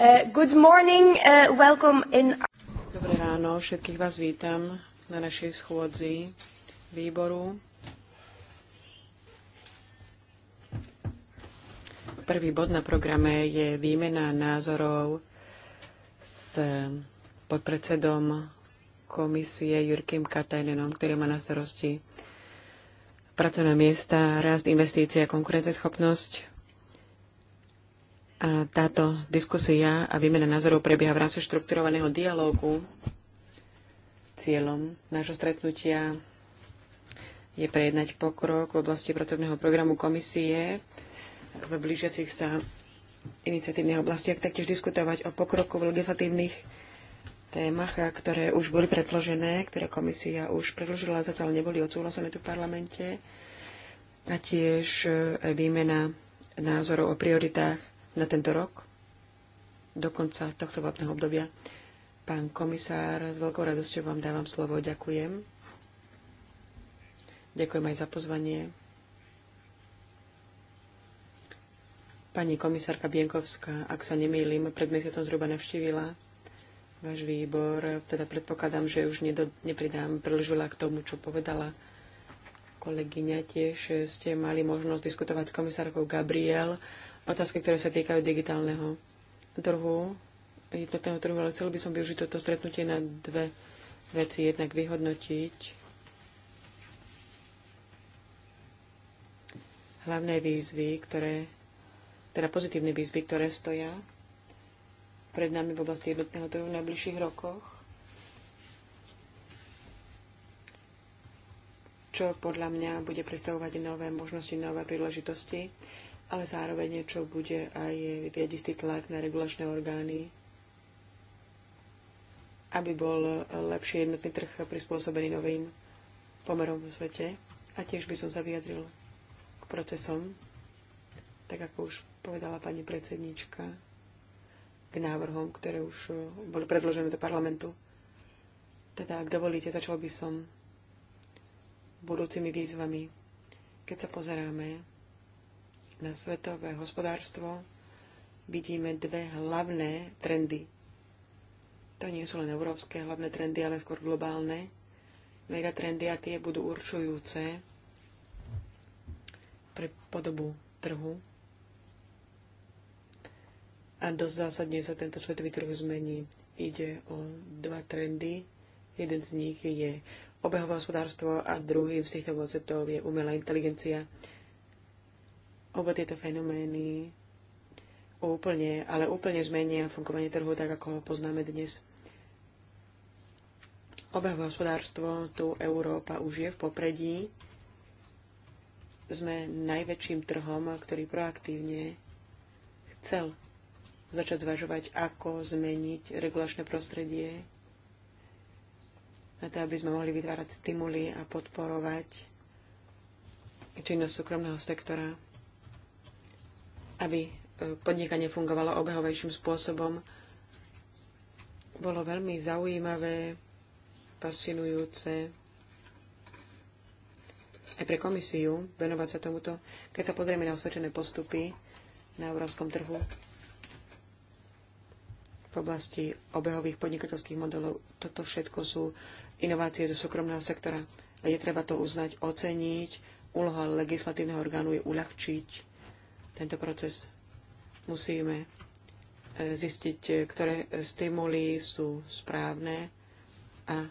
Eh, good morning, eh, welcome in... Dobré ráno, všetkých vás vítam na našej schôdzi výboru. Prvý bod na programe je výmena názorov s podpredsedom komisie Jurkým Katajnenom, ktorý má na starosti pracovné miesta, rast a konkurenceschopnosť táto diskusia a výmena názorov prebieha v rámci štrukturovaného dialógu. Cieľom nášho stretnutia je prejednať pokrok v oblasti pracovného programu komisie v blížiacich sa iniciatívnych oblastiach, taktiež diskutovať o pokroku v legislatívnych témach, ktoré už boli predložené, ktoré komisia už predložila, zatiaľ neboli odsúhlasené tu v parlamente. A tiež e, výmena názorov o prioritách na tento rok, do konca tohto vápneho obdobia. Pán komisár, s veľkou radosťou vám dávam slovo. Ďakujem. Ďakujem aj za pozvanie. Pani komisárka Bienkovská, ak sa nemýlim, pred mesiacom zhruba navštívila váš výbor. Teda predpokladám, že už nedo, nepridám príliš veľa k tomu, čo povedala kolegyňa. Tiež ste mali možnosť diskutovať s komisárkou Gabriel otázky, ktoré sa týkajú digitálneho trhu, jednotného trhu, ale chcel by som využiť toto stretnutie na dve veci. Jednak vyhodnotiť hlavné výzvy, ktoré, teda pozitívne výzvy, ktoré stoja pred nami v oblasti jednotného trhu v najbližších rokoch. Čo podľa mňa bude predstavovať nové možnosti, nové príležitosti ale zároveň niečo bude aj vyvieť istý tlak na regulačné orgány, aby bol lepší jednotný trh prispôsobený novým pomerom vo svete. A tiež by som sa vyjadril k procesom, tak ako už povedala pani predsednička, k návrhom, ktoré už boli predložené do parlamentu. Teda, ak dovolíte, začal by som budúcimi výzvami. Keď sa pozeráme na svetové hospodárstvo vidíme dve hlavné trendy. To nie sú len európske hlavné trendy, ale skôr globálne. Megatrendy a tie budú určujúce pre podobu trhu. A dosť zásadne sa tento svetový trh zmení. Ide o dva trendy. Jeden z nich je obehové hospodárstvo a druhým z týchto konceptov je umelá inteligencia. Oba tieto fenomény úplne, ale úplne zmenia fungovanie trhu tak, ako ho poznáme dnes. Obehové hospodárstvo, tu Európa už je v popredí. Sme najväčším trhom, ktorý proaktívne chcel začať zvažovať, ako zmeniť regulačné prostredie na to, aby sme mohli vytvárať stimuly a podporovať činnosť súkromného sektora aby e, podnikanie fungovalo obehovejším spôsobom. Bolo veľmi zaujímavé, fascinujúce aj pre komisiu venovať sa tomuto. Keď sa pozrieme na osvedčené postupy na európskom trhu v oblasti obehových podnikateľských modelov, toto všetko sú inovácie zo súkromného sektora. A je treba to uznať, oceniť. Úloha legislatívneho orgánu je uľahčiť tento proces. Musíme e, zistiť, e, ktoré stimuly sú správne a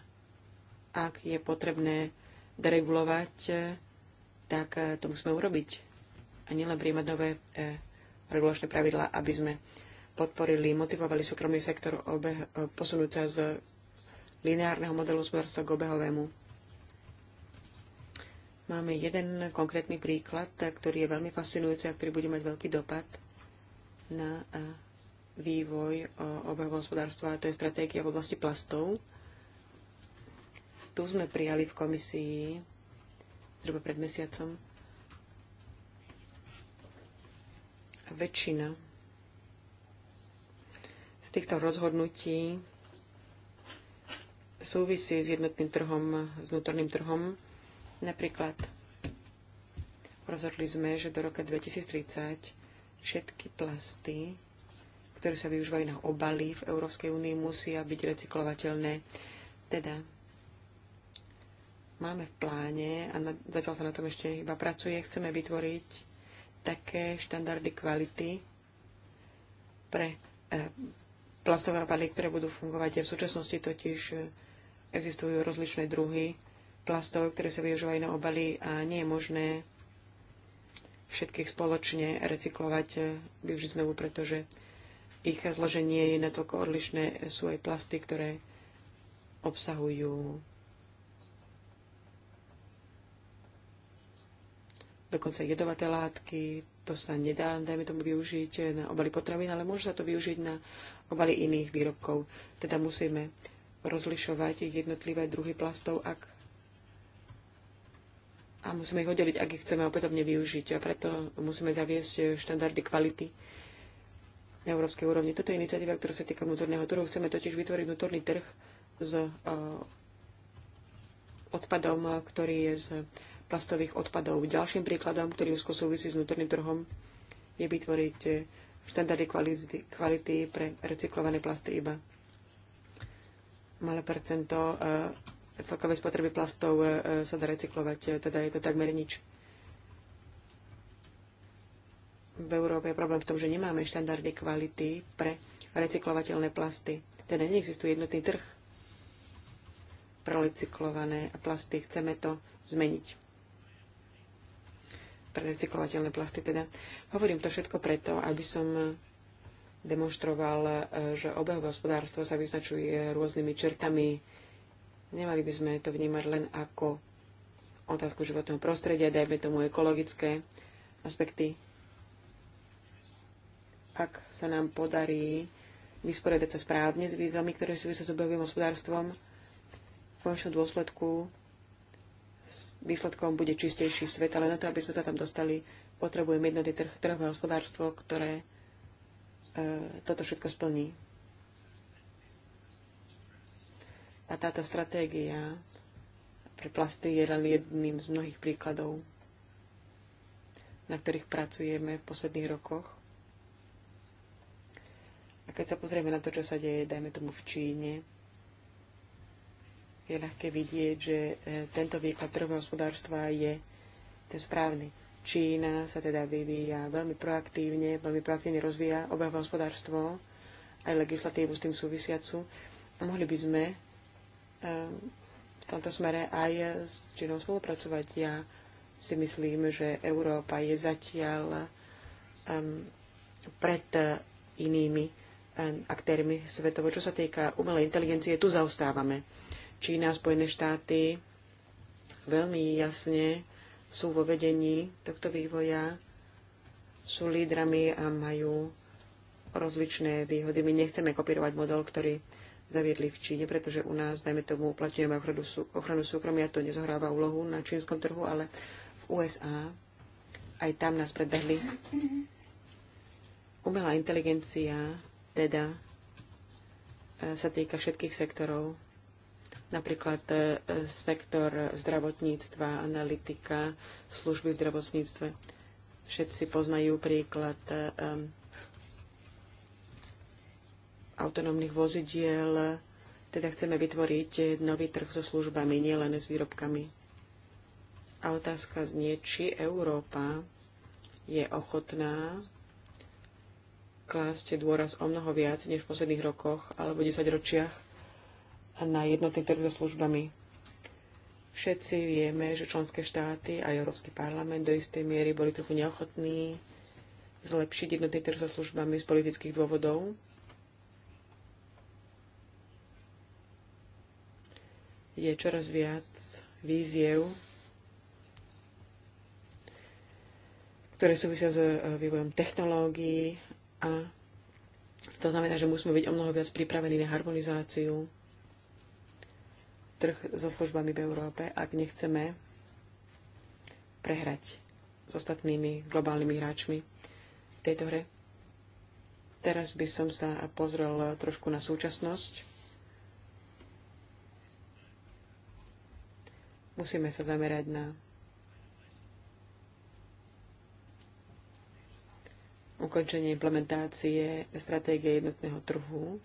ak je potrebné deregulovať, e, tak to musíme urobiť. A nielen príjmať nové regulačné pravidlá, aby sme podporili, motivovali súkromný sektor obeh, posunúť sa z lineárneho modelu hospodárstva k obehovému. Máme jeden konkrétny príklad, ktorý je veľmi fascinujúci a ktorý bude mať veľký dopad na e, vývoj e, obehového hospodárstva, a to je stratégia v oblasti plastov. Tu sme prijali v komisii zhruba pred mesiacom väčšina z týchto rozhodnutí súvisí s jednotným trhom, s vnútorným trhom Napríklad rozhodli sme, že do roka 2030 všetky plasty, ktoré sa využívajú na obaly v Európskej únii, musia byť recyklovateľné. Teda máme v pláne, a na, zatiaľ sa na tom ešte iba pracuje, chceme vytvoriť také štandardy kvality pre e, plastové obaly, ktoré budú fungovať. A V súčasnosti totiž eh, existujú rozličné druhy plastov, ktoré sa využívajú na obaly a nie je možné všetkých spoločne recyklovať, e, využiť znovu, pretože ich zloženie je natoľko odlišné. Sú aj plasty, ktoré obsahujú dokonca jedovaté látky. To sa nedá, dajme tomu, využiť na obaly potravín, ale môže sa to využiť na obaly iných výrobkov. Teda musíme rozlišovať jednotlivé druhy plastov, ak a musíme ich oddeliť, ak ich chceme opätovne využiť. A preto musíme zaviesť štandardy kvality na európskej úrovni. Toto je iniciatíva, ktorá sa týka vnútorného trhu. Chceme totiž vytvoriť vnútorný trh s eh, odpadom, ktorý je z plastových odpadov. Ďalším príkladom, ktorý úzko súvisí s vnútorným trhom, je vytvoriť eh, štandardy kvality, kvality pre recyklované plasty iba. Malé percento eh, celkové spotreby plastov e, e, sa dá recyklovať, e, teda je to takmer nič. V Európe je problém v tom, že nemáme štandardy kvality pre recyklovateľné plasty. Teda neexistuje jednotný trh pre recyklované plasty. Chceme to zmeniť. Pre recyklovateľné plasty teda. Hovorím to všetko preto, aby som demonstroval, že obehové hospodárstvo sa vyznačuje rôznymi čertami Nemali by sme to vnímať len ako otázku životného prostredia, dajme tomu ekologické aspekty. Ak sa nám podarí vysporiadať sa správne s výzvami, ktoré súvisia s obehovým hospodárstvom, v končnom dôsledku výsledkom bude čistejší svet, ale na to, aby sme sa tam dostali, potrebujeme jednotný trh, trhové hospodárstvo, ktoré e, toto všetko splní. A táto stratégia pre plasty je len jedným z mnohých príkladov, na ktorých pracujeme v posledných rokoch. A keď sa pozrieme na to, čo sa deje, dajme tomu v Číne, je ľahké vidieť, že e, tento výklad trhového hospodárstva je ten správny. Čína sa teda vyvíja veľmi proaktívne, veľmi proaktívne rozvíja obehové hospodárstvo, aj legislatívu s tým súvisiacu. A mohli by sme Ehm, v tomto smere aj s Čínou spolupracovať. Ja si myslím, že Európa je zatiaľ um, pred inými um, aktérmi svetovo. Čo sa týka umelej inteligencie, tu zaostávame. Čína a Spojené štáty veľmi jasne sú vo vedení tohto vývoja, sú lídrami a majú rozličné výhody. My nechceme kopírovať model, ktorý zaviedli v Číne, pretože u nás, dajme tomu, uplatňujeme ochranu, ochranu súkromia, to nezohráva úlohu na čínskom trhu, ale v USA aj tam nás predbehli. Umelá inteligencia teda e, sa týka všetkých sektorov, napríklad e, sektor zdravotníctva, analytika, služby v zdravotníctve. Všetci poznajú príklad um, autonómnych vozidiel, teda chceme vytvoriť nový trh so službami, nielen s výrobkami. A otázka znie, či Európa je ochotná klásť dôraz o mnoho viac než v posledných rokoch alebo desaťročiach na jednotný trh so službami. Všetci vieme, že členské štáty a Európsky parlament do istej miery boli trochu neochotní zlepšiť jednotný trh so službami z politických dôvodov. je čoraz viac víziev, ktoré súvisia s e, vývojom technológií a to znamená, že musíme byť o mnoho viac pripravení na harmonizáciu trh so službami v Európe, ak nechceme prehrať s ostatnými globálnymi hráčmi v tejto hre. Teraz by som sa pozrel trošku na súčasnosť. Musíme sa zamerať na ukončenie implementácie stratégie jednotného trhu,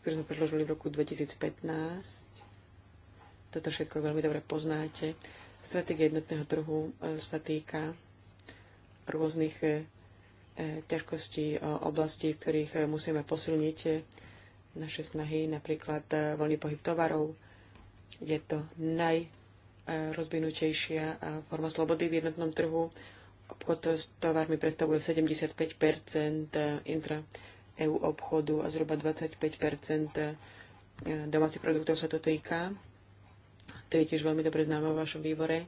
ktorú sme predložili v roku 2015. Toto všetko veľmi dobre poznáte. Stratégia jednotného trhu e, sa týka rôznych e, e, ťažkostí oblastí, v ktorých musíme posilniť naše snahy, napríklad voľný pohyb tovarov. Je to naj E, rozvinutejšia e, forma slobody v jednotnom trhu. Obchod s tovarmi predstavuje 75 intra EU obchodu a zhruba 25 e, domácich produktov sa to týka. To je tiež veľmi dobre známe vo vašom výbore.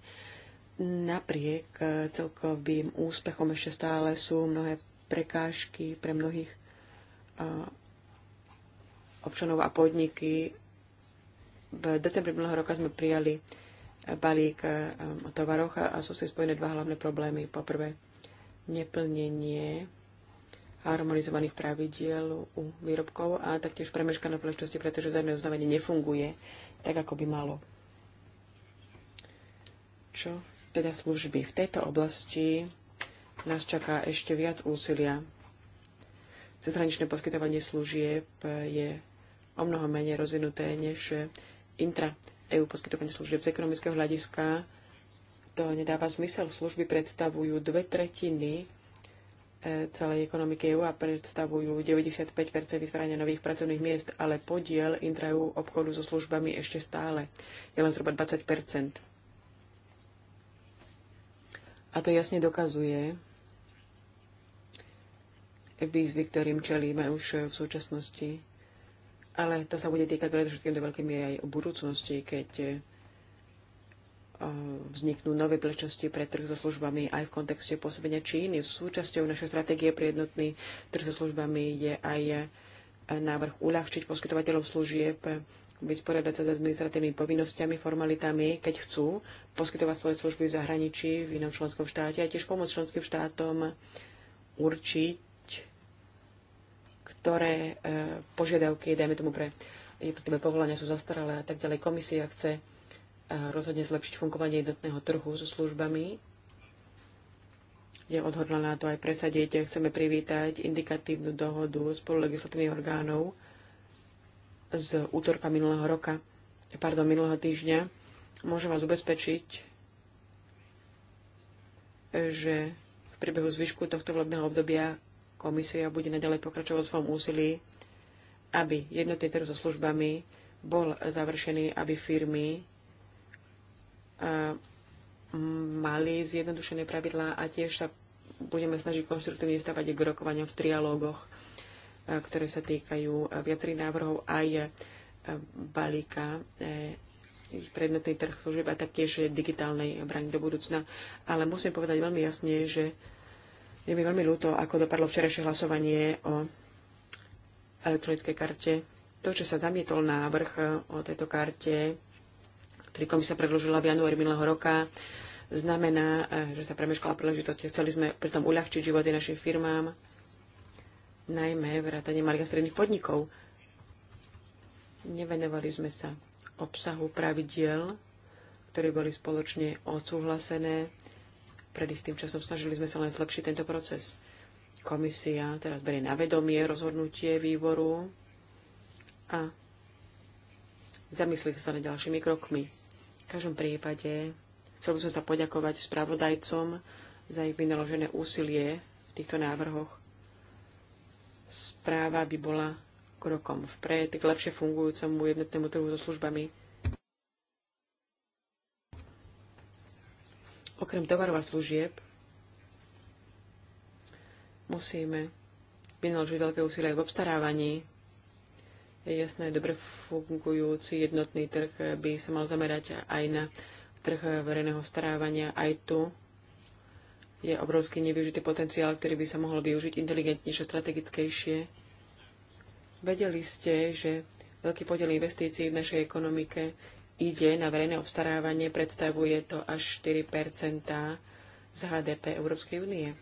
Napriek celkovým úspechom ešte stále sú mnohé prekážky pre mnohých občanov a podniky. V decembri minulého roka sme prijali balík eh, o tovaroch a sú si spojené dva hlavné problémy. Poprvé, neplnenie harmonizovaných pravidiel u výrobkov a taktiež premeškané príležitosti, pretože zadné oznámenie nefunguje tak, ako by malo. Čo teda služby? V tejto oblasti nás čaká ešte viac úsilia. Cezhraničné poskytovanie služieb je o mnoho menej rozvinuté než intra EU poskytovanie služieb z ekonomického hľadiska. To nedáva zmysel. Služby predstavujú dve tretiny e, celej ekonomiky EU a predstavujú 95 vytvárania nových pracovných miest, ale podiel intrajú obchodu so službami ešte stále je len zhruba 20 A to jasne dokazuje výzvy, ktorým čelíme už v súčasnosti. Ale to sa bude týkať predovšetkým do veľkej miery aj o budúcnosti, keď eh, vzniknú nové príležitosti pre trh so službami aj v kontexte pôsobenia Číny. Súčasťou našej stratégie pre jednotný trh so službami je aj eh, návrh uľahčiť poskytovateľom služieb vysporiadať sa s administratívnymi povinnosťami, formalitami, keď chcú poskytovať svoje služby v zahraničí, v inom členskom štáte a tiež pomôcť členským štátom určiť ktoré e, požiadavky, dajme tomu pre jednotlivé povolania sú zastaralé a tak ďalej. Komisia chce e, rozhodne zlepšiť fungovanie jednotného trhu so službami. Je odhodlaná to aj presadiť. Chceme privítať indikatívnu dohodu spolu legislatívnych orgánov z útorka minulého roka, pardon, minulého týždňa. Môžem vás ubezpečiť, že v priebehu zvyšku tohto volebného obdobia Komisia bude naďalej pokračovať v svojom úsilí, aby jednotný trh so službami bol završený, aby firmy mali zjednodušené pravidlá a tiež sa budeme snažiť konštruktívne stavať k rokovaniam v trialógoch, ktoré sa týkajú viacerých návrhov aj balíka prednotný trh služieb a taktiež digitálnej brany do budúcna. Ale musím povedať veľmi jasne, že je mi veľmi ľúto, ako dopadlo včerajšie hlasovanie o elektronickej karte. To, že sa zamietol návrh o tejto karte, ktorý komisia predložila v januári minulého roka, znamená, že sa premeškala príležitosť. Chceli sme pritom uľahčiť životy našim firmám, najmä vrátanie malých a stredných podnikov. Nevenovali sme sa obsahu pravidiel, ktoré boli spoločne odsúhlasené pred istým časom. Snažili sme sa len zlepšiť tento proces. Komisia teraz berie na vedomie rozhodnutie výboru a zamyslí sa nad ďalšími krokmi. V každom prípade chcel by som sa poďakovať spravodajcom za ich vynaložené úsilie v týchto návrhoch. Správa by bola krokom vpred k lepšie fungujúcemu jednotnému trhu so službami Okrem tovarov a služieb musíme vynaložiť veľké úsilie v obstarávaní. Je jasné, dobre fungujúci jednotný trh by sa mal zamerať aj na trh verejného starávania. Aj tu je obrovský nevyužitý potenciál, ktorý by sa mohol využiť inteligentnejšie, strategickejšie. Vedeli ste, že veľký podiel investícií v našej ekonomike ide na verejné obstarávanie, predstavuje to až 4 z HDP Európskej únie.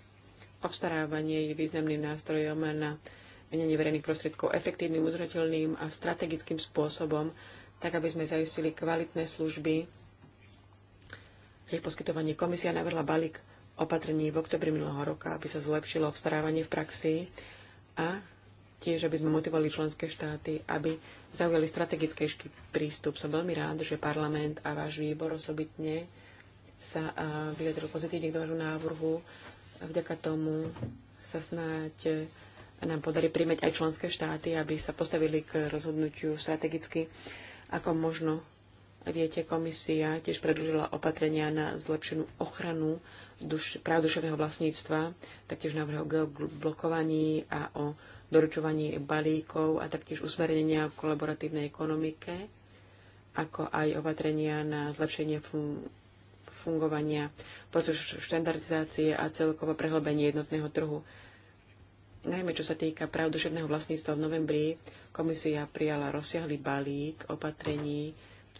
Obstarávanie je významným nástrojom na menenie verejných prostriedkov efektívnym, uzrateľným a strategickým spôsobom, tak aby sme zaistili kvalitné služby. Je poskytovanie komisia navrhla balík opatrení v oktobri minulého roka, aby sa zlepšilo obstarávanie v praxi a tiež, aby sme motivovali členské štáty, aby zaujali strategickejší prístup. Som veľmi rád, že parlament a váš výbor osobitne sa vyjadril pozitívne k vášmu návrhu. Vďaka tomu sa snáď nám podarí príjmeť aj členské štáty, aby sa postavili k rozhodnutiu strategicky, ako možno Viete, komisia tiež predlžila opatrenia na zlepšenú ochranu duš- práv duševného vlastníctva, taktiež návrh o geoblokovaní a o doručovaní balíkov a taktiež usmernenia v kolaboratívnej ekonomike, ako aj opatrenia na zlepšenie fun- fungovania procesu štandardizácie a celkovo prehlbenie jednotného trhu. Najmä čo sa týka práv duševného vlastníctva v novembri, komisia prijala rozsiahly balík opatrení v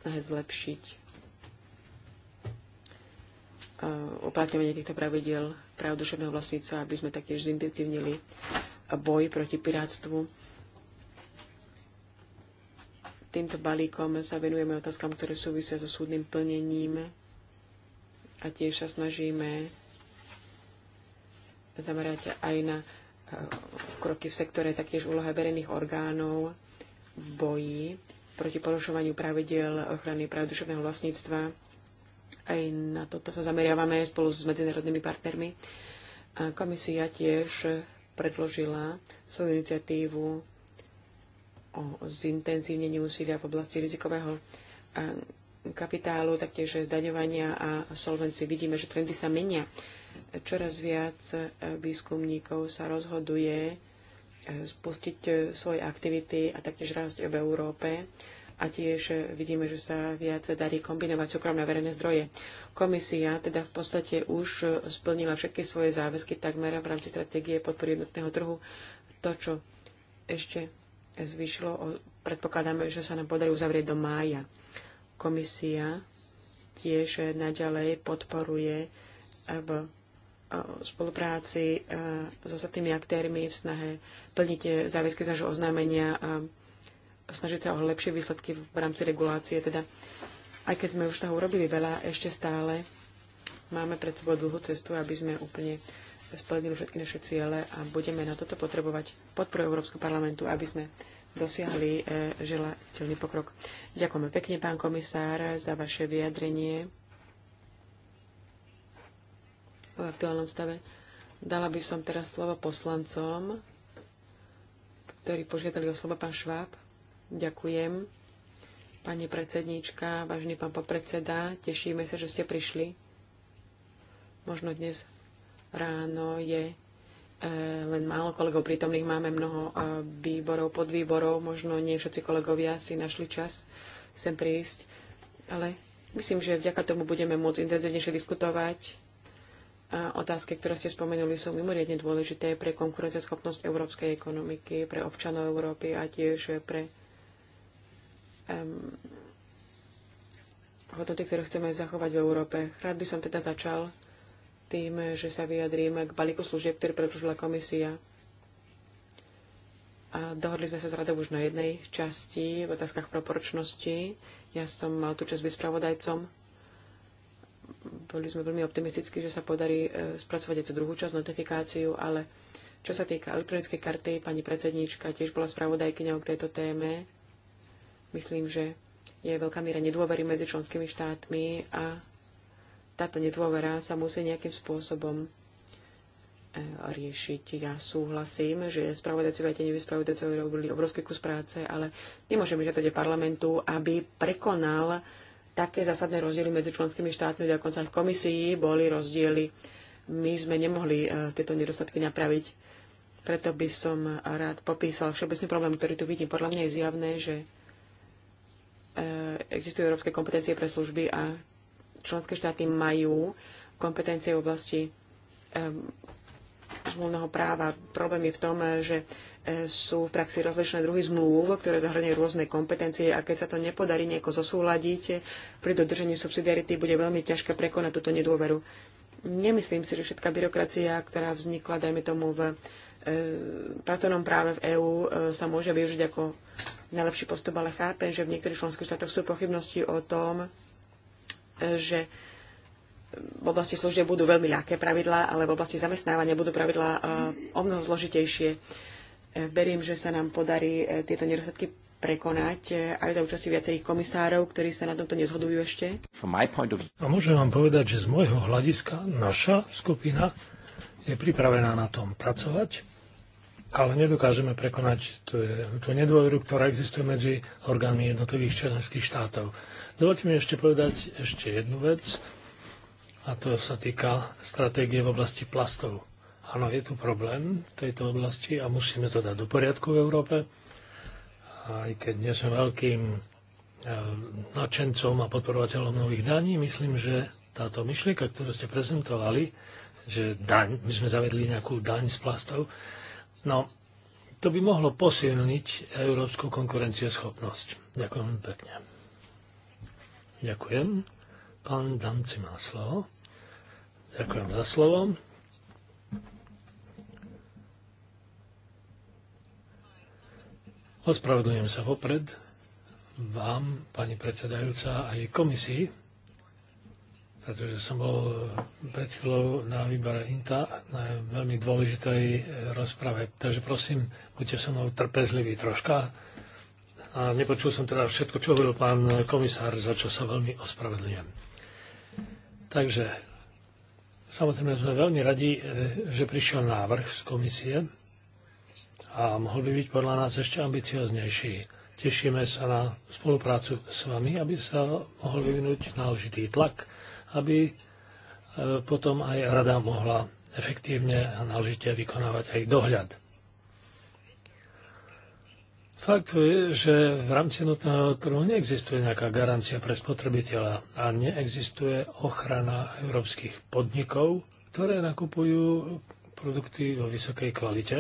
snahe zlepšiť eh, uplatňovanie týchto pravidiel práv duševného vlastníctva, aby sme taktiež zintenzívnili boj proti pirátstvu. Týmto balíkom sa venujeme otázkam, ktoré súvisia so súdnym plnením a tiež sa snažíme zamerať aj na eh, kroky v sektore, taktiež úloha verejných orgánov v boji proti porušovaniu pravidel ochrany práv duševného vlastníctva. Aj na toto sa zameriavame spolu s medzinárodnými partnermi. Komisia tiež predložila svoju iniciatívu o zintenzívnení úsilia v oblasti rizikového eh, kapitálu, taktiež zdaňovania a solvencie. Vidíme, že trendy sa menia. Čoraz viac eh, výskumníkov sa rozhoduje eh, spustiť svoje aktivity a taktiež rásť v Európe a tiež vidíme, že sa viac darí kombinovať súkromné verejné zdroje. Komisia teda v podstate už splnila všetky svoje záväzky takmer v rámci stratégie podpory jednotného trhu. To, čo ešte zvyšilo, predpokladáme, že sa nám podarí uzavrieť do mája. Komisia tiež naďalej podporuje e, v e, spolupráci e, s ostatnými aktérmi v snahe plniť záväzky z nášho oznámenia snažiť sa o lepšie výsledky v rámci regulácie. Teda, aj keď sme už toho urobili veľa, ešte stále máme pred sebou dlhú cestu, aby sme úplne splnili všetky naše ciele a budeme na toto potrebovať podporu Európskeho parlamentu, aby sme dosiahli e, želateľný pokrok. Ďakujeme pekne, pán komisár, za vaše vyjadrenie v aktuálnom stave. Dala by som teraz slovo poslancom, ktorí požiadali o slovo pán Šváb. Ďakujem. Pani predsedníčka, vážený pán podpredseda, tešíme sa, že ste prišli. Možno dnes ráno je e, len málo kolegov prítomných, máme mnoho e, výborov, podvýborov, možno nie všetci kolegovia si našli čas sem prísť, ale myslím, že vďaka tomu budeme môcť intenzívnejšie diskutovať. A e, otázky, ktoré ste spomenuli, sú mimoriadne dôležité pre konkurenceschopnosť európskej ekonomiky, pre občanov Európy a tiež pre um, hodnoty, ktoré chceme zachovať v Európe. Rád by som teda začal tým, že sa vyjadrím k balíku služieb, ktorý predložila komisia. A dohodli sme sa s radou už na jednej časti v otázkach proporčnosti. Ja som mal tú časť byť spravodajcom. Boli sme veľmi optimistickí, že sa podarí e, spracovať aj tú druhú časť, notifikáciu, ale čo sa týka elektronickej karty, pani predsedníčka tiež bola spravodajkyňou k tejto téme Myslím, že je veľká miera nedôvery medzi členskými štátmi a táto nedôvera sa musí nejakým spôsobom e, riešiť. Ja súhlasím, že spravodajcovia a tenevi spravodajcovia robili obrovský kus práce, ale nemôžeme žiadať parlamentu, aby prekonal také zásadné rozdiely medzi členskými štátmi, dokonca aj v komisii boli rozdiely. My sme nemohli e, tieto nedostatky napraviť. Preto by som rád popísal všeobecný problém, ktorý tu vidím. Podľa mňa je zjavné, že E, existujú európske kompetencie pre služby a členské štáty majú kompetencie v oblasti zmluvného práva. Problém je v tom, že e, sú v praxi rozličné druhy zmluv, ktoré zahrňujú rôzne kompetencie a keď sa to nepodarí nejako zosúľadiť, pri dodržení subsidiarity bude veľmi ťažké prekonať túto nedôveru. Nemyslím si, že všetká byrokracia, ktorá vznikla, dajme tomu, v e, pracovnom práve v EÚ, sa môže využiť ako najlepší postup, ale chápem, že v niektorých členských štátoch sú pochybnosti o tom, že v oblasti služieb budú veľmi ľahké pravidlá, ale v oblasti zamestnávania budú pravidlá eh, o mnoho zložitejšie. Eh, verím, že sa nám podarí eh, tieto nedostatky prekonať aj za účasti viacerých komisárov, ktorí sa na tomto nezhodujú ešte. A môžem vám povedať, že z môjho hľadiska naša skupina je pripravená na tom pracovať ale nedokážeme prekonať tú, tú nedôveru, ktorá existuje medzi orgánmi jednotlivých členských štátov. Dovolte mi ešte povedať ešte jednu vec, a to sa týka stratégie v oblasti plastov. Áno, je tu problém v tejto oblasti a musíme to dať do poriadku v Európe. Aj keď nie som veľkým e, nadšencom a podporovateľom nových daní, myslím, že táto myšlienka, ktorú ste prezentovali, že daň, my sme zavedli nejakú daň z plastov, No, to by mohlo posilniť európsku konkurencieschopnosť. Ďakujem pekne. Ďakujem. Pán Danci má slovo. Ďakujem za slovo. Ospravedlňujem sa vopred vám, pani predsedajúca, aj komisii pretože som bol eh, pred chvíľou na výbore INTA na veľmi dôležitej eh, rozprave. Takže prosím, buďte so mnou trpezliví troška. A nepočul som teda všetko, čo hovoril pán komisár, za čo sa veľmi ospravedlňujem. Takže, samozrejme sme veľmi radi, eh, že prišiel návrh z komisie a mohol by byť podľa nás ešte ambicioznejší. Tešíme sa na spoluprácu s vami, aby sa mohol vyvinúť náležitý tlak aby e, potom aj rada mohla efektívne a náležite vykonávať aj dohľad. Fakt je, že v rámci nutného trhu neexistuje nejaká garancia pre spotrebiteľa a neexistuje ochrana európskych podnikov, ktoré nakupujú produkty vo vysokej kvalite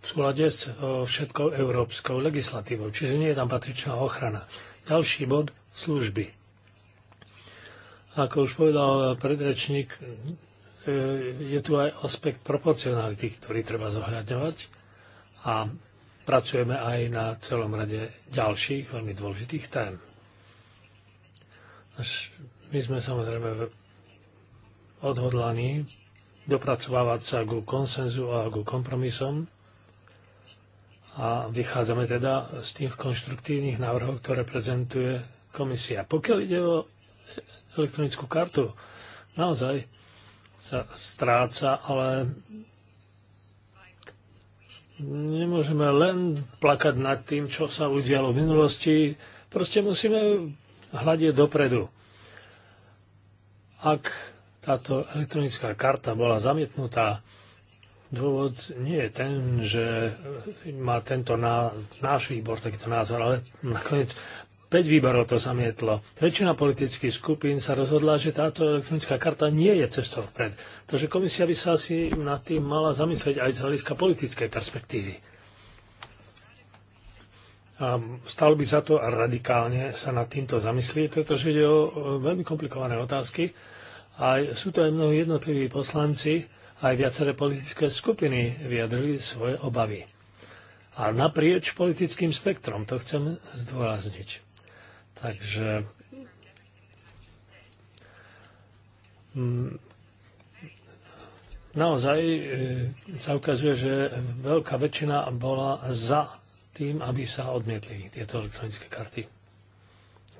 v súlade s e, všetkou európskou legislatívou, čiže nie je tam patričná ochrana. Ďalší bod služby. Ako už povedal predrečník, e, je tu aj aspekt proporcionality, ktorý treba zohľadňovať a pracujeme aj na celom rade ďalších veľmi dôležitých tém. My sme samozrejme odhodlaní dopracovávať sa ku konsenzu a ku kompromisom a vychádzame teda z tých konštruktívnych návrhov, ktoré prezentuje komisia. Pokiaľ ide o elektronickú kartu. Naozaj sa stráca, ale nemôžeme len plakať nad tým, čo sa udialo v minulosti. Proste musíme hľadiť dopredu. Ak táto elektronická karta bola zamietnutá, dôvod nie je ten, že má tento ná, náš výbor takýto názor, ale nakoniec 5 výborov to zamietlo. Väčšina politických skupín sa rozhodla, že táto elektronická karta nie je cestou vpred. Takže komisia by sa asi nad tým mala zamyslieť aj z hľadiska politickej perspektívy. A stalo by za to radikálne sa nad týmto zamyslieť, pretože ide o veľmi komplikované otázky. A sú to aj mnohí jednotliví poslanci, aj viaceré politické skupiny vyjadrili svoje obavy. A naprieč politickým spektrom, to chcem zdôrazniť. Takže mm, naozaj e, sa ukazuje, že veľká väčšina bola za tým, aby sa odmietli tieto elektronické karty.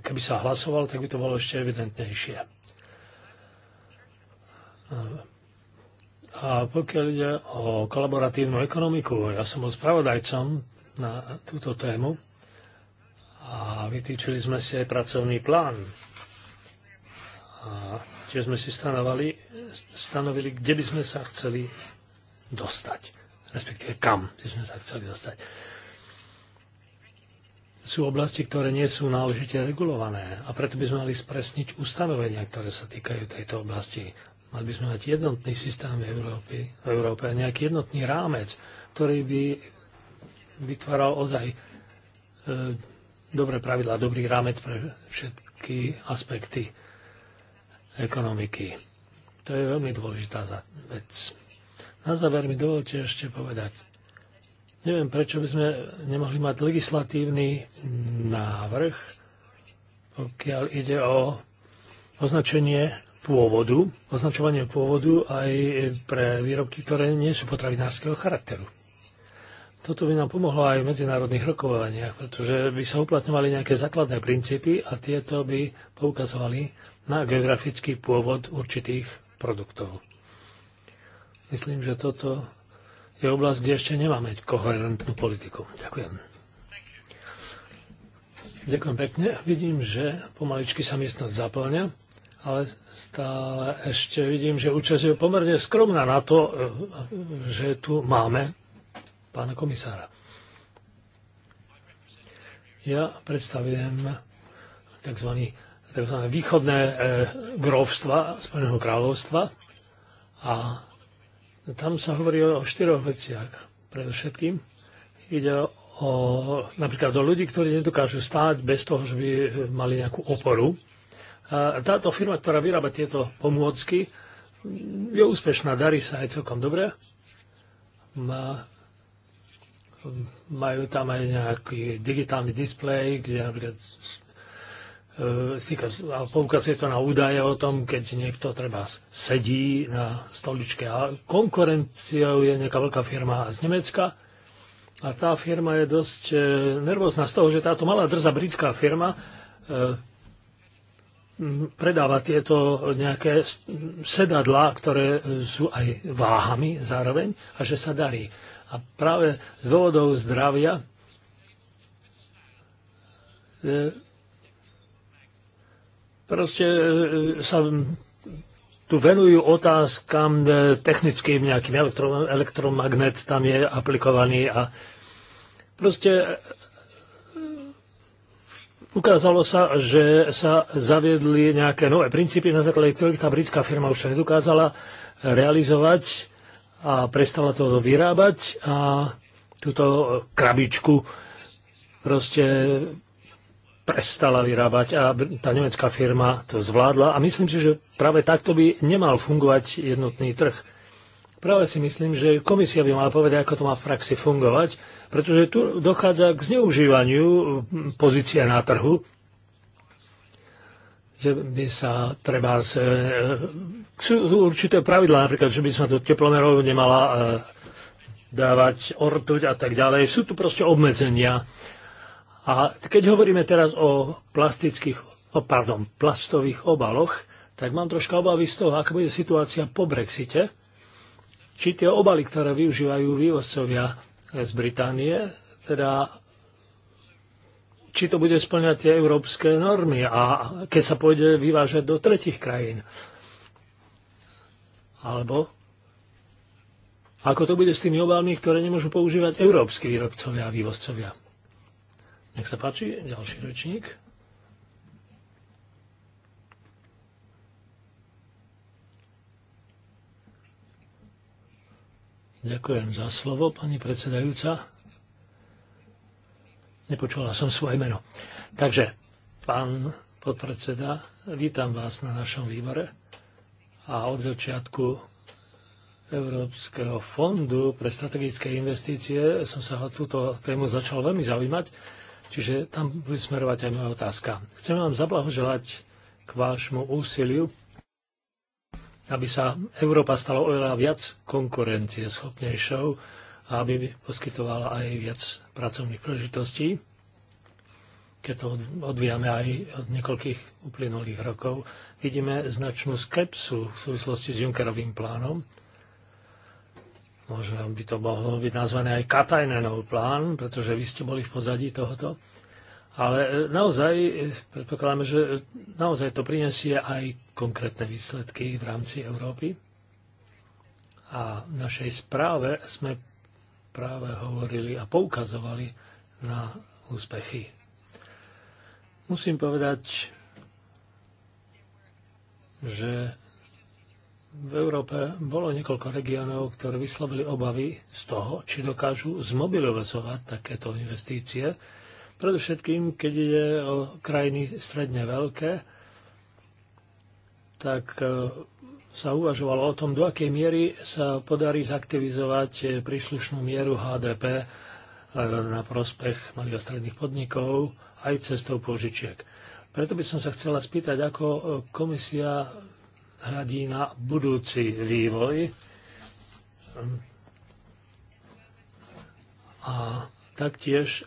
Keby sa hlasovalo, tak by to bolo ešte evidentnejšie. A pokiaľ ide o kolaboratívnu ekonomiku, ja som bol spravodajcom na túto tému a vytýčili sme si aj pracovný plán. A tiež sme si stanovali, stanovili, kde by sme sa chceli dostať, respektíve kam by sme sa chceli dostať. Sú oblasti, ktoré nie sú náležite regulované a preto by sme mali spresniť ustanovenia, ktoré sa týkajú tejto oblasti. Mali by sme mať jednotný systém v Európe, v Európe a nejaký jednotný rámec, ktorý by vytváral ozaj e, dobré pravidlá, dobrý rámec pre všetky aspekty ekonomiky. To je veľmi dôležitá vec. Na záver mi dovolte ešte povedať. Neviem, prečo by sme nemohli mať legislatívny návrh, pokiaľ ide o označenie pôvodu, označovanie pôvodu aj pre výrobky, ktoré nie sú potravinárskeho charakteru. Toto by nám pomohlo aj v medzinárodných rokovaniach, pretože by sa uplatňovali nejaké základné princípy a tieto by poukazovali na geografický pôvod určitých produktov. Myslím, že toto je oblasť, kde ešte nemáme koherentnú politiku. Ďakujem. Ďakujem pekne. Vidím, že pomaličky sa miestnosť zaplňa, ale stále ešte vidím, že účasť je pomerne skromná na to, eh, že tu máme pána komisára. Ja predstavujem tzv. tzv. východné e, grovstva Spojeného kráľovstva a tam sa hovorí o štyroch veciach. Predovšetkým ide o, napríklad o ľudí, ktorí nedokážu stáť bez toho, že by mali nejakú oporu. A táto firma, ktorá vyrába tieto pomôcky, je úspešná, darí sa aj celkom dobre majú tam aj nejaký digitálny displej, kde napríklad ale poukazuje to na údaje o tom, keď niekto treba sedí na stoličke. A konkurenciou je nejaká veľká firma z Nemecka a tá firma je dosť e, nervózna z toho, že táto malá drza britská firma e, predáva tieto nejaké sedadlá, ktoré sú aj váhami zároveň a že sa darí. A práve z dôvodov zdravia proste e, sa tu venujú otázkam e, technickým nejakým elektro, elektromagnet tam je aplikovaný a proste e, ukázalo sa, že sa zaviedli nejaké nové princípy, na základe ktorých tá britská firma už sa nedokázala realizovať a prestala to vyrábať a túto krabičku proste prestala vyrábať a tá nemecká firma to zvládla a myslím si, že práve takto by nemal fungovať jednotný trh. Práve si myslím, že komisia by mala povedať, ako to má v praxi fungovať, pretože tu dochádza k zneužívaniu pozície na trhu že by sa treba... Z, e, sú určité pravidlá, napríklad, že by sa do teplomerov nemala e, dávať ortuť a tak ďalej. Sú tu proste obmedzenia. A keď hovoríme teraz o plastických, o, pardon, plastových obaloch, tak mám troška obavy z toho, aká bude situácia po Brexite. Či tie obaly, ktoré využívajú vývozcovia z Británie, teda či to bude splňať tie európske normy a keď sa pôjde vyvážať do tretich krajín. Alebo ako to bude s tými obálmi, ktoré nemôžu používať európsky výrobcovia a vývozcovia. Nech sa páči, ďalší rečník. Ďakujem za slovo, pani predsedajúca. Nepočula som svoje meno. Takže, pán podpredseda, vítam vás na našom výbore a od začiatku Európskeho fondu pre strategické investície som sa o túto tému začal veľmi zaujímať, čiže tam bude smerovať aj moja otázka. Chcem vám zablahoželať k vášmu úsiliu, aby sa Európa stala oveľa viac konkurencieschopnejšou a aby poskytovala aj viac pracovných príležitostí, keď to odvíjame aj od niekoľkých uplynulých rokov, vidíme značnú skepsu v súvislosti s Junckerovým plánom. Možno by to mohlo byť nazvané aj Katajnenov plán, pretože vy ste boli v pozadí tohoto. Ale e, naozaj, e, predpokladáme, že e, naozaj to prinesie aj konkrétne výsledky v rámci Európy. A v našej správe sme práve hovorili a poukazovali na úspechy. Musím povedať, že v Európe bolo niekoľko regiónov, ktoré vyslovili obavy z toho, či dokážu zmobilizovať takéto investície, predovšetkým, keď ide o krajiny stredne veľké, tak sa uvažovalo o tom, do akej miery sa podarí zaktivizovať eh, príslušnú mieru HDP eh, na prospech malých a stredných podnikov aj cestou požičiek. Preto by som sa chcela spýtať, ako eh, komisia hľadí na budúci vývoj a taktiež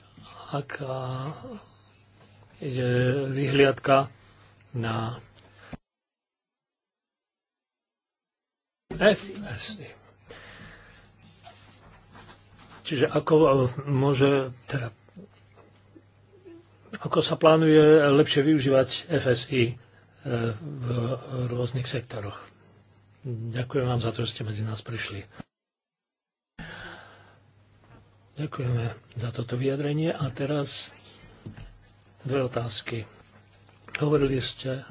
aká je vyhliadka na Čiže ako e, môže, teda, ako sa plánuje lepšie využívať FSI e, v rôznych sektoroch. Ďakujem vám za to, že ste medzi nás prišli. Ďakujeme za toto vyjadrenie. A teraz dve otázky. Hovorili ste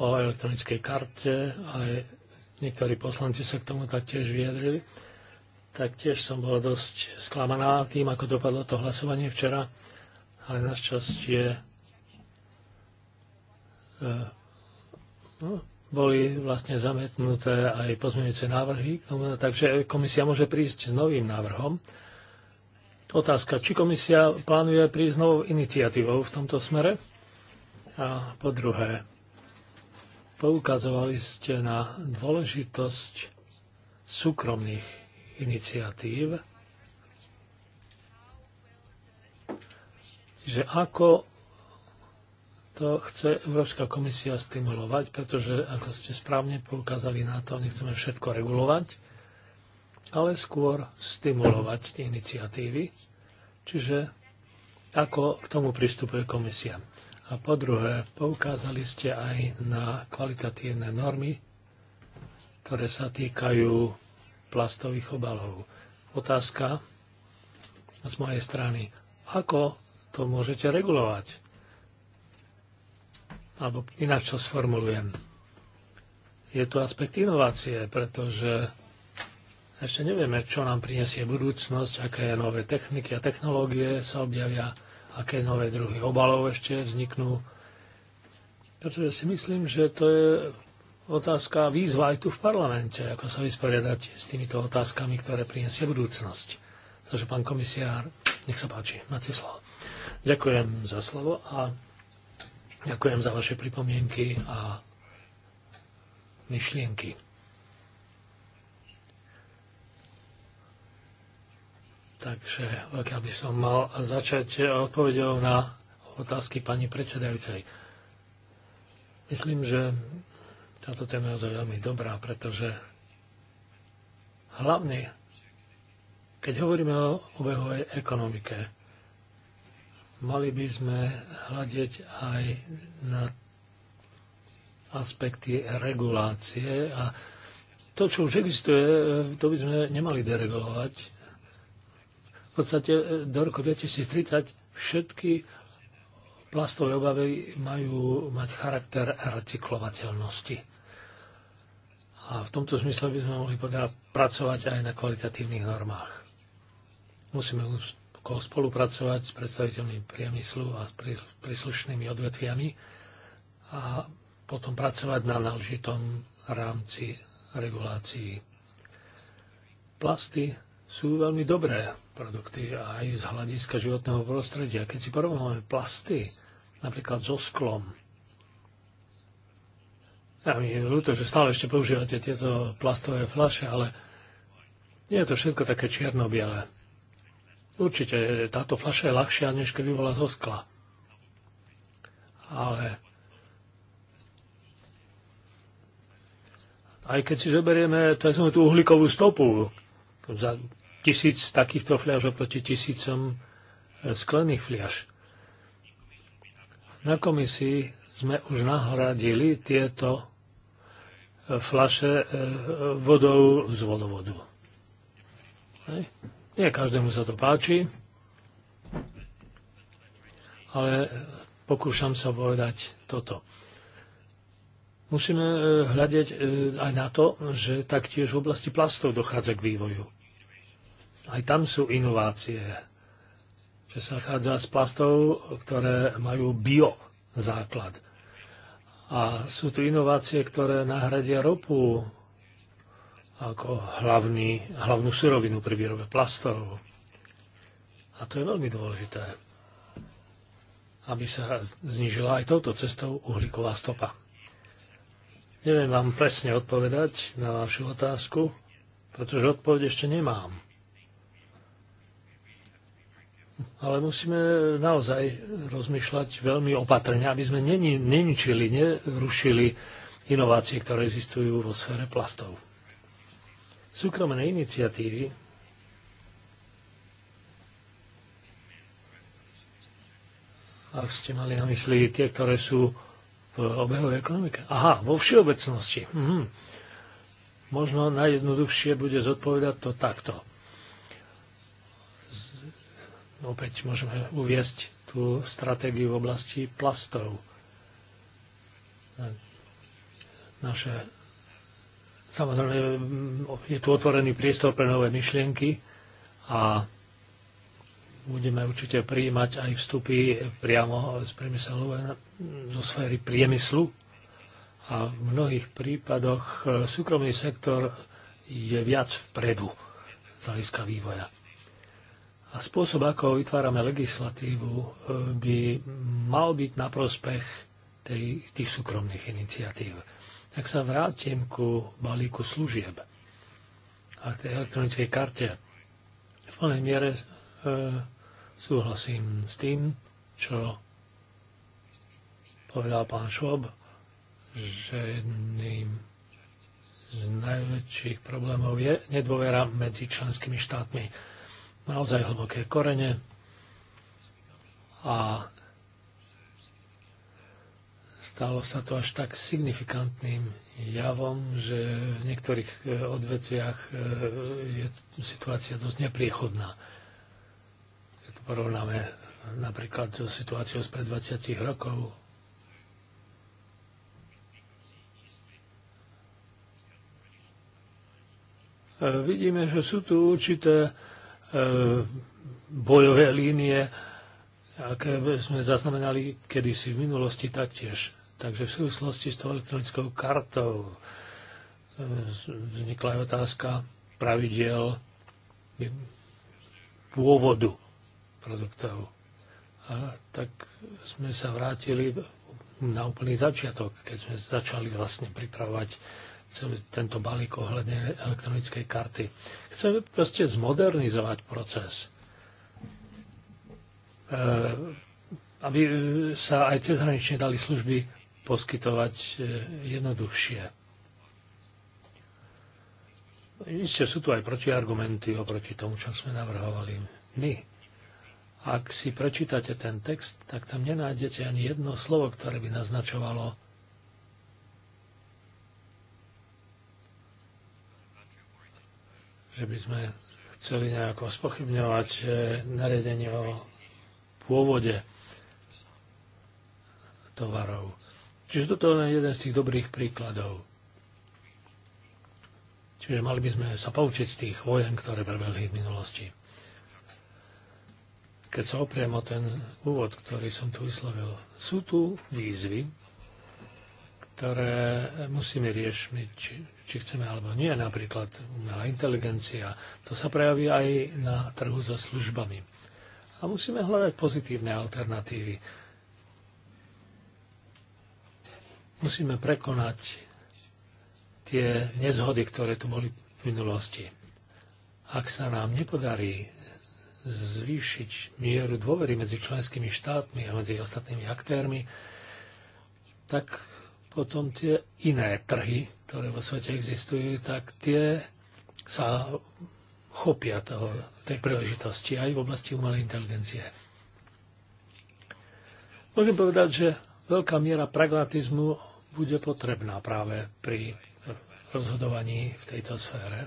o elektronickej karte aj Niektorí poslanci sa k tomu taktiež vyjadrili. Tak tiež som bola dosť sklamaná tým, ako dopadlo to hlasovanie včera, ale našťastie e, no, boli vlastne zametnuté aj pozmeňujúce návrhy. Takže komisia môže prísť s novým návrhom. Otázka, či komisia plánuje prísť novou iniciatívou v tomto smere? A po druhé, Poukazovali ste na dôležitosť súkromných iniciatív, že ako to chce Európska komisia stimulovať, pretože, ako ste správne poukázali na to, nechceme všetko regulovať, ale skôr stimulovať tie iniciatívy, čiže ako k tomu pristupuje komisia. A po druhé, poukázali ste aj na kvalitatívne normy, ktoré sa týkajú plastových obalov. Otázka z mojej strany, ako to môžete regulovať? Alebo ináč to sformulujem. Je to aspekt inovácie, pretože ešte nevieme, čo nám prinesie budúcnosť, aké nové techniky a technológie sa objavia aké nové druhy obalov ešte vzniknú. Pretože si myslím, že to je otázka výzva aj tu v parlamente, ako sa vysporiadať s týmito otázkami, ktoré prinesie budúcnosť. Takže pán komisiár, nech sa páči, máte slovo. Ďakujem za slovo a ďakujem za vaše pripomienky a myšlienky. Takže pokiaľ by som mal začať eh, odpovedou na otázky pani predsedajúcej. Myslím, že táto téma je veľmi dobrá, pretože hlavne, keď hovoríme o obehovej ekonomike, mali by sme hľadiť aj na aspekty regulácie a to, čo už existuje, eh, to by sme nemali deregulovať, v podstate e, do roku 2030 všetky plastové obavy majú mať charakter recyklovateľnosti. A v tomto zmysle by sme mohli povedať pracovať aj na kvalitatívnych normách. Musíme spolupracovať s predstaviteľmi priemyslu a s príslušnými odvetviami a potom pracovať na náležitom rámci regulácií. Plasty sú veľmi dobré produkty aj z hľadiska životného prostredia. Keď si porovnáme plasty, napríklad so sklom, ja mi je ľúto, že stále ešte používate tieto plastové flaše, ale nie je to všetko také čierno-biele. Určite táto fľaša je ľahšia, než keby bola zo skla. Ale aj keď si zoberieme tú uhlíkovú stopu, tisíc takýchto fľaš oproti tisícom e, sklených fľaš. Na komisii sme už nahradili tieto e, flaše e, vodou z vodovodu. Hej. Nie každému sa to páči, ale pokúšam sa povedať toto. Musíme hľadať aj na to, že taktiež v oblasti plastov dochádza k vývoju. Aj tam sú inovácie, že sa chádza z plastov, ktoré majú bio základ. A sú tu inovácie, ktoré nahradia ropu ako hlavný, hlavnú surovinu pri výrobe plastov. A to je veľmi dôležité, aby sa znižila aj touto cestou uhlíková stopa. Neviem vám presne odpovedať na vašu otázku, pretože odpoveď ešte nemám. Ale musíme naozaj rozmýšľať veľmi opatrne, aby sme neničili, nerušili inovácie, ktoré existujú vo sfére plastov. Súkromné iniciatívy Ak ste mali na mysli tie, ktoré sú v obehovej ekonomike. Aha, vo všeobecnosti. Mhm. Možno najjednoduchšie bude zodpovedať to takto opäť môžeme uviesť tú stratégiu v oblasti plastov. Naše, samozrejme, je tu otvorený priestor pre nové myšlienky a budeme určite prijímať aj vstupy priamo z priemyslu, zo sféry priemyslu. A v mnohých prípadoch eh, súkromný sektor je viac vpredu z hľadiska vývoja. A spôsob, ako vytvárame legislatívu, e, by mal byť na prospech tej, tých súkromných iniciatív. Tak sa vrátim ku balíku služieb a tej elektronickej karte. V plnej miere e, súhlasím s tým, čo povedal pán Šob, že jedným z najväčších problémov je nedôvera medzi členskými štátmi naozaj hlboké korene a stalo sa to až tak signifikantným javom, že v niektorých e, odvetviach e, je situácia dosť nepriechodná. Keď to porovnáme napríklad so situáciou spred 20 rokov, e, vidíme, že sú tu určité E, bojové línie, aké sme zaznamenali kedysi v minulosti taktiež. Takže v súvislosti s tou elektronickou kartou e, vznikla aj otázka pravidiel pôvodu produktov. A tak sme sa vrátili na úplný začiatok, keď sme začali vlastne pripravovať celý tento balík ohľadne elektronickej karty. Chceme proste zmodernizovať proces, e, aby sa aj cezhranične dali služby poskytovať e, jednoduchšie. Isté sú tu aj protiargumenty oproti tomu, čo sme navrhovali my. Ak si prečítate ten text, tak tam nenájdete ani jedno slovo, ktoré by naznačovalo že by sme chceli nejako spochybňovať eh, nariadenie o pôvode tovarov. Čiže toto je jeden z tých dobrých príkladov. Čiže mali by sme sa poučiť z tých vojen, ktoré prebehli v minulosti. Keď sa opriem o ten úvod, ktorý som tu vyslovil, sú tu výzvy, ktoré musíme riešiť, či chceme alebo nie, napríklad umelá inteligencia. To sa prejaví aj na trhu so službami. A musíme hľadať pozitívne alternatívy. Musíme prekonať tie nezhody, ktoré tu boli v minulosti. Ak sa nám nepodarí zvýšiť mieru dôvery medzi členskými štátmi a medzi ostatnými aktérmi, tak potom tie iné trhy, ktoré vo svete existujú, tak tie sa chopia toho, tej príležitosti aj v oblasti umelej inteligencie. Môžem povedať, že veľká miera pragmatizmu bude potrebná práve pri rozhodovaní v tejto sfére.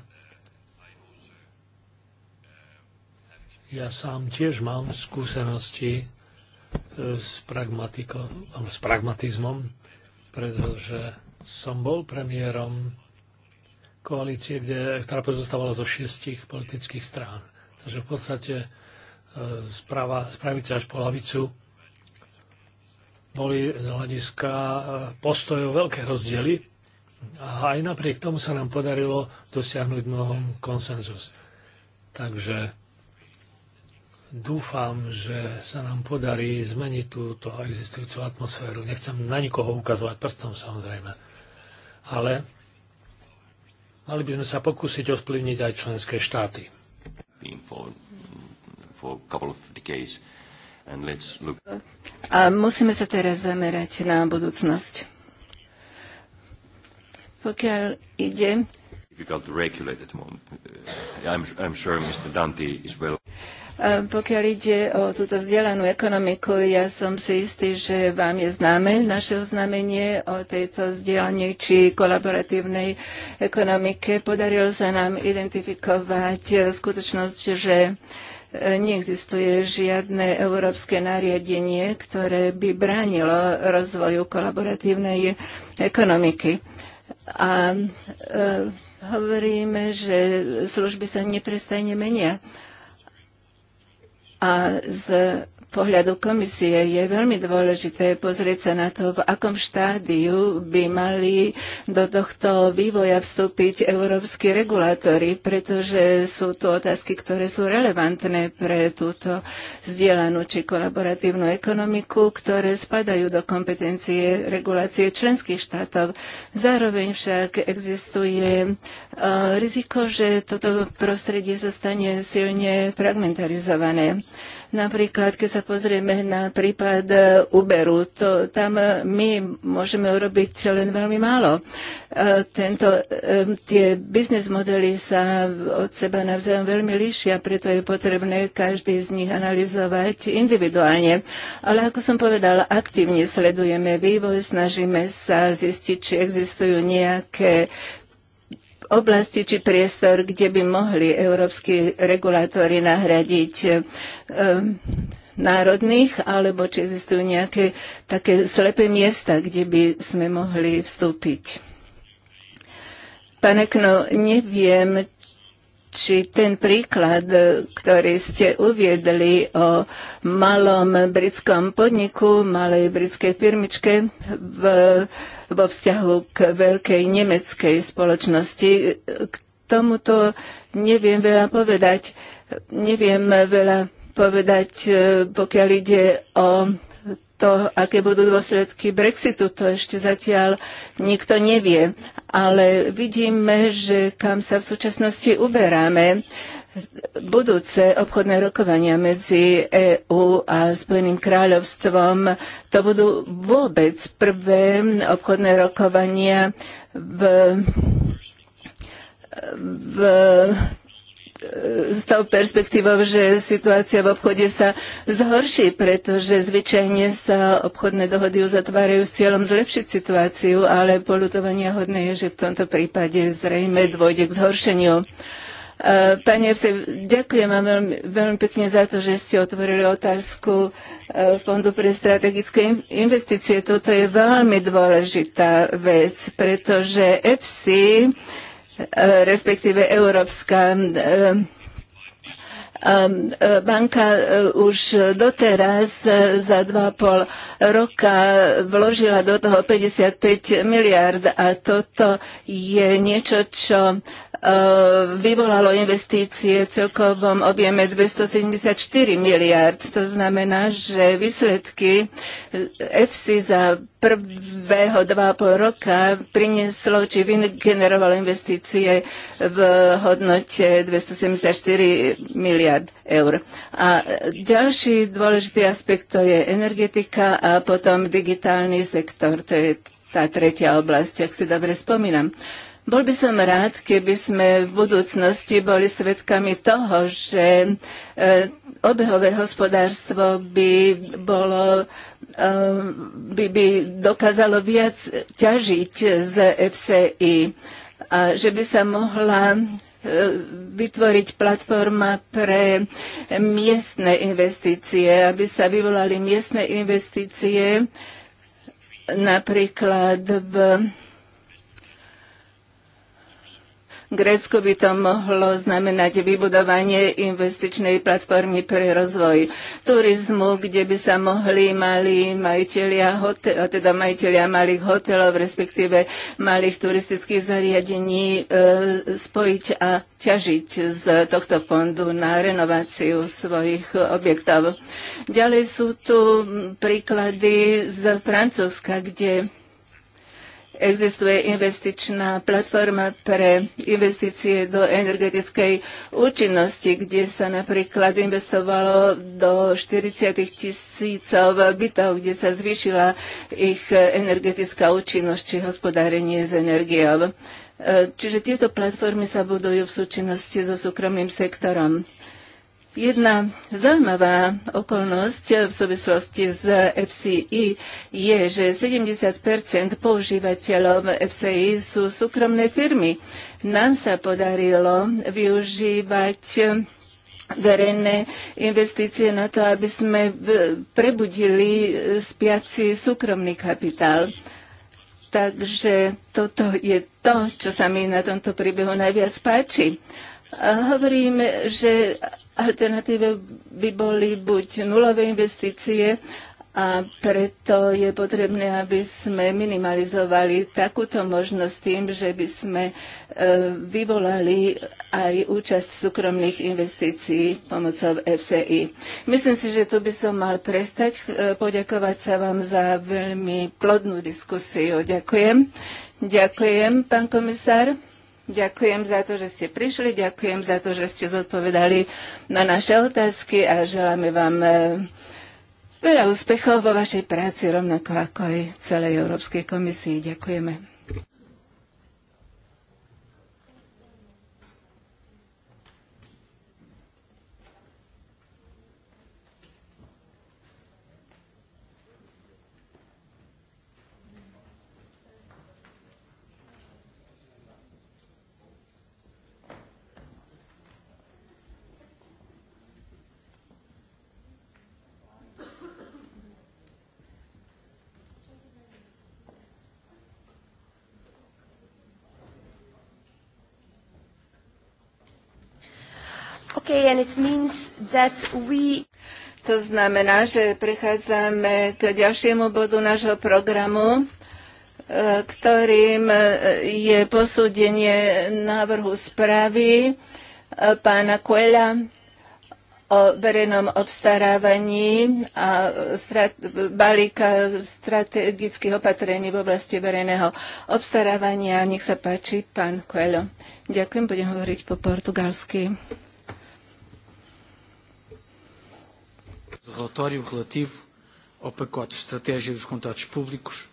Ja sám tiež mám skúsenosti eh, s, s pragmatizmom pretože som bol premiérom koalície, kde, ktorá pozostávala zo šiestich politických strán. Takže v podstate e, sprava, z pravice až po lavicu boli z hľadiska e, postojov veľké rozdiely a aj napriek tomu sa nám podarilo dosiahnuť mnohom konsenzus. Takže dúfam, že sa nám podarí zmeniť túto existujúcu atmosféru. Nechcem na nikoho ukazovať prstom samozrejme, ale mali by sme sa pokúsiť ovplyvniť aj členské štáty. A musíme sa teraz zamerať na budúcnosť. Pokiaľ ide difficult to regulate at the moment. I'm, I'm sure Mr. Dante is well. Pokiaľ ide o túto vzdelanú ekonomiku, ja som si istý, že vám je známe naše oznámenie o tejto vzdelanej či kolaboratívnej ekonomike. Podarilo sa nám identifikovať skutočnosť, že e, neexistuje žiadne európske nariadenie, ktoré by bránilo rozvoju kolaboratívnej ekonomiky. A e, hovoríme, že služby sa neprestajne menia z pohľadu komisie je veľmi dôležité pozrieť sa na to, v akom štádiu by mali do tohto vývoja vstúpiť európsky regulátory, pretože sú tu otázky, ktoré sú relevantné pre túto vzdielanú či kolaboratívnu ekonomiku, ktoré spadajú do kompetencie regulácie členských štátov. Zároveň však existuje e, riziko, že toto prostredie zostane silne fragmentarizované. Napríklad, keď sa pozrieme na prípad e, Uberu, to tam e, my môžeme urobiť len veľmi málo. E, tento, tie biznis modely sa od seba navzájom veľmi líšia, preto je potrebné každý z nich analyzovať individuálne. Ale ako som povedala, aktívne sledujeme vývoj, snažíme sa zistiť, či existujú nejaké oblasti či priestor, kde by mohli európsky regulátory nahradiť eh, národných, alebo či existujú nejaké také slepé miesta, kde by sme mohli vstúpiť. Pane Kno, neviem, či ten príklad, ktorý ste uviedli o malom britskom podniku, malej britskej firmičke v vo vzťahu k veľkej nemeckej spoločnosti. K tomuto neviem veľa povedať. Neviem veľa povedať, e, pokiaľ ide o to, aké budú dôsledky Brexitu, to ešte zatiaľ nikto nevie. Ale vidíme, že kam sa v súčasnosti uberáme budúce obchodné rokovania medzi EÚ a Spojeným kráľovstvom, to budú vôbec prvé obchodné rokovania v, v s tou perspektívou, že situácia v obchode sa zhorší, pretože zvyčajne sa obchodné dohody uzatvárajú s cieľom zlepšiť situáciu, ale polutovania hodné je, že v tomto prípade zrejme dôjde k zhoršeniu. Eh, pani Evse, ďakujem vám veľmi, veľmi pekne za to, že ste otvorili otázku eh, Fondu pre strategické investície. Toto je veľmi dôležitá vec, pretože EFSI, eh, respektíve Európska banka už doteraz za 2,5 roka vložila do toho 55 miliard a toto je niečo, čo Ehm, vyvolalo investície v celkovom objeme 274 miliard. To znamená, že výsledky EFSI eh, za prvého dva pol roka prinieslo či vygenerovalo investície v hodnote 274 miliard eur. A eh, ďalší dôležitý aspekt to je energetika a potom digitálny sektor. To je tá tretia oblasť, ak si dobre spomínam. Uh, bol by som rád, keby sme v budúcnosti boli svedkami toho, že e, obehové hospodárstvo by bolo e, by, by dokázalo viac ťažiť z FCI a že by sa mohla e, vytvoriť platforma pre miestne investície, aby sa vyvolali miestne investície napríklad v Grécku by to mohlo znamenať vybudovanie investičnej platformy pre rozvoj turizmu, kde by sa mohli mali majiteľia, hotel, teda majiteľia malých hotelov, respektíve malých turistických zariadení e, spojiť a ťažiť z tohto fondu na renováciu svojich objektov. Ďalej sú tu príklady z Francúzska, kde Existuje investičná platforma pre investície do energetickej účinnosti, kde sa napríklad investovalo do 40 tisícov bytov, kde sa zvýšila ich energetická účinnosť či hospodárenie s energiou. E, čiže tieto platformy sa budujú v súčinnosti so súkromným sektorom. Jedna zaujímavá okolnosť v súvislosti s FCI e je, že 70 používateľov FCI e sú súkromné firmy. Nám sa podarilo využívať verejné investície na to, aby sme prebudili spiaci súkromný kapitál. Takže toto je to, čo sa mi na tomto príbehu najviac páči. Hovorím, že Alternatíve by boli buď nulové investície, a preto je potrebné, aby sme minimalizovali takúto možnosť tým, že by sme e, vyvolali aj účasť súkromných investícií pomocou FCI. Myslím si, že tu by som mal prestať. E, poďakovať sa vám za veľmi plodnú diskusiu. Ďakujem. Ďakujem, pán komisár. Ďakujem za to, že ste prišli, ďakujem za to, že ste zodpovedali na naše otázky a želáme vám e, veľa úspechov vo vašej práci, rovnako ako aj celej Európskej komisii. Ďakujeme. Okay, and it means that we... To znamená, že prechádzame k ďalšiemu bodu nášho programu, e, ktorým e, je posúdenie návrhu správy e, pána Kuela o verejnom obstarávaní a strat, balíka strategických opatrení v oblasti verejného obstarávania. Nech sa páči, pán Coelho. Ďakujem, budem hovoriť po portugalsky. relatório relativo ao pacote de estratégia dos contratos públicos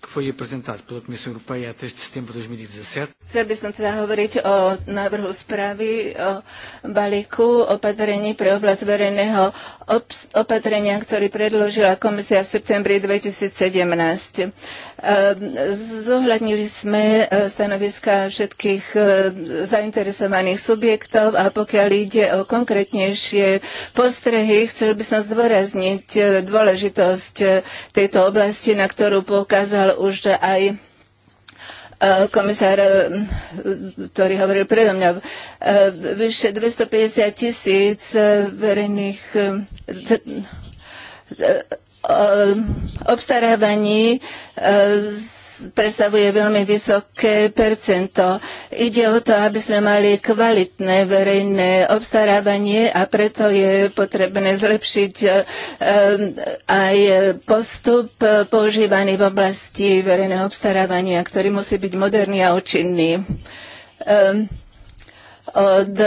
que foi apresentado pela Comissão Europeia 3 de setembro de 2017. E chcel by som teda hovoriť o návrhu správy, o balíku opatrení pre oblasť verejného opatrenia, ktorý predložila komisia v septembri 2017. Ehm, zohľadnili sme e, stanoviska všetkých e, zainteresovaných subjektov a pokiaľ ide o konkrétnejšie postrehy, chcel by som zdôrazniť dôležitosť tejto oblasti, na ktorú poukázal povedal už aj e, komisár, e, ktorý hovoril predo mňa, e, vyše 250 tisíc verejných obstarávaní z predstavuje veľmi vysoké percento. Ide o to, aby sme mali kvalitné verejné obstarávanie a preto je potrebné zlepšiť eh, eh, aj postup používaný v oblasti verejného obstarávania, ktorý musí byť moderný a účinný. Eh, od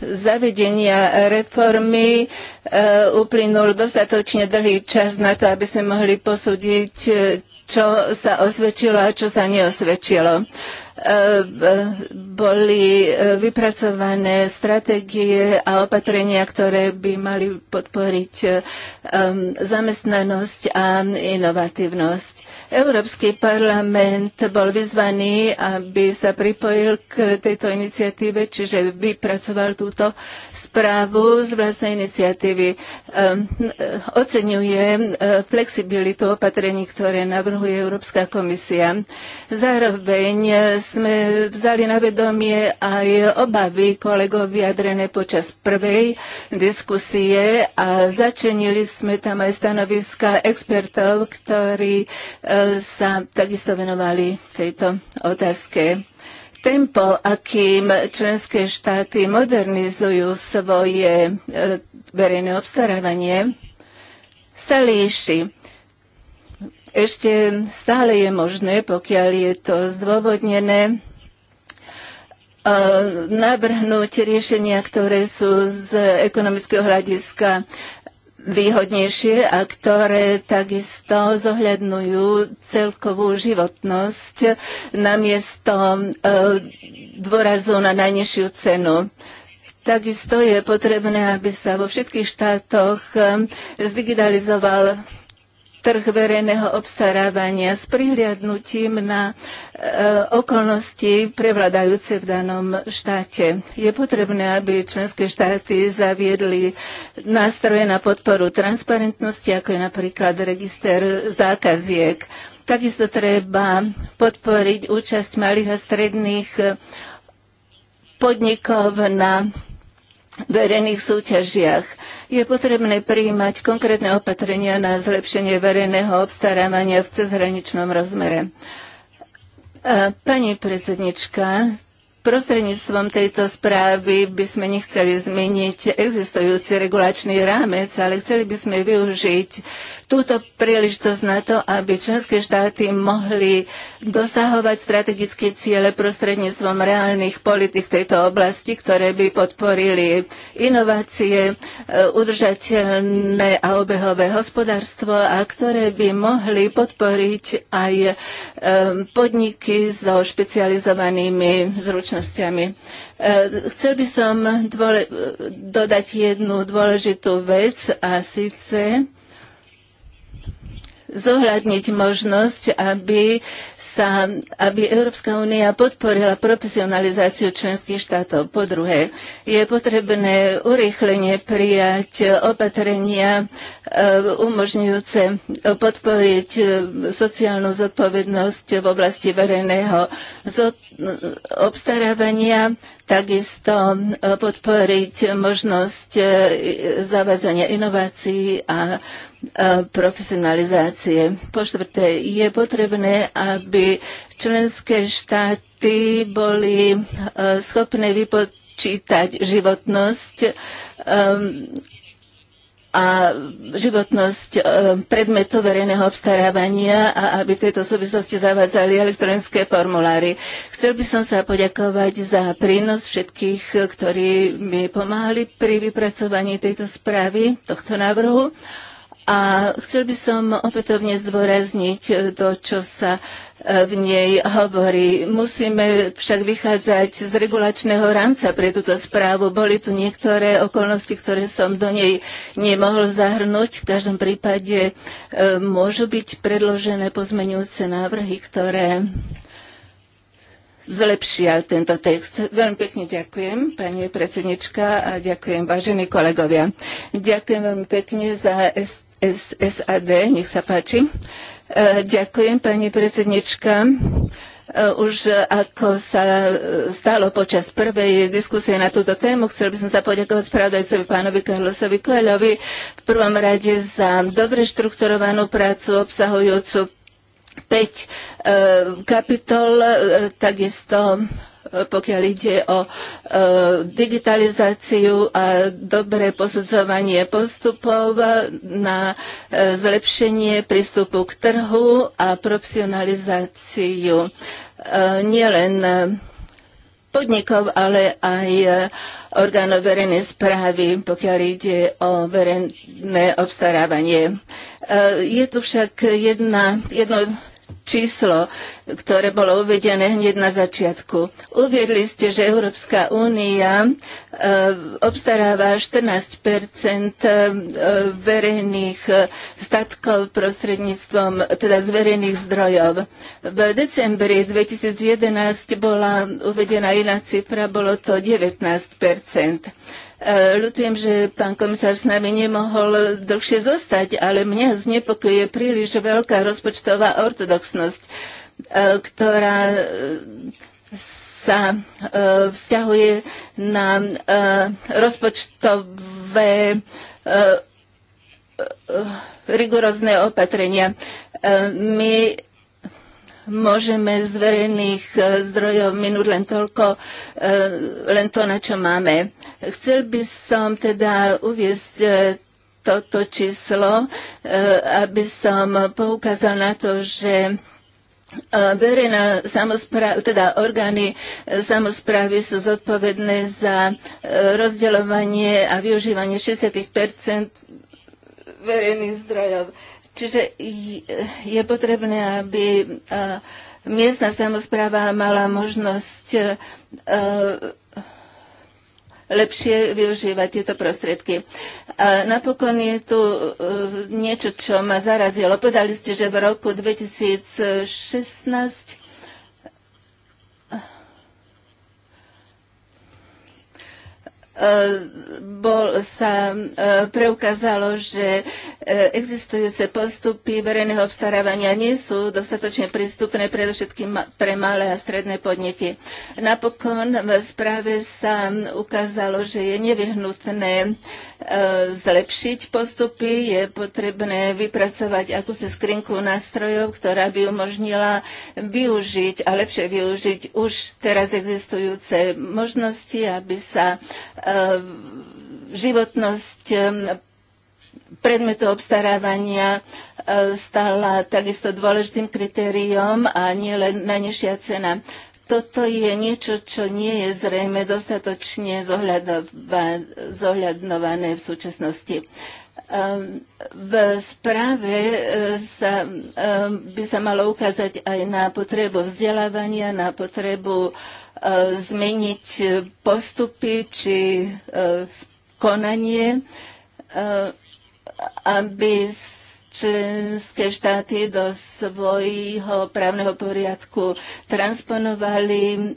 zavedenia reformy uplynul dostatočne dlhý čas na to, aby sme mohli posúdiť, čo sa osvedčilo a čo sa neosvedčilo. E, e, boli e, vypracované stratégie a opatrenia, ktoré by mali podporiť um, zamestnanosť a inovatívnosť. Európsky parlament bol vyzvaný, aby sa pripojil k tejto iniciatíve, čiže vypracoval túto správu z vlastnej iniciatívy. Um, oceňuje flexibilitu opatrení, ktoré navrhuje Európska komisia. Zároveň sme vzali na vedomie aj obavy kolegov vyjadrené počas prvej diskusie a začenili sme tam aj stanoviska expertov, ktorí e, sa takisto venovali tejto otázke tempo, akým členské štáty modernizujú svoje e, verejné obstarávanie, sa líši. Ešte stále je možné, pokiaľ je to zdôvodnené, e, navrhnúť riešenia, ktoré sú z ekonomického hľadiska výhodnejšie a ktoré takisto zohľadňujú celkovú životnosť namiesto e, dôrazu na najnižšiu cenu. Takisto je potrebné, aby sa vo všetkých štátoch e, zdigitalizoval trh verejného obstarávania s prihliadnutím na e, okolnosti prevladajúce v danom štáte. Je potrebné, aby členské štáty zaviedli nástroje na podporu transparentnosti, ako je napríklad register zákaziek. Takisto treba podporiť účasť malých a stredných podnikov na verejných súťažiach. Je potrebné prijímať konkrétne opatrenia na zlepšenie verejného obstarávania v cezhraničnom rozmere. Pani predsednička, Prostredníctvom tejto správy by sme nechceli zmeniť existujúci regulačný rámec, ale chceli by sme využiť túto príležitosť na to, aby členské štáty mohli dosahovať strategické ciele prostredníctvom reálnych politik tejto oblasti, ktoré by podporili inovácie, e, udržateľné a obehové hospodárstvo a ktoré by mohli podporiť aj e, podniky so špecializovanými zručnosťami. E, chcel by som dodať jednu dôležitú vec a síce zohľadniť možnosť, aby, sa, aby Európska únia podporila profesionalizáciu členských štátov. Po druhé, je potrebné urýchlenie prijať opatrenia e, umožňujúce podporiť e, sociálnu zodpovednosť v oblasti verejného obstarávania, takisto e, podporiť možnosť zavádzania inovácií a E, profesionalizácie. Po štvrté, je potrebné, aby členské štáty boli e, schopné vypočítať životnosť e, a životnosť predmetov verejného obstarávania a aby v tejto súvislosti zavádzali elektronické formuláry. Chcel by som sa poďakovať za prínos všetkých, ktorí mi pomáhali pri vypracovaní tejto správy, tohto návrhu. A chcel by som opätovne zdôrazniť to, čo sa e, v nej hovorí. Musíme však vychádzať z regulačného rámca pre túto správu. Boli tu niektoré okolnosti, ktoré som do nej nemohol zahrnúť. V každom prípade e, môžu byť predložené pozmenujúce návrhy, ktoré zlepšia tento text. Veľmi pekne ďakujem, pani predsednička, a ďakujem, vážení kolegovia. Ďakujem veľmi pekne za ST SAD. Nech sa páči. E, ďakujem, pani predsednička. E, už e, ako sa stalo počas prvej diskusie na túto tému, chcel by som sa poďakovať spravodajcovi pánovi Karlosovi Koelovi v prvom rade za dobre štrukturovanú prácu obsahujúcu 5 kapitol, takisto pokiaľ ide o e, digitalizáciu a dobré posudzovanie postupov na e, zlepšenie prístupu k trhu a profesionalizáciu e, nielen podnikov, ale aj orgánov verejnej správy, pokiaľ ide o verejné obstarávanie. Je tu však jedna, jedno číslo, ktoré bolo uvedené hneď na začiatku. Uviedli ste, že Európska únia e, obstaráva 14 e, verejných e, statkov prostredníctvom, teda z verejných zdrojov. V decembri 2011 bola uvedená iná cifra, bolo to 19 Ľutujem, že pán komisár s nami nemohol dlhšie zostať, ale mňa znepokuje príliš veľká rozpočtová ortodoxnosť, e, ktorá e, sa e, vzťahuje na rozpočtové rigorózne opatrenia. My môžeme z verejných zdrojov minúť len toľko, len to, na čo máme. Chcel by som teda uviesť e, toto číslo, e, aby som poukázal na to, že e, verejná samozpráva, teda orgány samozprávy sú zodpovedné za rozdeľovanie a využívanie 60 verejných zdrojov. Čiže je potrebné, aby miestna samozpráva mala možnosť lepšie využívať tieto prostriedky. A napokon je tu e, niečo, čo ma zarazilo. Povedali ste, že v roku 2016 Eh, bol, sa eh, preukázalo, že eh, existujúce postupy verejného obstarávania nie sú dostatočne prístupné predovšetkým pre malé a stredné podniky. Napokon v správe sa ukázalo, že je nevyhnutné zlepšiť postupy, je potrebné vypracovať akúsi skrinku nástrojov, ktorá by umožnila využiť a lepšie využiť už teraz existujúce možnosti, aby sa E, životnosť e, predmetu obstarávania e, stala takisto dôležitým kritériom a nie len najnižšia cena. Toto je niečo, čo nie je zrejme dostatočne zohľadnované v súčasnosti. Ehm, v správe e, sa, ehm, by sa malo ukázať aj na potrebu vzdelávania, na potrebu e, zmeniť postupy či e, konanie, aby členské štáty do svojho právneho poriadku transponovali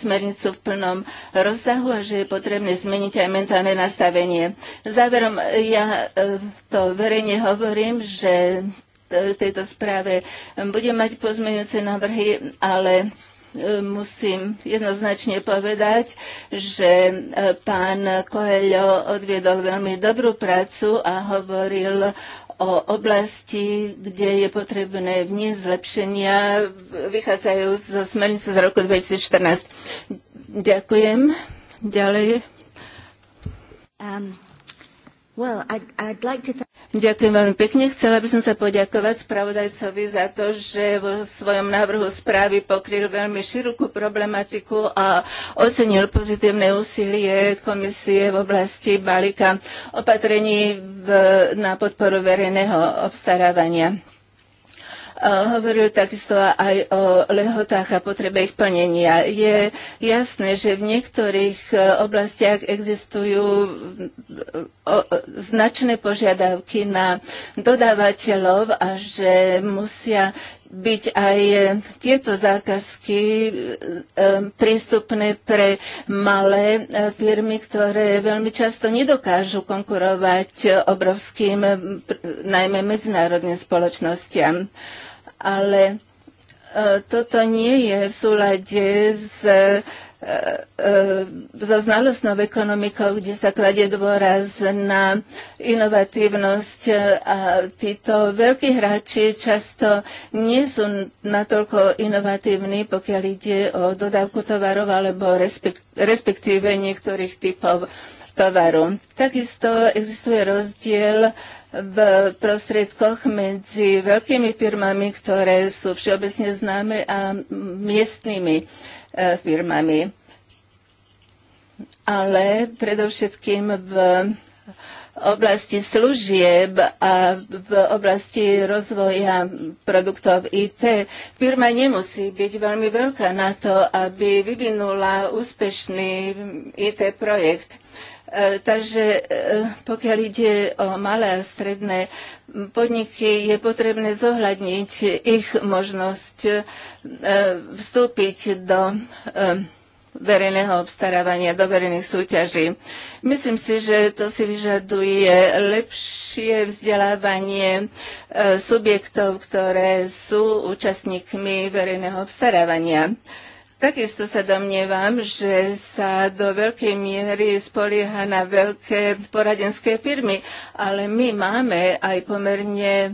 smernicu v plnom rozsahu a že je potrebné zmeniť aj mentálne nastavenie. Záverom ja e, to verejne hovorím, že e, tejto správe budem mať pozmeňujúce návrhy, ale e, musím jednoznačne povedať, že pán Coelho odviedol veľmi dobrú prácu a hovoril o oblasti, kde je potrebné vniesť zlepšenia, vychádzajúc zo smernice z roku 2014. Ďakujem. Ďalej. Um. Ďakujem veľmi pekne. Chcela by som sa poďakovať spravodajcovi za to, že vo svojom návrhu správy pokryl veľmi širokú problematiku a ocenil pozitívne úsilie komisie v oblasti balíka opatrení v, na podporu verejného obstarávania. Hovoril takisto aj o lehotách a potrebe ich plnenia. Je jasné, že v niektorých e, oblastiach existujú e, značné požiadavky na dodávateľov a že musia byť aj tieto zákazky e, prístupné pre malé firmy, ktoré veľmi často nedokážu konkurovať obrovským, najmä medzinárodným spoločnostiam ale e, toto nie je v súlade s e, e, so znalostnou ekonomikou, kde sa kladie dôraz na inovatívnosť a títo veľkí hráči často nie sú natoľko inovatívni, pokiaľ ide o dodávku tovarov alebo respektíve niektorých typov tovaru. Takisto existuje rozdiel v prostriedkoch medzi veľkými firmami, ktoré sú všeobecne známe, a miestnými e, firmami. Ale predovšetkým v oblasti služieb a v oblasti rozvoja produktov IT firma nemusí byť veľmi veľká na to, aby vyvinula úspešný IT projekt. E, takže e, pokiaľ ide o malé a stredné podniky, je potrebné zohľadniť ich možnosť e, vstúpiť do verejného obstarávania, do verejných súťaží. Myslím si, že to si vyžaduje lepšie vzdelávanie subjektov, ktoré sú účastníkmi verejného obstarávania. Takisto sa domnievam, že sa do veľkej miery spolieha na veľké poradenské firmy, ale my máme aj pomerne e,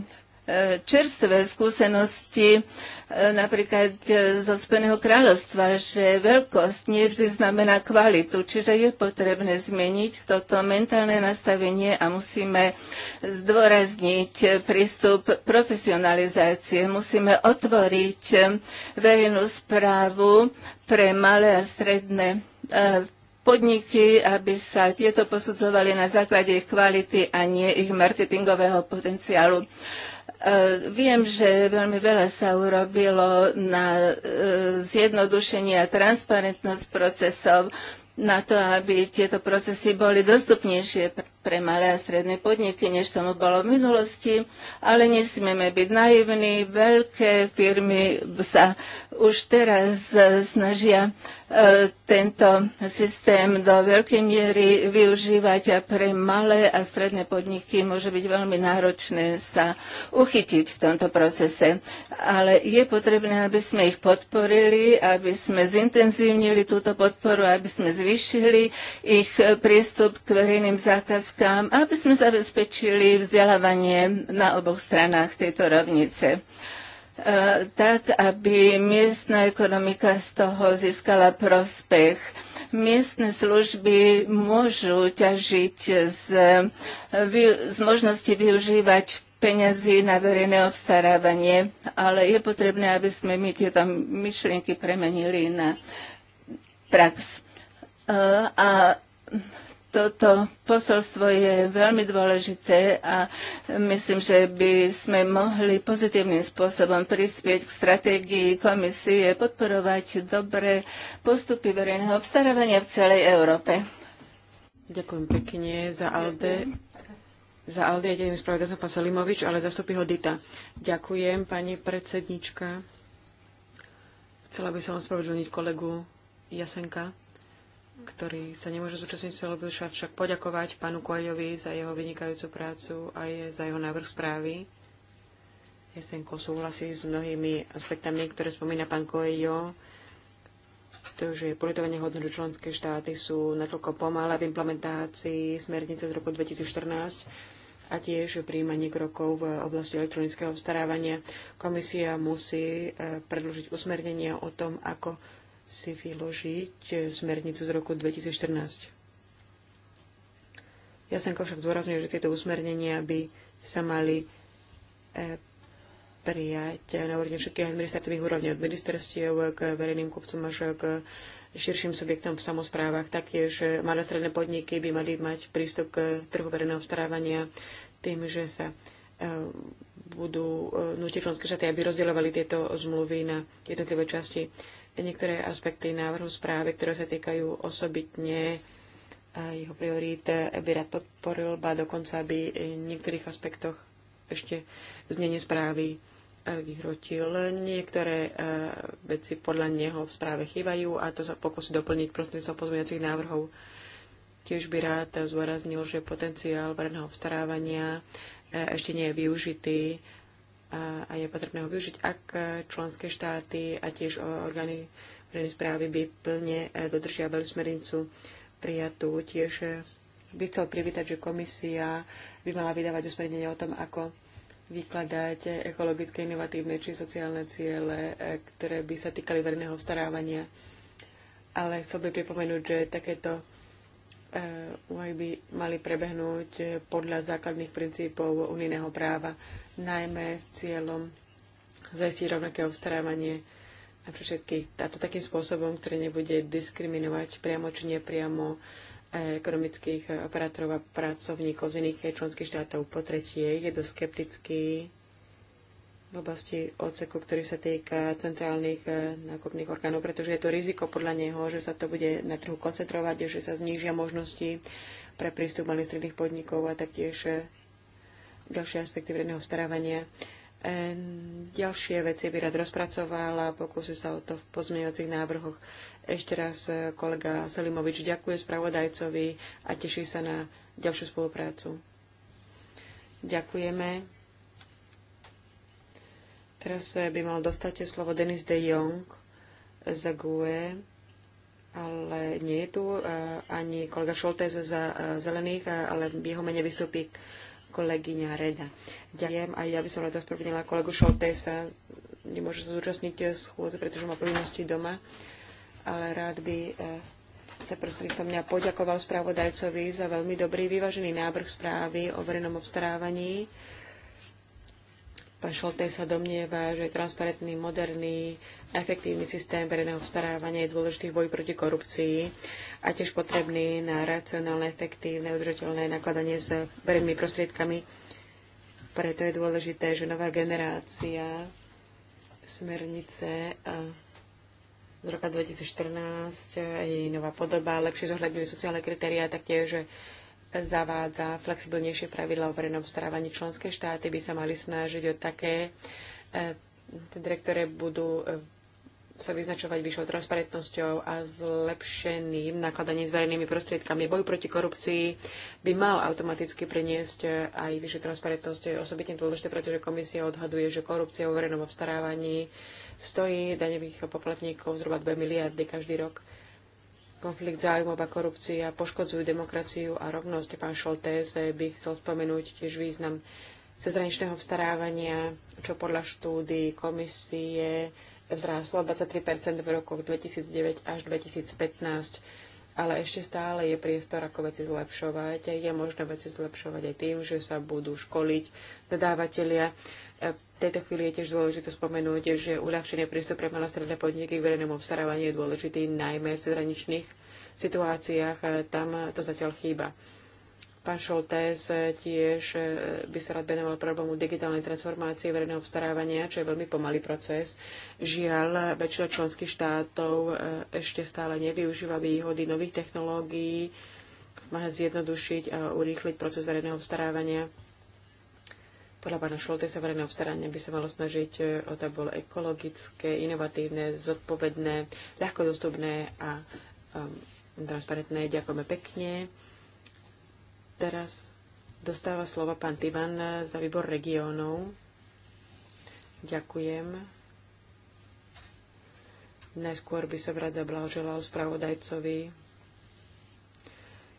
čerstvé skúsenosti E, napríklad e, zo Spojeného kráľovstva, že veľkosť nevždy znamená kvalitu, čiže je potrebné zmeniť toto mentálne nastavenie a musíme zdôrazniť prístup profesionalizácie. Musíme otvoriť verejnú správu pre malé a stredné e, podniky, aby sa tieto posudzovali na základe ich kvality a nie ich marketingového potenciálu. E, viem, že veľmi veľa sa urobilo na e, zjednodušenie a transparentnosť procesov, na to, aby tieto procesy boli dostupnejšie pre malé a stredné podniky, než tomu bolo v minulosti, ale nesmieme byť naivní. Veľké firmy sa už teraz e, snažia E, tento systém do veľkej miery využívať a pre malé a stredné podniky môže byť veľmi náročné sa uchytiť v tomto procese. Ale je potrebné, aby sme ich podporili, aby sme zintenzívnili túto podporu, aby sme zvýšili ich prístup k verejným zákazkám, aby sme zabezpečili vzdelávanie na oboch stranách tejto rovnice. Eh, tak, aby miestna ekonomika z toho získala prospech. Miestne služby môžu ťažiť z, z možnosti využívať peniazy na verejné obstarávanie, ale je potrebné, aby sme my tieto myšlienky premenili na prax. Eh, a toto posolstvo je veľmi dôležité a myslím, že by sme mohli pozitívnym spôsobom prispieť k stratégii komisie podporovať dobré postupy verejného obstarávania v celej Európe. Ďakujem pekne za Alde. Za Alde je jedným spravodajcom pán Salimovič, ale zastupí ho Dita. Ďakujem, pani predsednička. Chcela by som ospravedlniť kolegu Jasenka ktorý sa nemôže zúčastniť, chcel však poďakovať pánu Koajovi za jeho vynikajúcu prácu a je za jeho návrh správy. Jesenko súhlasí s mnohými aspektami, ktoré spomína pán Kojo, to, že politovanie hodnú členské štáty sú natoľko pomalé v implementácii smernice z roku 2014 a tiež príjmaní krokov v oblasti elektronického starávania. Komisia musí eh, predložiť usmernenia o tom, ako si vyložiť e, smernicu z roku 2014. Jasenko však zdôrazňuje, že tieto usmernenia by sa mali e, prijať na úrovni všetkých administratívnych úrovní od ministerstiev k verejným kupcom až k širším subjektom v samozprávach. Taktiež malé stredné podniky by mali mať prístup k trhu verejného starávania tým, že sa e, budú nutiť členské štáty, aby rozdielovali tieto zmluvy na jednotlivé časti niektoré aspekty návrhu správy, ktoré sa týkajú osobitne a jeho priorít by rád podporil, ba dokonca by v niektorých aspektoch ešte znenie správy e, vyhrotil. Niektoré e, veci podľa neho v správe chýbajú a to sa pokusí doplniť prostredníctvom pozmeňacích návrhov. Tiež by rád zúraznil, že potenciál verného obstarávania e, ešte nie je využitý a, a je potrebné ho využiť, ak členské štáty a tiež orgány verejnej správy by plne e, dodržiavali smernicu prijatú. Tiež e, by chcel privítať, že komisia by mala vydávať usmernenie o tom, ako vykladať ekologické, inovatívne či sociálne ciele, e, ktoré by sa týkali verejného starávania. Ale chcel by pripomenúť, že takéto úvahy by mali prebehnúť podľa základných princípov unijného práva najmä s cieľom zajistiť rovnaké obstarávanie pre všetkých. A to takým spôsobom, ktorý nebude diskriminovať priamo či nepriamo eh, ekonomických eh, operátorov a pracovníkov z iných eh, členských štátov. Po tretie, je to skeptický v oblasti odseku, ktorý sa týka centrálnych nákupných orgánov, pretože je to riziko podľa neho, že sa to bude na trhu koncentrovať, že sa znížia možnosti pre prístup malých stredných podnikov a taktiež ďalšie aspekty verejného starávania. E, ďalšie veci by rád rozpracovala, pokúsi sa o to v pozmeňovacích návrhoch. Ešte raz e, kolega Selimovič ďakuje spravodajcovi a teší sa na ďalšiu spoluprácu. Ďakujeme. Teraz e, by mal dostať slovo Denis de Jong z GUE, ale nie je tu ani kolega Šoltes za zelených, ale v jeho mene vystúpi kolegyňa Reda. Ďakujem a ja by som rada ospravedlnila kolegu Šoltesa. Nemôže sa zúčastniť schôdze, pretože má povinnosti doma, ale rád by eh, sa prostredníctvom mňa poďakoval spravodajcovi za veľmi dobrý vyvážený návrh správy o verejnom obstarávaní Pán Šolté sa domnieva, že transparentný, moderný efektívny systém verejného vstarávania je dôležitý v boji proti korupcii a tiež potrebný na racionálne, efektívne, udržateľné nakladanie s verejnými prostriedkami. Preto je dôležité, že nová generácia smernice z roka 2014 je jej nová podoba lepšie zohľadňuje sociálne kritériá, taktiež zavádza flexibilnejšie pravidla o verejnom starávaní. Členské štáty by sa mali snažiť o také eh, ktoré budú eh, sa vyznačovať vyššou transparentnosťou a zlepšeným nakladaním s verejnými prostriedkami. Boj proti korupcii by mal automaticky priniesť eh, aj vyššiu transparentnosť. Je osobitne dôležité, pretože komisia odhaduje, že korupcia o verejnom obstarávaní stojí daňových poplatníkov zhruba 2 miliardy každý rok konflikt záujmov a korupcia poškodzujú demokraciu a rovnosť. Pán Šoltés by chcel spomenúť tiež význam cezraničného vstarávania, čo podľa štúdií komisie zráslo 23 v rokoch 2009 až 2015. Ale ešte stále je priestor, ako veci zlepšovať. Je možné veci zlepšovať aj tým, že sa budú školiť dodávateľia v tejto chvíli je tiež dôležité spomenúť, že uľahčenie prístup pre malé stredné podniky k verejnému obstarávaniu je dôležitý najmä v cezhraničných situáciách. E, tam to zatiaľ chýba. Pán Šoltés e, tiež e, by sa rád venoval problému digitálnej transformácie verejného obstarávania, čo je veľmi pomalý proces. Žiaľ, väčšina členských štátov ešte stále nevyužíva výhody nových technológií, snaha zjednodušiť a urýchliť proces verejného obstarávania. Podľa pána sa verejné obstaranie by sa malo snažiť e, o to bolo ekologické, inovatívne, zodpovedné, ľahko dostupné a um, transparentné. Ďakujeme pekne. Teraz dostáva slova pán Tivan za výbor regiónov. Ďakujem. Najskôr by som vrát zablahoželal spravodajcovi.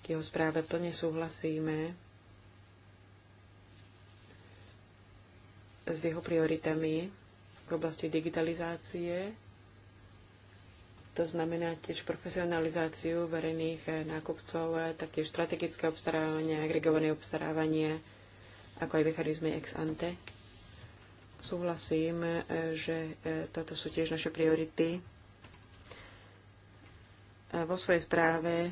K jeho správe plne súhlasíme. s jeho prioritami v oblasti digitalizácie, to znamená tiež profesionalizáciu verejných eh, nákupcov, eh, taktiež strategické obstarávanie, agregované obstarávanie, ako aj mechanizmy ex ante. Súhlasím, eh, že toto sú tiež naše priority. Vo svojej správe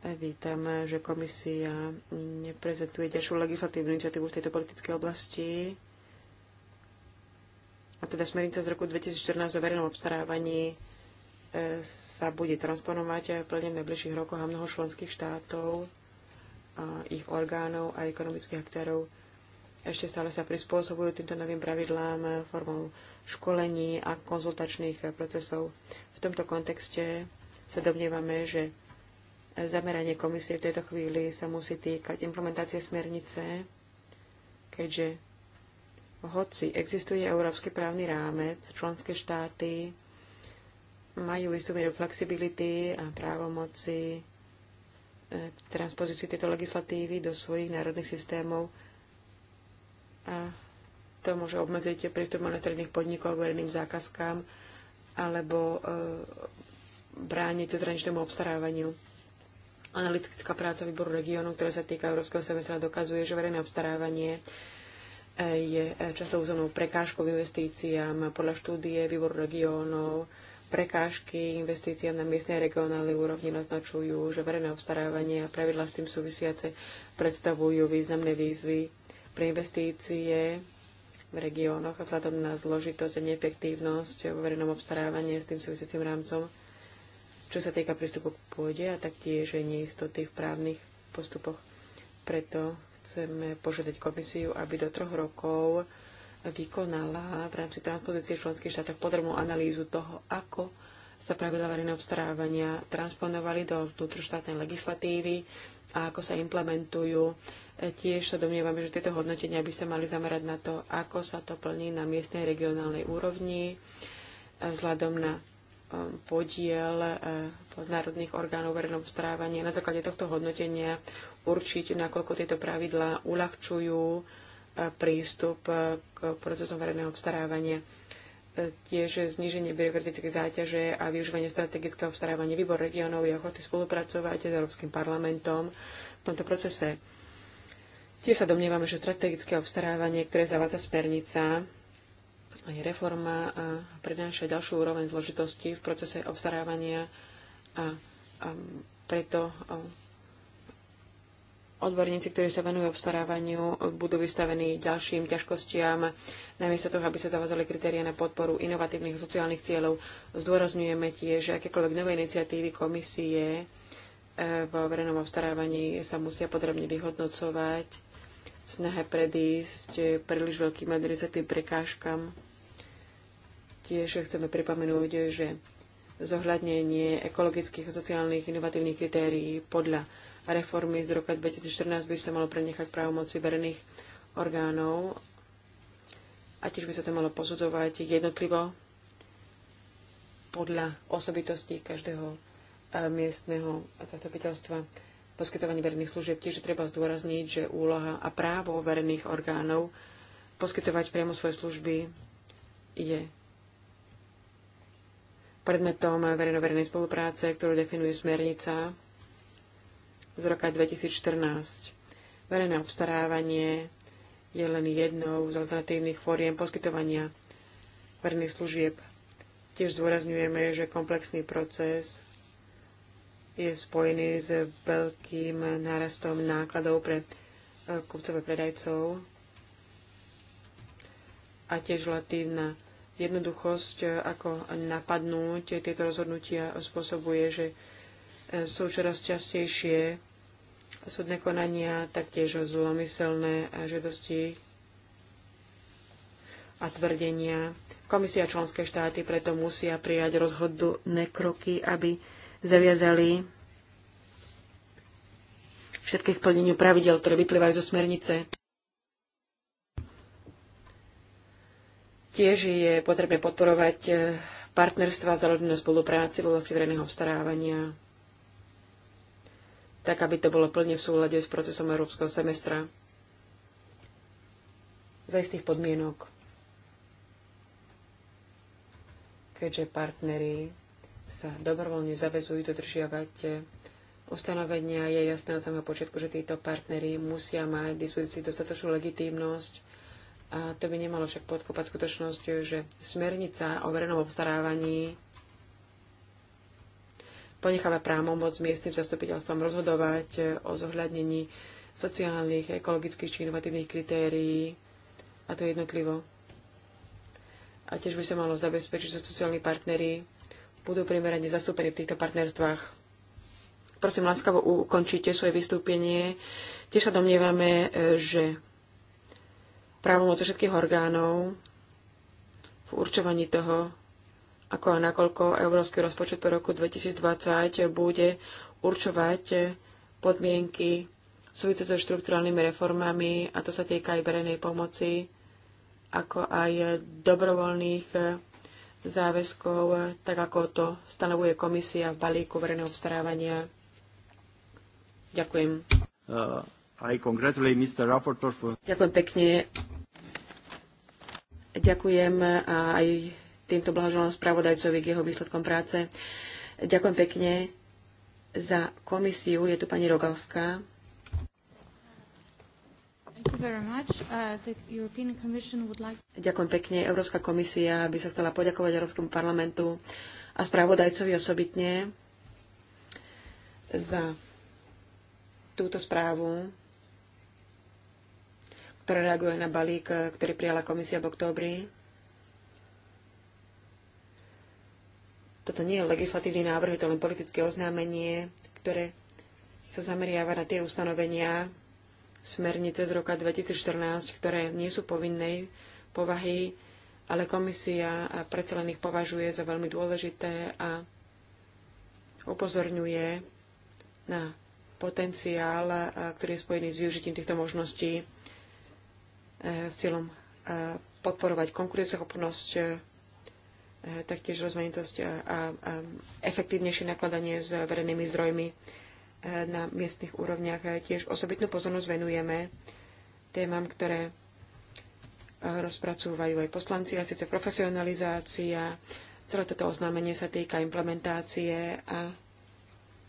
Vítame, že komisia neprezentuje ďalšiu legislatívnu iniciatívu v tejto politickej oblasti, a teda smernica z roku 2014 o verejnom obstarávaní e, sa bude transponovať aj plne v najbližších rokoch a mnoho členských štátov, a ich orgánov a ekonomických aktérov ešte stále sa prispôsobujú týmto novým pravidlám formou školení a konzultačných procesov. V tomto kontexte sa domnievame, že Zameranie komisie v tejto chvíli sa musí týkať implementácie smernice, keďže hoci existuje európsky právny rámec, členské štáty majú istú mieru flexibility a právomoci k e, transpozícii tejto legislatívy do svojich národných systémov a to môže obmedziť prístup monetárnych podnikov k verejným zákazkám alebo e, brániť cezhraničnému obstarávaniu. Analytická práca výboru regiónov, ktorá sa týka Európskeho semestra, dokazuje, že verejné obstarávanie e, je e, často územnou prekážkou investíciám. Podľa štúdie výboru regiónov prekážky investíciám na miestnej regionálnej úrovni naznačujú, že verejné obstarávanie a pravidla s tým súvisiace predstavujú významné výzvy pre investície v regiónoch a vzhľadom na zložitosť a neefektívnosť vo verejnom obstarávaní s tým súvisiacim rámcom čo sa týka prístupu k pôde a taktiež neistoty v právnych postupoch. Preto chceme požiadať komisiu, aby do troch rokov vykonala v rámci transpozície v členských štátoch podrobnú analýzu toho, ako sa pravidla verejného obstarávania transponovali do vnútroštátnej legislatívy a ako sa implementujú. E, tiež sa domnievame, že tieto hodnotenia by sa mali zamerať na to, ako sa to plní na miestnej regionálnej úrovni e, vzhľadom na Um, podiel podnárodných eh, orgánov verejného obstarávania. Na základe tohto hodnotenia určiť, nakoľko tieto pravidlá uľahčujú eh, prístup eh, k procesom verejného obstarávania. Tiež zníženie byrokratických záťaže a využívanie strategického obstarávania. Výbor regionov je ochotný spolupracovať s Európskym parlamentom v tomto procese. Tiež sa domnievame, že strategické obstarávanie, ktoré zavádza smernica, aj reforma prináša ďalšiu úroveň zložitosti v procese obstarávania a, a preto odborníci, ktorí sa venujú obstarávaniu, budú vystavení ďalším ťažkostiam, namiesto toho, aby sa zavazali kritéria na podporu inovatívnych sociálnych cieľov. Zdôrazňujeme tiež, že akékoľvek nové iniciatívy komisie e, v verejnom obstarávaní sa musia podrobne vyhodnocovať snahe predísť príliš veľkým administratívnym prekážkam Tiež chceme pripomenúť, že zohľadnenie ekologických a sociálnych inovatívnych kritérií podľa reformy z roka 2014 by sa malo prenechať právomoci verejných orgánov a tiež by sa to malo posudzovať jednotlivo podľa osobitostí každého eh, miestneho zastupiteľstva. Poskytovanie verejných služieb tiež treba zdôrazniť, že úloha a právo verejných orgánov poskytovať priamo svoje služby je predmetom verejnoverejnej spolupráce, ktorú definuje smernica z roka 2014. Verejné obstarávanie je len jednou z alternatívnych fóriem poskytovania verejných služieb. Tiež zdôrazňujeme, že komplexný proces je spojený s veľkým nárastom nákladov pre e, kupcové predajcov a tiež relatívna jednoduchosť, e, ako napadnúť tieto rozhodnutia, spôsobuje, že e, sú čoraz častejšie súdne konania, taktiež zlomyselné e, žiadosti a tvrdenia. Komisia členské štáty preto musia prijať rozhodné kroky, aby zaviazali všetkých plneniu pravidel, ktoré vyplývajú zo smernice. Tiež je potrebné podporovať eh, partnerstva založené rodinnú spolupráci v oblasti verejného obstarávania, tak aby to bolo plne v súlade s procesom európskeho semestra za istých podmienok. Keďže partnery sa dobrovoľne zavezujú dodržiavať eh, ustanovenia, je jasné od samého počiatku, že títo partnery musia mať dispozícii dostatočnú legitímnosť a to by nemalo však podkopať skutočnosť, že smernica o verejnom obstarávaní ponecháva právom moc miestnym zastupiteľstvom rozhodovať eh, o zohľadnení sociálnych, ekologických či inovatívnych kritérií, a to jednotlivo. A tiež by sa malo zabezpečiť, že sociálni partnery budú primerane zastúpení v týchto partnerstvách. Prosím, láskavo ukončite svoje vystúpenie. Tiež sa domnievame, eh, že právomoce všetkých orgánov v určovaní toho, ako a nakoľko európsky rozpočet po roku 2020 bude určovať podmienky súvisiace so štruktúralnými reformami, a to sa týka aj verejnej pomoci, ako aj dobrovoľných záväzkov, tak ako to stanovuje komisia v balíku verejného obstarávania. Ďakujem. Uh. I congratulate Mr. Rapporteur for... Ďakujem pekne. Ďakujem aj týmto blahoželám spravodajcovi k jeho výsledkom práce. Ďakujem pekne za komisiu. Je tu pani Rogalská. Uh, Ďakujem pekne. Európska komisia by sa chcela poďakovať Európskom parlamentu a spravodajcovi osobitne za túto správu ktoré reaguje na balík, e, ktorý prijala komisia v októbri. Toto nie je legislatívny návrh, je to len politické oznámenie, ktoré sa zameriava na tie ustanovenia smernice z roka 2014, ktoré nie sú povinnej povahy, ale komisia predsa len ich považuje za veľmi dôležité a upozorňuje na potenciál, e, ktorý je spojený s využitím týchto možností Eh, s cieľom eh, podporovať konkurencieschopnosť, eh, taktiež rozmanitosť a efektívnejšie nakladanie s verejnými zdrojmi na miestnych úrovniach. Tiež osobitnú pozornosť venujeme témam, ktoré rozpracúvajú aj poslanci, a síce profesionalizácia. Celé toto oznámenie sa týka implementácie a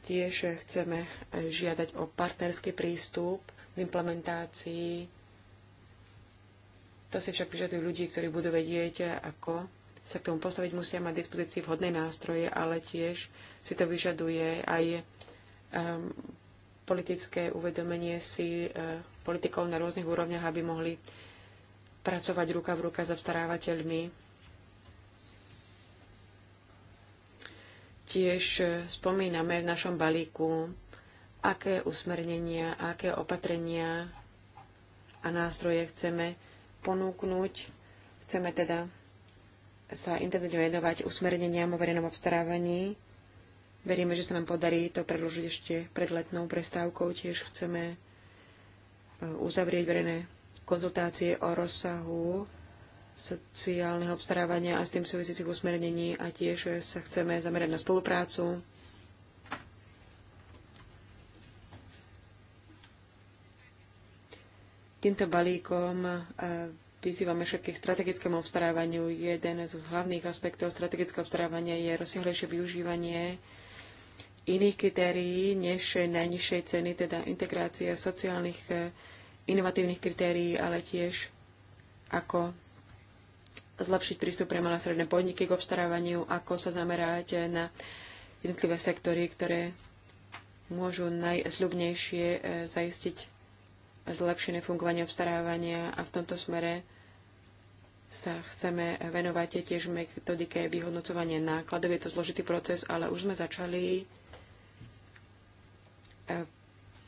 tiež chceme žiadať o partnerský prístup v implementácii to si však vyžadujú ľudí, ktorí budú vedieť, ako sa k tomu postaviť, musia mať dispozícii vhodné nástroje, ale tiež si to vyžaduje aj um, politické uvedomenie si uh, politikov na rôznych úrovniach, aby mohli pracovať ruka v ruka s obstarávateľmi. Tiež eh, spomíname v našom balíku, aké usmernenia, aké opatrenia a nástroje chceme ponúknuť. Chceme teda sa intenzívne venovať usmerneniam o verejnom obstarávaní. Veríme, že sa nám podarí to predložiť ešte pred letnou prestávkou. Tiež chceme e, uzavrieť verejné konzultácie o rozsahu sociálneho obstarávania a s tým súvisiacich usmernení a tiež sa chceme zamerať na spoluprácu Týmto balíkom e, vyzývame všetkých strategickému obstarávaniu. Jeden z hlavných aspektov strategického obstarávania je rozsiahlejšie využívanie iných kritérií než najnižšej ceny, teda integrácia sociálnych e, inovatívnych kritérií, ale tiež ako zlepšiť prístup pre malé stredné podniky k obstarávaniu, ako sa zamerať na jednotlivé sektory, ktoré môžu najsľubnejšie e, zaistiť zlepšené fungovanie obstarávania a v tomto smere sa chceme venovať tiež metodike vyhodnocovania nákladov. Je to zložitý proces, ale už sme začali e,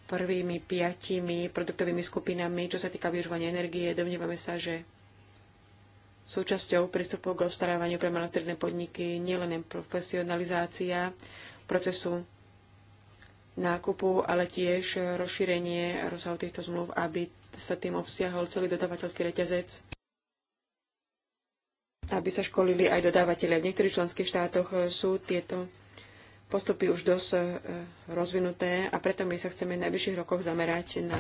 prvými piatimi produktovými skupinami, čo sa týka využívania energie. Domnievame sa, že súčasťou prístupu k obstarávaniu pre malé stredné podniky nielen profesionalizácia procesu nákupu, ale tiež rozšírenie rozsahu týchto zmluv, aby sa tým obsiahol celý dodávateľský reťazec, aby sa školili aj dodávateľia. V niektorých členských štátoch sú tieto postupy už dosť e, rozvinuté a preto my sa chceme v najbližších rokoch zamerať na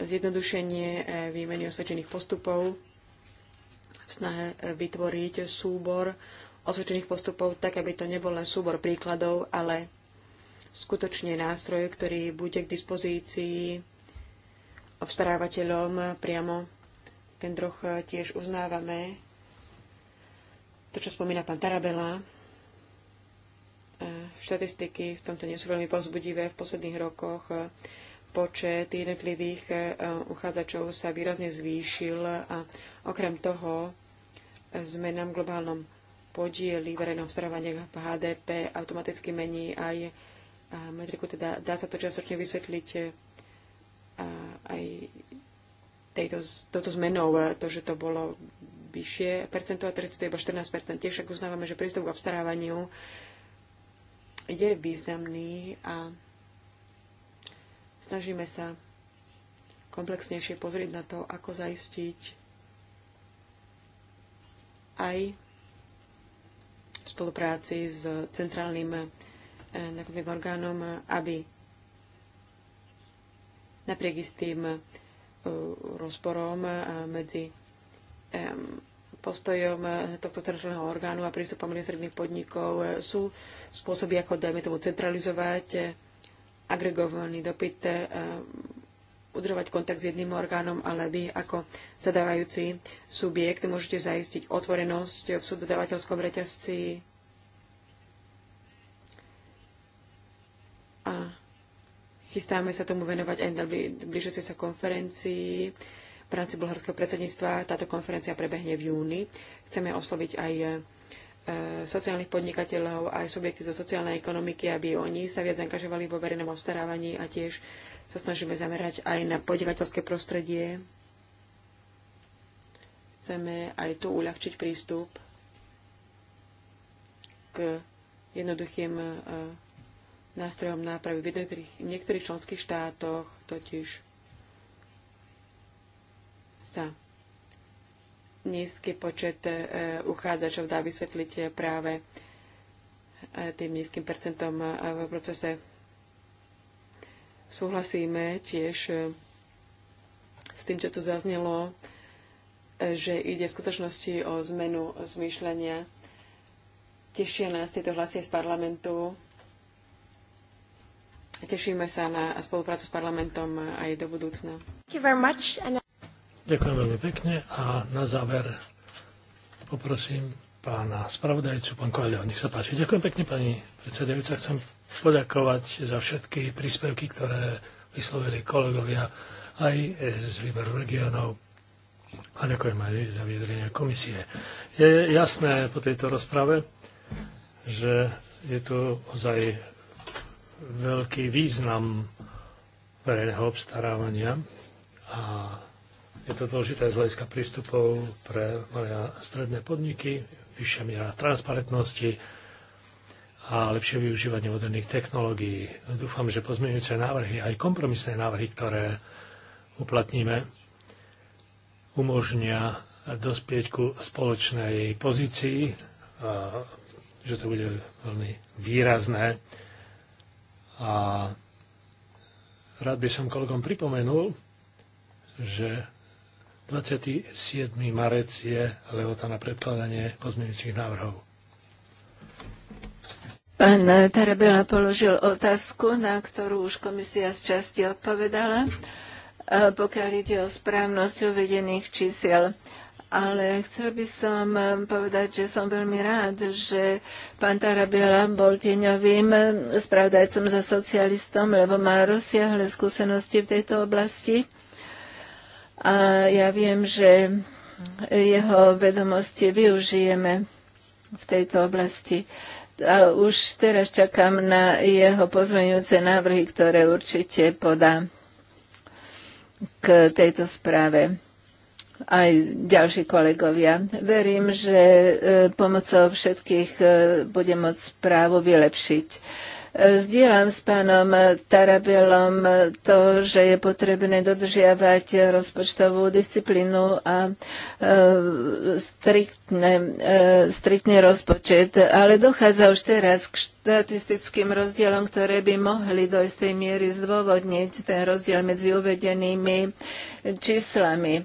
zjednodušenie e, výmeny osvedčených postupov v snahe e, vytvoriť súbor osvedčených postupov tak, aby to nebol len súbor príkladov, ale skutočne nástroj, ktorý bude k dispozícii obstarávateľom priamo. Ten druh eh, tiež uznávame. To, čo spomína pán Tarabela, eh, štatistiky v tomto nie sú veľmi pozbudivé. V posledných rokoch eh, počet jednotlivých uchádzačov sa výrazne zvýšil a okrem toho zmenám v globálnom podieli verejného obstarávania v HDP automaticky mení aj metriku, teda dá sa to čiastočne vysvetliť e, aj tejto, touto zmenou, e, to, že to bolo vyššie percento a teraz to je iba 14 Tiež však uznávame, že prístup k obstarávaniu je významný a snažíme sa komplexnejšie pozrieť na to, ako zaistiť aj v spolupráci s centrálnym národným orgánom, aby napriek istým e, rozporom e, medzi postojom e, tohto centrálneho orgánu a prístupom ministerných podnikov sú spôsoby, ako dajme tomu centralizovať agregovaný dopyt, udržovať kontakt s jedným orgánom, ale vy ako zadávajúci subjekt môžete zaistiť otvorenosť v subdodávateľskom reťazci A chystáme sa tomu venovať aj na blížiacej sa konferencii v rámci bulharského predsedníctva. Táto konferencia prebehne v júni. Chceme osloviť aj e, sociálnych podnikateľov, aj subjekty zo sociálnej ekonomiky, aby oni sa viac angažovali vo verejnom obstarávaní a tiež sa snažíme zamerať aj na podnikateľské prostredie. Chceme aj tu uľahčiť prístup k jednoduchým e, nástrojom nápravy v, v niektorých členských štátoch totiž sa nízky počet e, uchádzačov dá vysvetliť e, práve e, tým nízkym percentom v procese. Súhlasíme tiež s tým, čo tu zaznelo, že ide v skutočnosti o zmenu zmýšľania. Tešia nás tieto hlasy z parlamentu Tešíme sa na spoluprácu s parlamentom aj do budúcna. Ďakujem veľmi pekne a na záver poprosím pána spravodajcu, pán Koľo, nech sa páči. Ďakujem pekne, pani predsedajúca. Chcem poďakovať za všetky príspevky, ktoré vyslovili kolegovia aj z výberu regionov. A ďakujem aj za vyjadrenia komisie. Je jasné po tejto rozprave, že je tu ozaj veľký význam verejného obstarávania a je to dôležité z hľadiska prístupov pre malé a stredné podniky, vyššia miera transparentnosti a lepšie využívanie moderných technológií. Dúfam, že pozmeňujúce návrhy, aj kompromisné návrhy, ktoré uplatníme, umožnia dospieť ku spoločnej pozícii, a že to bude veľmi výrazné a rád by som kolegom pripomenul, že 27. marec je lehota na predkladanie pozmeňujúcich návrhov. Pán Tarabela položil otázku, na ktorú už komisia z časti odpovedala, pokiaľ ide o správnosť uvedených čísel ale chcel by som um, povedať, že som veľmi rád, že pán Tarabela bol tieňovým um, spravdajcom za socialistom, lebo má rozsiahle skúsenosti v tejto oblasti. A ja viem, že jeho vedomosti využijeme v tejto oblasti. A už teraz čakám na jeho pozmeňujúce návrhy, ktoré určite podá k tejto správe aj ďalší kolegovia. Verím, že e, pomocou všetkých e, budem môcť právo vylepšiť. Zdieľam e, s pánom Tarabelom to, že je potrebné dodržiavať rozpočtovú disciplínu a striktný rozpočet, ale dochádza už teraz k statistickým rozdielom, ktoré by mohli do istej miery zdôvodniť ten rozdiel medzi uvedenými číslami. E,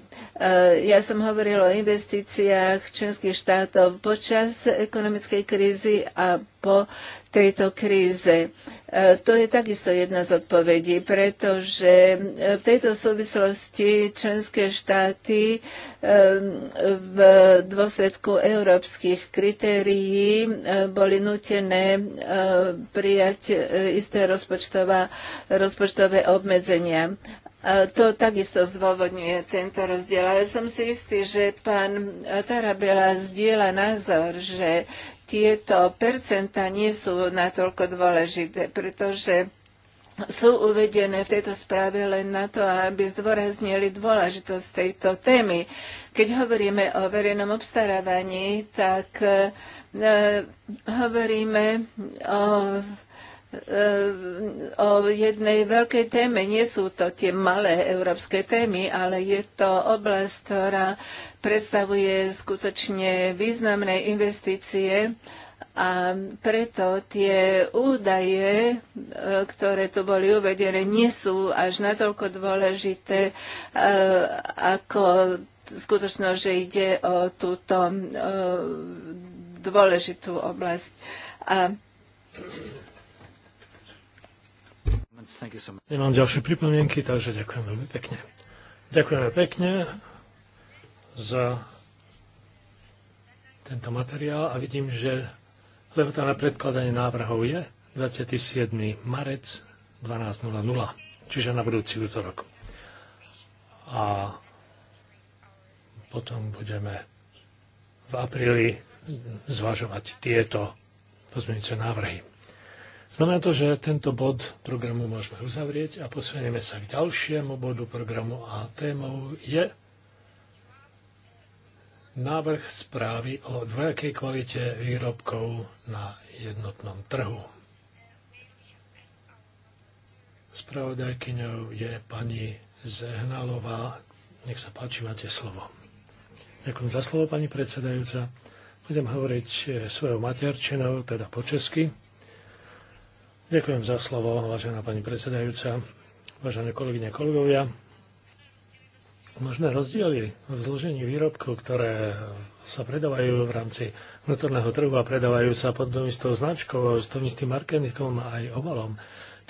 ja som hovoril o investíciách členských štátov počas ekonomickej krízy a po tejto kríze. E, to je takisto jedna z odpovedí, pretože e, v tejto súvislosti členské štáty e, v dôsledku európskych kritérií boli nutené prijať isté rozpočtové obmedzenia. To takisto zdôvodňuje tento rozdiel, ale som si istý, že pán Tarabela zdieľa názor, že tieto percenta nie sú natoľko dôležité, pretože sú uvedené v tejto správe len na to, aby zdôraznili dôležitosť tejto témy. Keď hovoríme o verejnom obstarávaní, tak e, hovoríme o E, o jednej veľkej téme. Nie sú to tie malé európske témy, ale je to oblasť, ktorá predstavuje skutočne významné investície a preto tie údaje, e, ktoré tu boli uvedené, nie sú až natoľko dôležité e, ako skutočno, že ide o túto dôležitú oblasť. A Nemám ďalšie pripomienky, takže ďakujem veľmi pekne. Ďakujeme pekne za tento materiál a vidím, že lehota na predkladanie návrhov je 27. marec 12.00, čiže na budúci útorok. A potom budeme v apríli zvažovať tieto pozmeňujúce návrhy. Znamená to, že tento bod programu môžeme uzavrieť a posunieme sa k ďalšiemu bodu programu a témou je návrh správy o dvojakej kvalite výrobkov na jednotnom trhu. Spravodajkyňou je pani Zehnalová. Nech sa páči, máte slovo. Ďakujem za slovo, pani predsedajúca. Budem hovoriť svojou materčinou, teda po česky. Ďakujem za slovo, vážená pani predsedajúca, vážené kolegyne, kolegovia. Možné rozdiely v zložení výrobkov, ktoré sa predávajú v rámci vnútorného trhu a predávajú sa pod tou istou značkou, s tým istým marketingom aj obalom,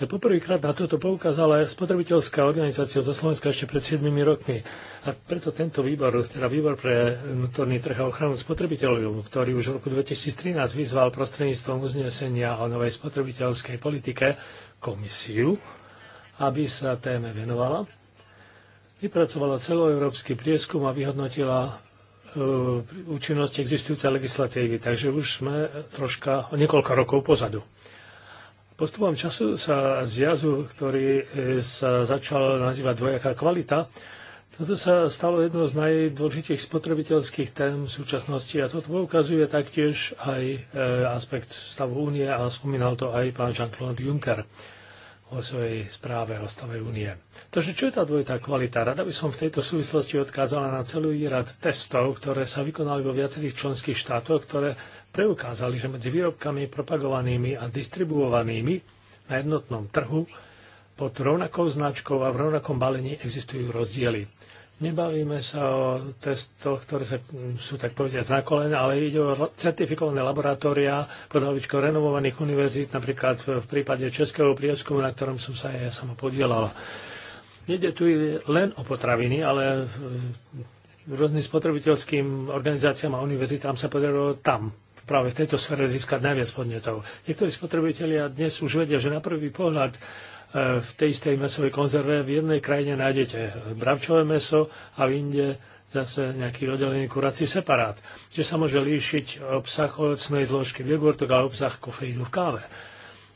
to poprvýkrát na toto poukázala aj spotrebiteľská organizácia zo Slovenska ešte pred 7 rokmi. A preto tento výbor, teda výbor pre vnútorný trh a ochranu spotrebiteľov, ktorý už v roku 2013 vyzval prostredníctvom uznesenia o novej spotrebiteľskej politike komisiu, aby sa téme venovala, vypracovala celoeurópsky prieskum a vyhodnotila e, účinnosť existujúcej legislatívy. Takže už sme troška niekoľko rokov pozadu. Postupom času sa z jazu, ktorý e, sa začal nazývať dvojaká kvalita, toto sa stalo jednou z najdôležitejších spotrebiteľských tém v súčasnosti a toto ukazuje taktiež aj e, aspekt stavu únie a spomínal to aj pán Jean-Claude Juncker o svojej správe o stave únie. Takže čo je tá dvojitá kvalita? Rada by som v tejto súvislosti odkázala na celý rad testov, ktoré sa vykonali vo viacerých členských štátoch, ktoré preukázali, že medzi výrobkami propagovanými a distribuovanými na jednotnom trhu pod rovnakou značkou a v rovnakom balení existujú rozdiely. Nebavíme sa o testoch, ktoré sa, sú tak povediať na kolene, ale ide o certifikované laboratória hlavičkou renovovaných univerzít, napríklad v prípade českého prieskumu, na ktorom som sa aj ja sama podielala. Nede tu len o potraviny, ale e, rôznym spotrebiteľským organizáciám a univerzitám sa podarilo tam práve v tejto sfere získať najviac podnetov. Niektorí spotrebitelia dnes už vedia, že na prvý pohľad v tej istej mesovej konzerve v jednej krajine nájdete bravčové meso a v inde zase nejaký oddelený kurací separát. Čiže sa môže líšiť obsah ovocnej zložky v jogurtoch a obsah kofeínu v káve.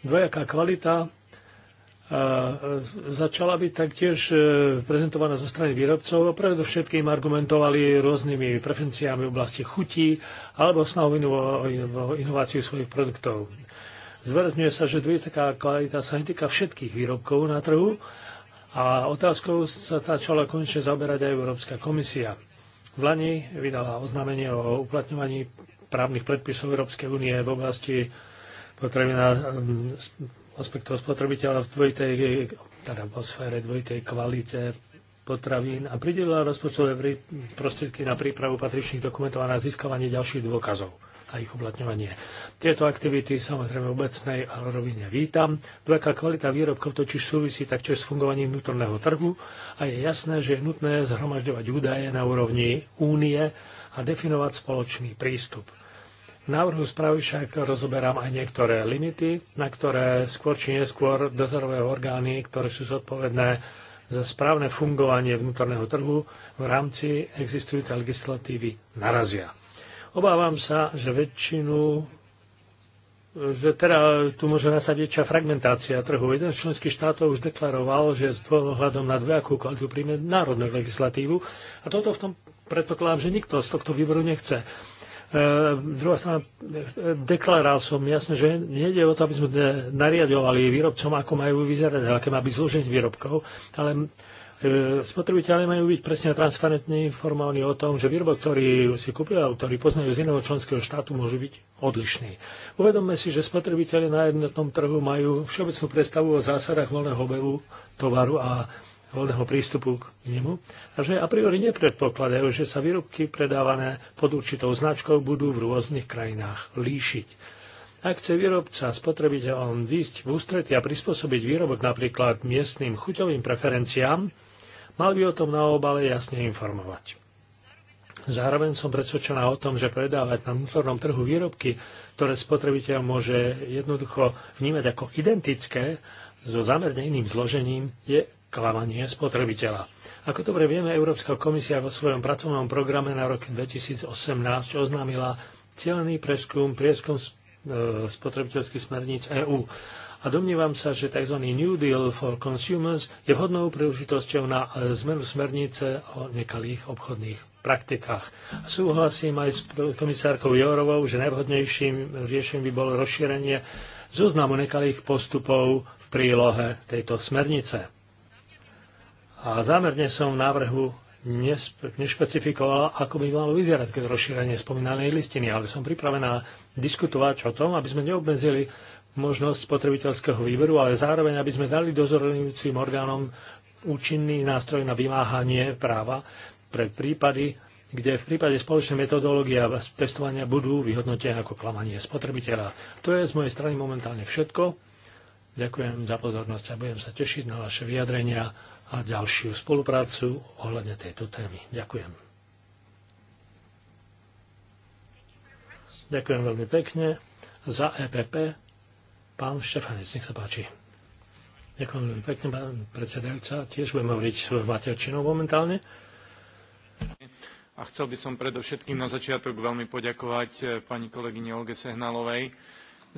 Dvojaká kvalita začala byť taktiež e, prezentovaná zo strany výrobcov a predovšetkým argumentovali rôznymi preferenciami v oblasti chutí alebo snahou o inováciu svojich produktov. Zverezňuje sa, že taká kvalita sa týka všetkých výrobkov na trhu a otázkou sa začala konečne zaoberať aj Európska komisia. V Lani vydala oznámenie o uplatňovaní právnych predpisov Európskej únie v oblasti potrebina aspektov spotrebiteľa v dvojitej, teda vo sfére dvojitej kvalite potravín a pridelila rozpočtové prostriedky na prípravu patričných dokumentov a na získavanie ďalších dôkazov a ich uplatňovanie. Tieto aktivity samozrejme v obecnej rovine vítam. Dvojaká kvalita výrobkov totiž súvisí taktiež s fungovaním vnútorného trhu a je jasné, že je nutné zhromažďovať údaje na úrovni únie a definovať spoločný prístup. V návrhu správy však rozoberám aj niektoré limity, na ktoré skôr či neskôr dozorové orgány, ktoré sú zodpovedné za správne fungovanie vnútorného trhu v rámci existujúcej legislatívy narazia. Obávam sa, že väčšinu že teda tu môže nastať väčšia fragmentácia trhu. Jeden z členských štátov už deklaroval, že s pohľadom na dvojakú kvalitu príjme národnú legislatívu a toto v tom predpokladám, že nikto z tohto výboru nechce. E, druhá strana, e, deklaral som jasne, že nejde o to, aby sme nariadovali výrobcom, ako majú vyzerať, aké má byť zloženie výrobkov, ale E, spotrebiteľe majú byť presne transparentní, informovaní o tom, že výrobok, ktorý si a ktorý poznajú z iného členského štátu, môže byť odlišný. Uvedomme si, že spotrebiteľe na jednotnom trhu majú všeobecnú predstavu o zásadách voľného obehu tovaru a voľného prístupu k nemu a že a priori nepredpokladajú, že sa výrobky predávané pod určitou značkou budú v rôznych krajinách líšiť. Ak chce výrobca spotrebiteľom výsť v ústretí a prispôsobiť výrobok napríklad miestnym chuťovým preferenciám, Mal by o tom na obale jasne informovať. Zároveň som presvedčená o tom, že predávať na vnútornom trhu výrobky, ktoré spotrebiteľ môže jednoducho vnímať ako identické so zamerne iným zložením, je klamanie spotrebiteľa. Ako dobre vieme, Európska komisia vo svojom pracovnom programe na rok 2018 oznámila cieľný preskum prieskum e, spotrebiteľských smerníc EÚ a domnievam sa, že tzv. New Deal for Consumers je vhodnou príležitosťou na e, zmenu smernice o nekalých obchodných praktikách. Súhlasím aj s komisárkou Jorovou, že najvhodnejším riešením by bolo rozšírenie zoznamu nekalých postupov v prílohe tejto smernice. A zámerne som v návrhu nešpecifikovala, ako by malo vyzerať keď rozšírenie spomínanej listiny, ale som pripravená diskutovať o tom, aby sme neobmedzili možnosť spotrebiteľského výberu, ale zároveň, aby sme dali dozorujúcim orgánom účinný nástroj na vymáhanie práva pre prípady, kde v prípade spoločnej metodológie a testovania budú vyhodnotené ako klamanie spotrebiteľa. To je z mojej strany momentálne všetko. Ďakujem za pozornosť a budem sa tešiť na vaše vyjadrenia a ďalšiu spoluprácu ohľadne tejto témy. Ďakujem. Ďakujem veľmi pekne za EPP Pán Štefanec, nech sa páči. Ďakujem veľmi pekne, pán predsedajúca. Tiež budem hovoriť v materčinou momentálne. A chcel by som predovšetkým na začiatok veľmi poďakovať eh, pani kolegyne Olge Sehnalovej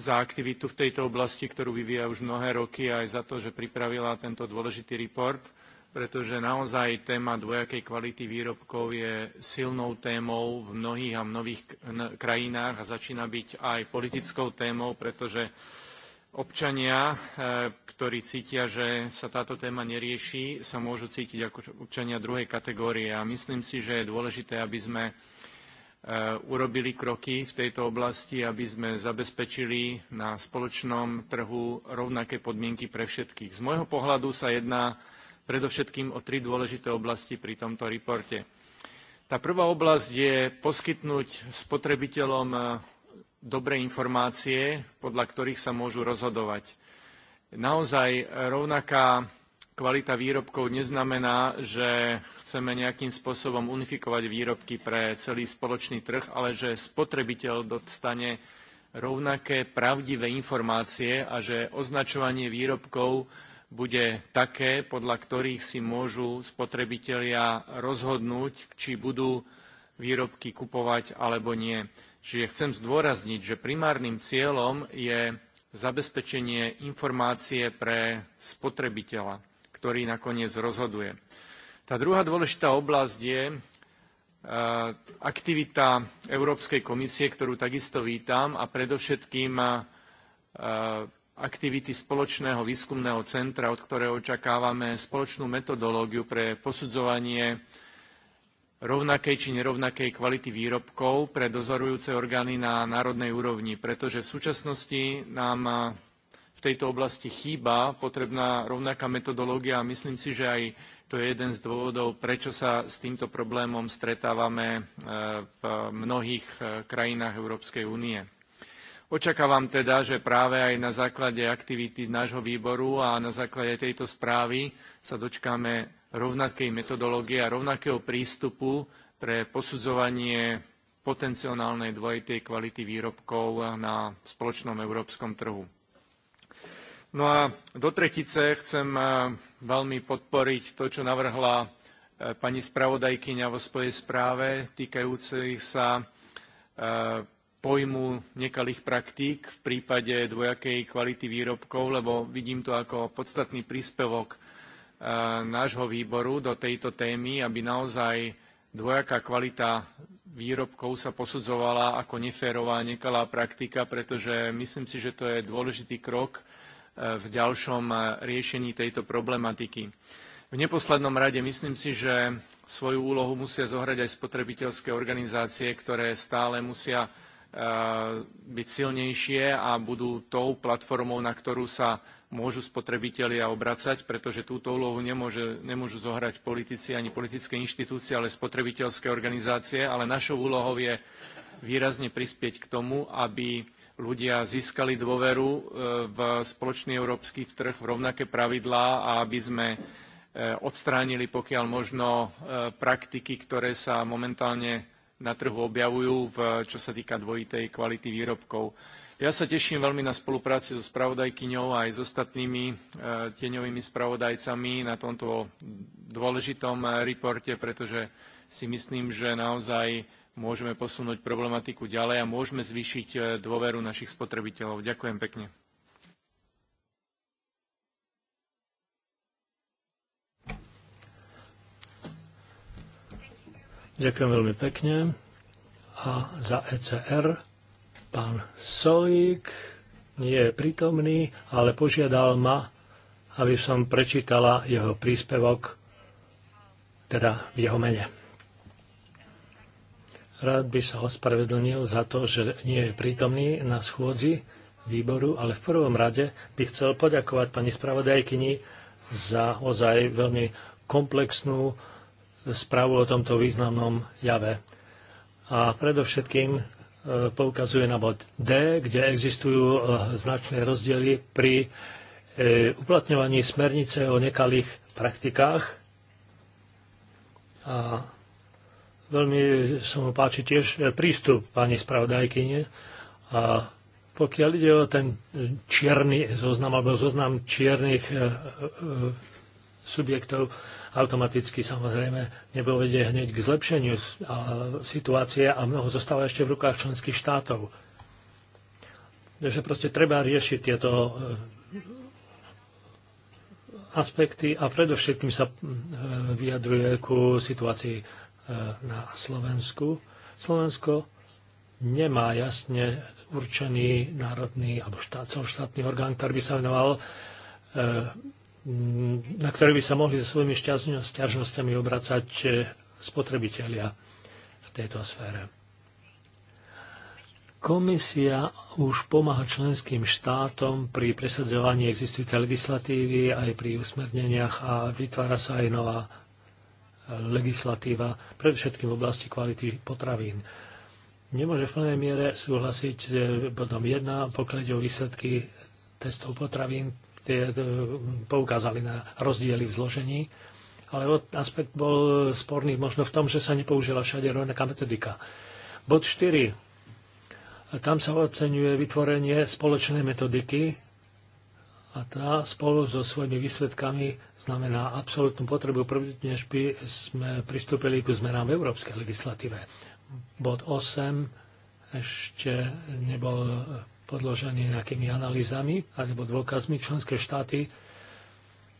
za aktivitu v tejto oblasti, ktorú vyvíja už mnohé roky, aj za to, že pripravila tento dôležitý report, pretože naozaj téma dvojakej kvality výrobkov je silnou témou v mnohých a mnohých krajinách a začína byť aj politickou témou, pretože občania, e, ktorí cítia, že sa táto téma nerieši, sa môžu cítiť ako občania druhej kategórie. A myslím si, že je dôležité, aby sme e, urobili kroky v tejto oblasti, aby sme zabezpečili na spoločnom trhu rovnaké podmienky pre všetkých. Z môjho pohľadu sa jedná predovšetkým o tri dôležité oblasti pri tomto reporte. Tá prvá oblasť je poskytnúť spotrebiteľom e, dobré informácie, podľa ktorých sa môžu rozhodovať. Naozaj rovnaká kvalita výrobkov neznamená, že chceme nejakým spôsobom unifikovať výrobky pre celý spoločný trh, ale že spotrebiteľ dostane rovnaké pravdivé informácie a že označovanie výrobkov bude také, podľa ktorých si môžu spotrebitelia rozhodnúť, či budú výrobky kupovať alebo nie. Čiže chcem zdôrazniť, že primárnym cieľom je zabezpečenie informácie pre spotrebiteľa, ktorý nakoniec rozhoduje. Tá druhá dôležitá oblasť je e, aktivita Európskej komisie, ktorú takisto vítam, a predovšetkým e, aktivity spoločného výskumného centra, od ktorého očakávame spoločnú metodológiu pre posudzovanie rovnakej či nerovnakej kvality výrobkov pre dozorujúce orgány na národnej úrovni, pretože v súčasnosti nám v tejto oblasti chýba potrebná rovnaká metodológia a myslím si, že aj to je jeden z dôvodov, prečo sa s týmto problémom stretávame e, v mnohých e, krajinách Európskej únie. Očakávam teda, že práve aj na základe aktivity nášho výboru a na základe tejto správy sa dočkáme rovnakej metodológie a rovnakého prístupu pre posudzovanie potenciálnej dvojitej kvality výrobkov na spoločnom európskom trhu. No a do tretice chcem eh, veľmi podporiť to, čo navrhla eh, pani spravodajkyňa vo svojej správe týkajúcej sa eh, pojmu nekalých praktík v prípade dvojakej kvality výrobkov, lebo vidím to ako podstatný príspevok Eh, nášho výboru do tejto témy, aby naozaj dvojaká kvalita výrobkov sa posudzovala ako neférová nekalá praktika, pretože myslím si, že to je dôležitý krok eh, v ďalšom eh, riešení tejto problematiky. V neposlednom rade myslím si, že svoju úlohu musia zohrať aj spotrebiteľské organizácie, ktoré stále musia byť silnejšie a budú tou platformou, na ktorú sa môžu spotrebitelia obracať, pretože túto úlohu nemôže, nemôžu zohrať politici ani politické inštitúcie, ale spotrebiteľské organizácie. Ale našou úlohou je výrazne prispieť k tomu, aby ľudia získali dôveru e, v spoločný európsky trh, v rovnaké pravidlá a aby sme e, odstránili pokiaľ možno e, praktiky, ktoré sa momentálne na trhu objavujú, v, čo sa týka dvojitej kvality výrobkov. Ja sa teším veľmi na spolupráci so spravodajkyňou aj s ostatnými e, tieňovými spravodajcami na tomto dôležitom e, reporte, pretože si myslím, že naozaj môžeme posunúť problematiku ďalej a môžeme zvýšiť e, dôveru našich spotrebiteľov. Ďakujem pekne. Ďakujem veľmi pekne. A za ECR Pán Solík nie je prítomný, ale požiadal ma, aby som prečítala jeho príspevok, teda v jeho mene. Rád by sa ospravedlnil za to, že nie je prítomný na schôdzi výboru, ale v prvom rade by chcel poďakovať pani spravodajkyni za ozaj veľmi komplexnú správu o tomto významnom jave. A predovšetkým E, poukazuje na bod D, kde existujú e, značné rozdiely pri e, uplatňovaní smernice o nekalých praktikách. A veľmi sa mu páči tiež prístup pani spravodajkyne. A pokiaľ ide o ten čierny zoznam alebo zoznam čiernych subjektov, automaticky samozrejme nepovedie hneď k zlepšeniu situácie a mnoho zostáva ešte v rukách členských štátov. Takže proste treba riešiť tieto eh, aspekty a predovšetkým sa eh, vyjadruje ku situácii eh, na Slovensku. Slovensko nemá jasne určený národný alebo štát, štátny orgán, ktorý by sa venoval Mm, na ktoré by sa mohli so svojimi šťažnosťami obracať eh, spotrebitelia v tejto sfére. Komisia už pomáha členským štátom pri presadzovaní existujúcej legislatívy aj pri usmerneniach a vytvára sa aj nová eh, legislatíva, predovšetkým v oblasti kvality potravín. Nemôže v plnej miere súhlasiť s bodom 1, pokiaľ ide o výsledky testov potravín, tie e, poukázali na rozdiely v zložení, ale aspekt bol sporný možno v tom, že sa nepoužila všade rovnaká metodika. Bod 4. Tam sa oceňuje vytvorenie spoločnej metodiky a tá spolu so svojimi výsledkami znamená absolútnu potrebu, prvý, než by sme pristúpili ku zmenám v európskej legislatíve. Bod 8 ešte nebol podložený nejakými analýzami alebo dôkazmi členské štáty,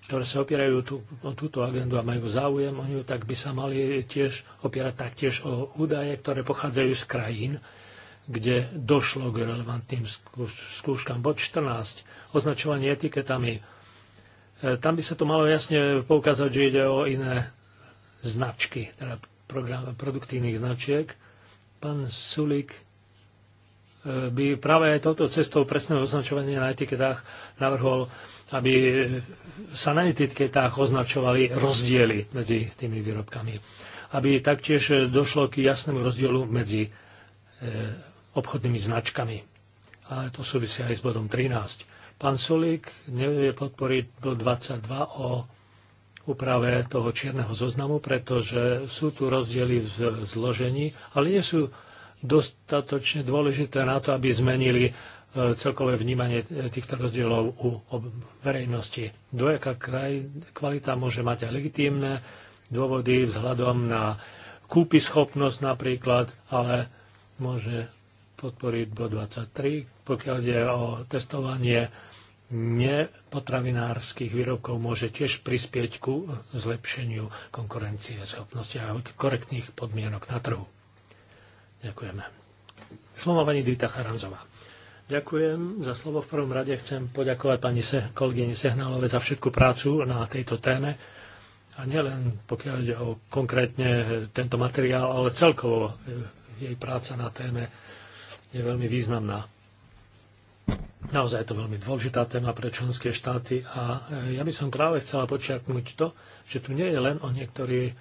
ktoré sa opierajú tú, o túto agendu a majú záujem o ňu, tak by sa mali tiež opierať taktiež o údaje, ktoré pochádzajú z krajín, kde došlo k relevantným skúškam. Bod 14. Označovanie etiketami. E, tam by sa to malo jasne poukázať, že ide o iné značky, teda program, produktívnych značiek. Pán Sulik by práve touto cestou presného označovania na etiketách navrhol, aby sa na etiketách označovali rozdiely medzi tými výrobkami. Aby taktiež došlo k jasnému rozdielu medzi e, obchodnými značkami. A to súvisí aj s bodom 13. Pán Sulík nevie podporiť bod 22 o úprave toho čierneho zoznamu, pretože sú tu rozdiely v zložení, ale nie sú dostatočne dôležité na to, aby zmenili e, celkové vnímanie e, týchto rozdielov u verejnosti. Dvojaká kraj, kvalita môže mať aj legitímne dôvody vzhľadom na kúpy schopnosť napríklad, ale môže podporiť bod 23, pokiaľ ide o testovanie nepotravinárskych výrobkov môže tiež prispieť ku zlepšeniu konkurencie schopnosti a korektných podmienok na trhu. Ďakujeme. Slovo pani Dita Charanzová. Ďakujem za slovo. V prvom rade chcem poďakovať pani se, kolegyni Sehnalove za všetku prácu na tejto téme. A nielen pokiaľ ide o konkrétne eh, tento materiál, ale celkovo eh, jej práca na téme je veľmi významná. Naozaj je to veľmi dôležitá téma pre členské štáty a eh, ja by som práve chcela počiarknúť to, že tu nie je len o niektorých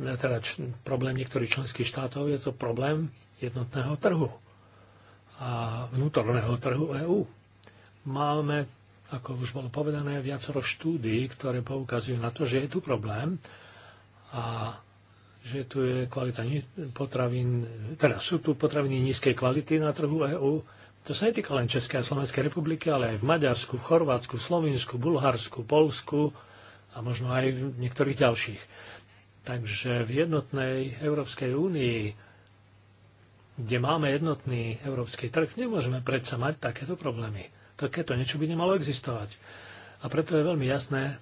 No teda problém niektorých členských štátov, je to problém jednotného trhu a vnútorného trhu EÚ. Máme, ako už bolo povedané, viacero štúdií, ktoré poukazujú na to, že je tu problém a že tu je kvalita potravín, teda sú tu potraviny nízkej kvality na trhu EÚ. To sa netýka len Českej a Slovenskej republiky, ale aj v Maďarsku, v Chorvátsku, v Slovinsku, Bulharsku, Polsku a možno aj v niektorých ďalších. Takže v jednotnej Európskej únii, kde máme jednotný európsky trh, nemôžeme predsa mať takéto problémy. Takéto niečo by nemalo existovať. A preto je veľmi jasné,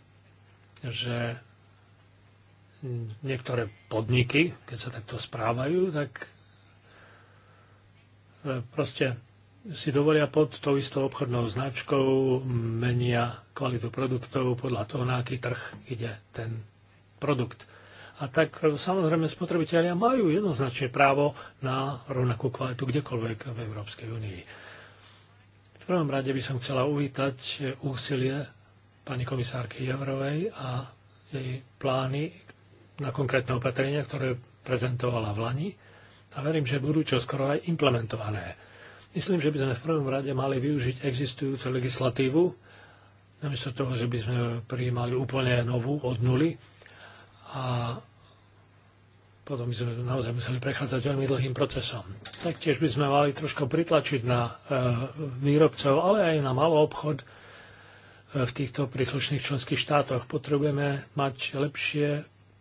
že niektoré podniky, keď sa takto správajú, tak e, proste si dovolia pod tou istou obchodnou značkou menia kvalitu produktov podľa toho, na aký trh ide ten produkt. A tak e, samozrejme spotrebitelia majú jednoznačne právo na rovnakú kvalitu kdekoľvek v Európskej únii. V prvom rade by som chcela uvítať e, úsilie pani komisárky Javrovej a jej plány na konkrétne opatrenia, ktoré prezentovala v Lani a verím, že budú čoskoro aj implementované. Myslím, že by sme v prvom rade mali využiť existujúcu legislatívu, namiesto toho, že by sme prijímali úplne novú od nuly, a potom by sme naozaj museli prechádzať veľmi dlhým procesom. Taktiež by sme mali trošku pritlačiť na e, výrobcov, ale aj na malý obchod e, v týchto príslušných členských štátoch. Potrebujeme mať lepšie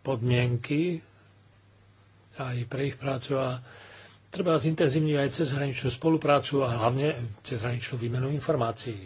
podmienky aj pre ich prácu a treba zintenzívniť aj cezhraničnú spoluprácu a hlavne cezhraničnú výmenu informácií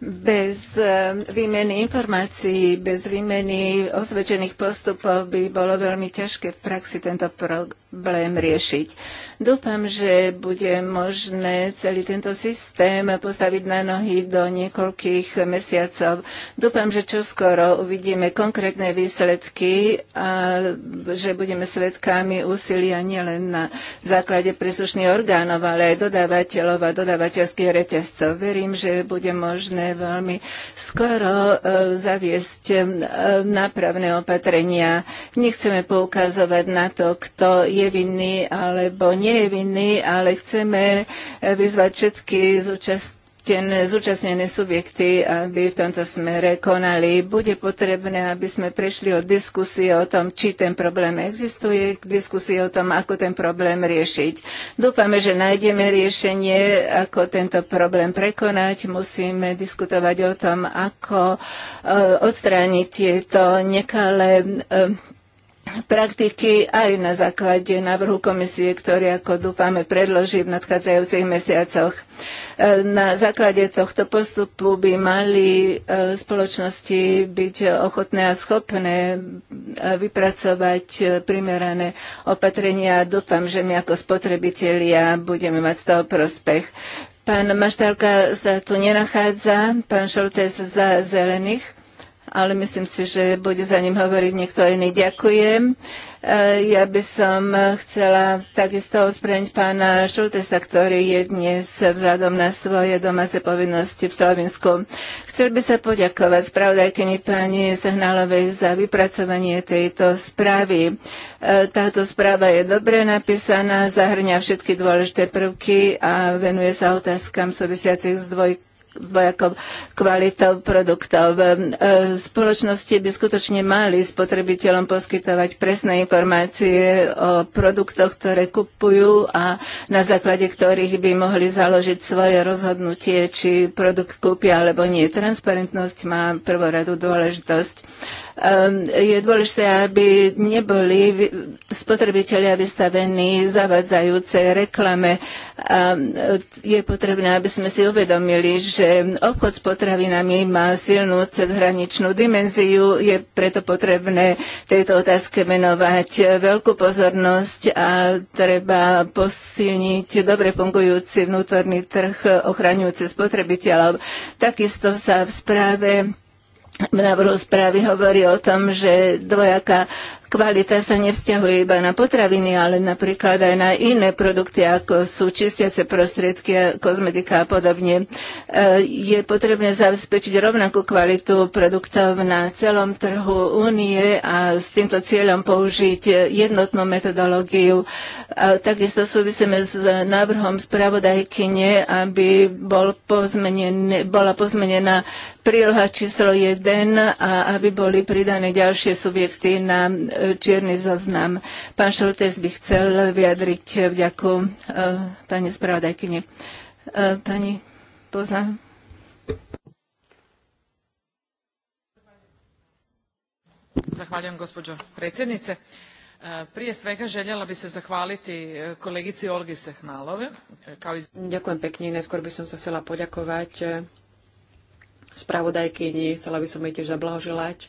bez ehm, výmeny informácií, bez výmeny osvedčených postupov by bolo veľmi ťažké v praxi tento problém riešiť. Dúfam, že bude možné celý tento systém postaviť na nohy do niekoľkých mesiacov. Dúfam, že čoskoro uvidíme konkrétne výsledky a že budeme svedkami úsilia nielen na základe príslušných orgánov, ale aj dodávateľov a dodávateľských reťazcov. Verím, že bude možné veľmi skoro e, zaviesť e, nápravné opatrenia. Nechceme poukazovať na to, kto je vinný alebo nie je vinný, ale chceme e, vyzvať všetky zúčastné zúčastnené subjekty, aby v tomto smere konali. Bude potrebné, aby sme prešli od diskusie o tom, či ten problém existuje, k diskusii o tom, ako ten problém riešiť. Dúfame, že nájdeme riešenie, ako tento problém prekonať. Musíme diskutovať o tom, ako eh, odstrániť tieto nekalé eh, praktiky aj na základe návrhu komisie, ktorý, ako dúfame, predloží v nadchádzajúcich mesiacoch. E, na základe tohto postupu by mali e, spoločnosti byť ochotné a schopné e, vypracovať primerané opatrenia. Dúfam, že my ako spotrebitelia budeme mať z toho prospech. Pán Maštálka sa tu nenachádza, pán Šoltes za zelených ale myslím si, že bude za ním hovoriť niekto iný. Ďakujem. E, ja by som chcela takisto ospreniť pána Šultesa, ktorý je dnes vzhľadom na svoje domáce povinnosti v Slovensku. Chcel by sa poďakovať spravodajkyni pani Sehnalovej za vypracovanie tejto správy. E, táto správa je dobre napísaná, zahrňa všetky dôležité prvky a venuje sa otázkam súvisiacich s dvojkou dvojakou kvalitou produktov. E, spoločnosti by skutočne mali spotrebiteľom poskytovať presné informácie o produktoch, ktoré kupujú a na základe ktorých by mohli založiť svoje rozhodnutie, či produkt kúpia alebo nie. Transparentnosť má prvoradú dôležitosť. Ehm, je dôležité, aby neboli spotrebitelia vystavení zavadzajúcej reklame. A ehm, je potrebné, aby sme si uvedomili, že obchod s potravinami má silnú cezhraničnú dimenziu. Je preto potrebné tejto otázke venovať veľkú pozornosť a treba posilniť dobre fungujúci vnútorný trh ochraňujúci spotrebiteľov. Takisto sa v správe v návrhu správy hovorí o tom, že dvojaká Kvalita sa nevzťahuje iba na potraviny, ale napríklad aj na iné produkty, ako sú čistiace prostriedky, kozmetika a podobne. E, je potrebné zabezpečiť rovnakú kvalitu produktov na celom trhu únie a s týmto cieľom použiť jednotnú metodológiu. E, takisto súvisíme s návrhom spravodajkyne, aby bol pozmenen, bola pozmenená príloha číslo 1 a aby boli pridané ďalšie subjekty na čierny zoznam. Pán Šoltes by chcel vyjadriť vďaku e, pani spravodajkyni. E, pani Poznám. Zahvaljujem, gospođo predsjednice. E, prije svega željela bi se zahvaliti kolegici Olgi Sehnalove. Kao iz... Ďakujem pekne, neskôr by som sa chcela poďakovať spravodajkyni, chcela by som jej tiež zablahoželať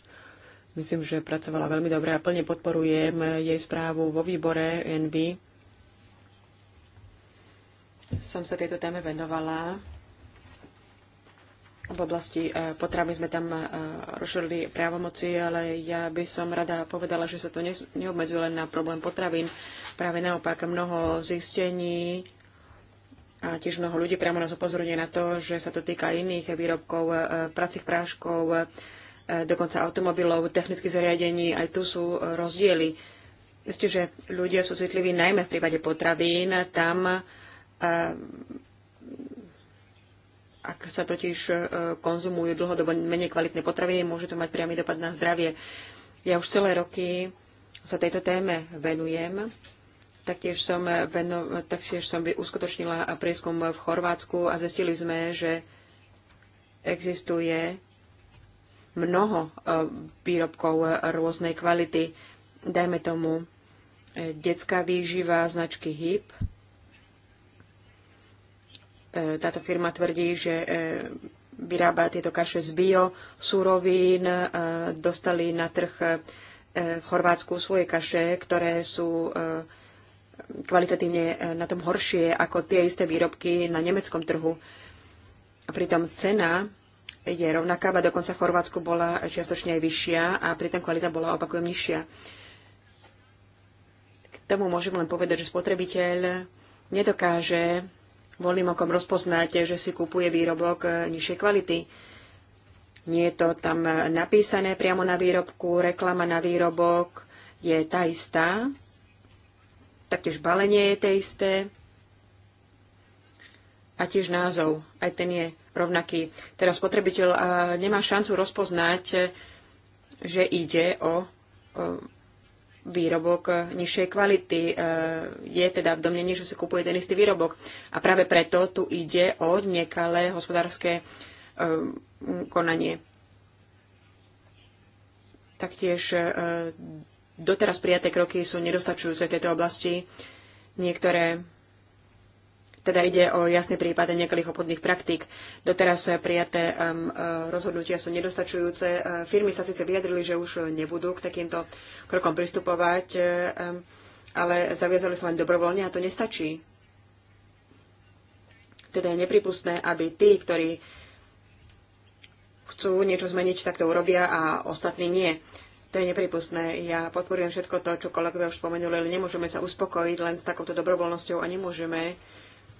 Myslím, že pracovala veľmi dobre a plne podporujem jej správu vo výbore NB. Som sa tejto téme venovala. V oblasti eh, potravy sme tam eh, rozšírili právomoci, ale ja by som rada povedala, že sa to neobmedzuje len na problém potravín. Práve naopak mnoho zistení a tiež mnoho ľudí priamo nás upozorňuje na to, že sa to týka iných výrobkov, eh, pracích práškov, dokonca automobilov, technických zariadení, aj tu sú rozdiely. Isté, že ľudia sú citliví najmä v prípade potravín, tam e, ak sa totiž e, konzumujú dlhodobo menej kvalitné potraviny, môže to mať priamy dopad na zdravie. Ja už celé roky sa tejto téme venujem. Taktiež som, veno, taktiež som uskutočnila prieskum v Chorvátsku a zistili sme, že existuje mnoho e, výrobkov rôznej kvality. Dajme tomu e, detská výživa značky HIP. E, táto firma tvrdí, že vyrába tieto kaše z bio súrovín, dostali na trh v Chorvátsku svoje kaše, ktoré sú kvalitatívne na tom horšie ako tie isté výrobky na nemeckom trhu. A pritom cena je rovnaká, a dokonca v Chorvátsku bola čiastočne aj vyššia a pritom kvalita bola, opakujem, nižšia. K tomu môžem len povedať, že spotrebiteľ nedokáže voľným okom rozpoznať, že si kupuje výrobok nižšej kvality. Nie je to tam napísané priamo na výrobku, reklama na výrobok je tá istá, taktiež balenie je té isté a tiež názov, aj ten je rovnaký. Teda spotrebiteľ nemá šancu rozpoznať, že ide o výrobok nižšej kvality. E, je teda v domnení, že si kupuje ten istý výrobok. A práve preto tu ide o nekalé hospodárske e, konanie. Taktiež e, doteraz prijaté kroky sú nedostačujúce v tejto oblasti. Niektoré teda ide o jasné prípade nekalých obchodných praktík. Doteraz prijaté um, uh, rozhodnutia sú nedostačujúce. Uh, firmy sa síce vyjadrili, že už nebudú k takýmto krokom pristupovať, uh, um, ale zaviazali sa len dobrovoľne a to nestačí. Teda je nepripustné, aby tí, ktorí chcú niečo zmeniť, tak to urobia a ostatní nie. To je nepripustné. Ja podporujem všetko to, čo kolegovia už spomenuli, ale nemôžeme sa uspokojiť len s takouto dobrovoľnosťou a nemôžeme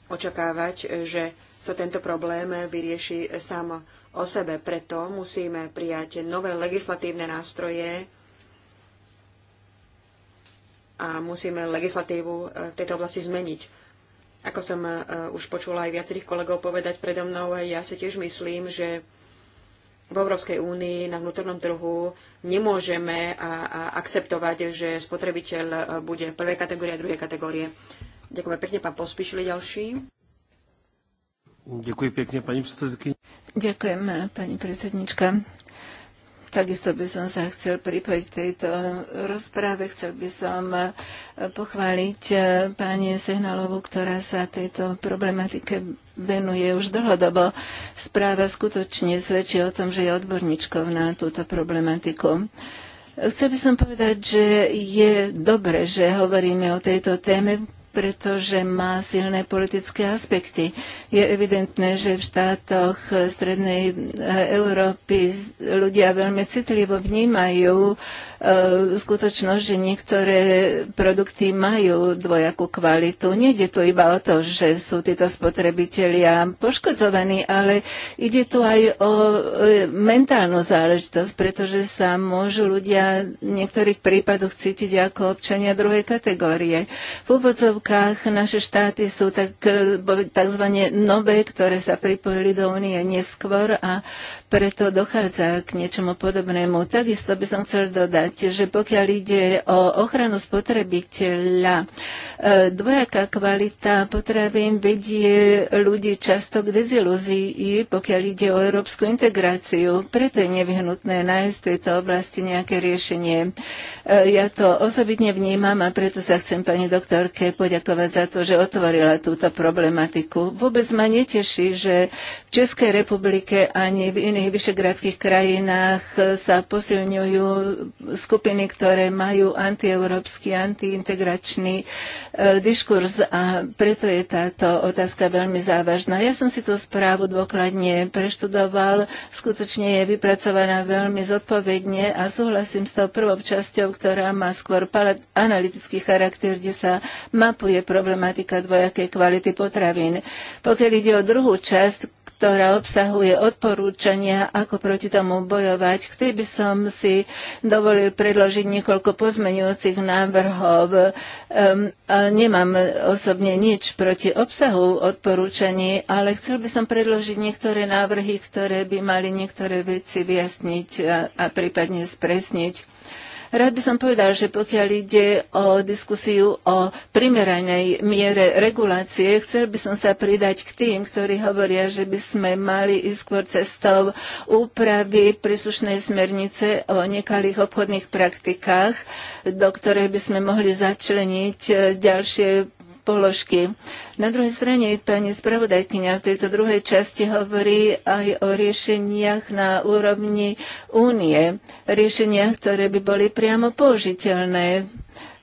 očakávať, že sa tento problém vyrieši sám o sebe. Preto musíme prijať nové legislatívne nástroje a musíme legislatívu eh, v tejto oblasti zmeniť. Ako som eh, už počula aj viacerých kolegov povedať predo mnou, eh, ja si tiež myslím, že v Európskej únii na vnútornom trhu nemôžeme akceptovať, že spotrebiteľ bude prvé kategórie a druhé kategórie. Ďakujem pekne, pán Pospíšil ďalší. Ďakujem pekne, pani predsedkyni. Ďakujem, pani predsednička. Takisto by som sa chcel pripojiť k tejto rozpráve. Chcel by som eh, pochváliť eh, pani Sehnalovu, ktorá sa tejto problematike venuje už dlhodobo. Správa skutočne svedčí o tom, že je odborníčkou na túto problematiku. Chcel by som povedať, že je dobre, že hovoríme o tejto téme, pretože má silné politické aspekty. Je evidentné, že v štátoch Strednej Európy ľudia veľmi citlivo vnímajú E, skutočnosť, že niektoré produkty majú dvojakú kvalitu. Nede tu iba o to, že sú títo spotrebitelia poškodzovaní, ale ide tu aj o e, mentálnu záležitosť, pretože sa môžu ľudia v niektorých prípadoch cítiť ako občania druhej kategórie. V úvodzovkách naše štáty sú tak, e, tzv. nové, ktoré sa pripojili do únie neskôr a preto dochádza k niečomu podobnému. Takisto by som chcel dodať, povedať, že pokiaľ ide o ochranu spotrebiteľa, e, dvojaká kvalita potravín vedie ľudí často k dezilúzii, pokiaľ ide o európsku integráciu. Preto je nevyhnutné nájsť v tejto oblasti nejaké riešenie. E, ja to osobitne vnímam a preto sa chcem pani doktorke poďakovať za to, že otvorila túto problematiku. Vôbec ma neteší, že v Českej republike ani v iných vyšegradských krajinách sa posilňujú skupiny, ktoré majú antieurópsky, antiintegračný e, diskurs a preto je táto otázka veľmi závažná. Ja som si tú správu dôkladne preštudoval, skutočne je vypracovaná veľmi zodpovedne a súhlasím s tou prvou časťou, ktorá má skôr analytický charakter, kde sa mapuje problematika dvojakej kvality potravín. Pokiaľ ide o druhú časť, ktorá obsahuje odporúčania, ako proti tomu bojovať. K tej by som si dovolil predložiť niekoľko pozmeňujúcich návrhov. Um, nemám osobne nič proti obsahu odporúčaní, ale chcel by som predložiť niektoré návrhy, ktoré by mali niektoré veci vyjasniť a, a prípadne spresniť. Rád by som povedal, že pokiaľ ide o diskusiu o primeranej miere regulácie, chcel by som sa pridať k tým, ktorí hovoria, že by sme mali ísť skôr cestou úpravy príslušnej smernice o nekalých obchodných praktikách, do ktorej by sme mohli začleniť eh, ďalšie položky. Na druhej strane pani spravodajkynia v tejto druhej časti hovorí aj o riešeniach na úrovni únie, riešeniach, ktoré by boli priamo použiteľné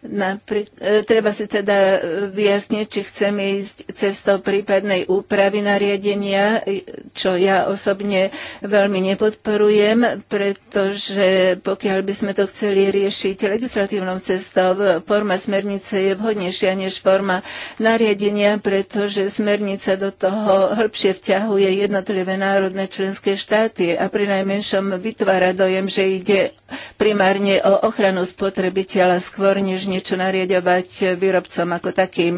Napri- e, treba si teda e, vyjasniť, či chceme ísť cestou prípadnej úpravy nariadenia, e, čo ja osobne veľmi nepodporujem, pretože pokiaľ by sme to chceli riešiť legislatívnou cestou, forma smernice je vhodnejšia než forma nariadenia, pretože smernica do toho hĺbšie vťahuje jednotlivé národné členské štáty a pri najmenšom vytvára dojem, že ide primárne o ochranu spotrebiteľa skôr než niečo nariadovať výrobcom ako takým.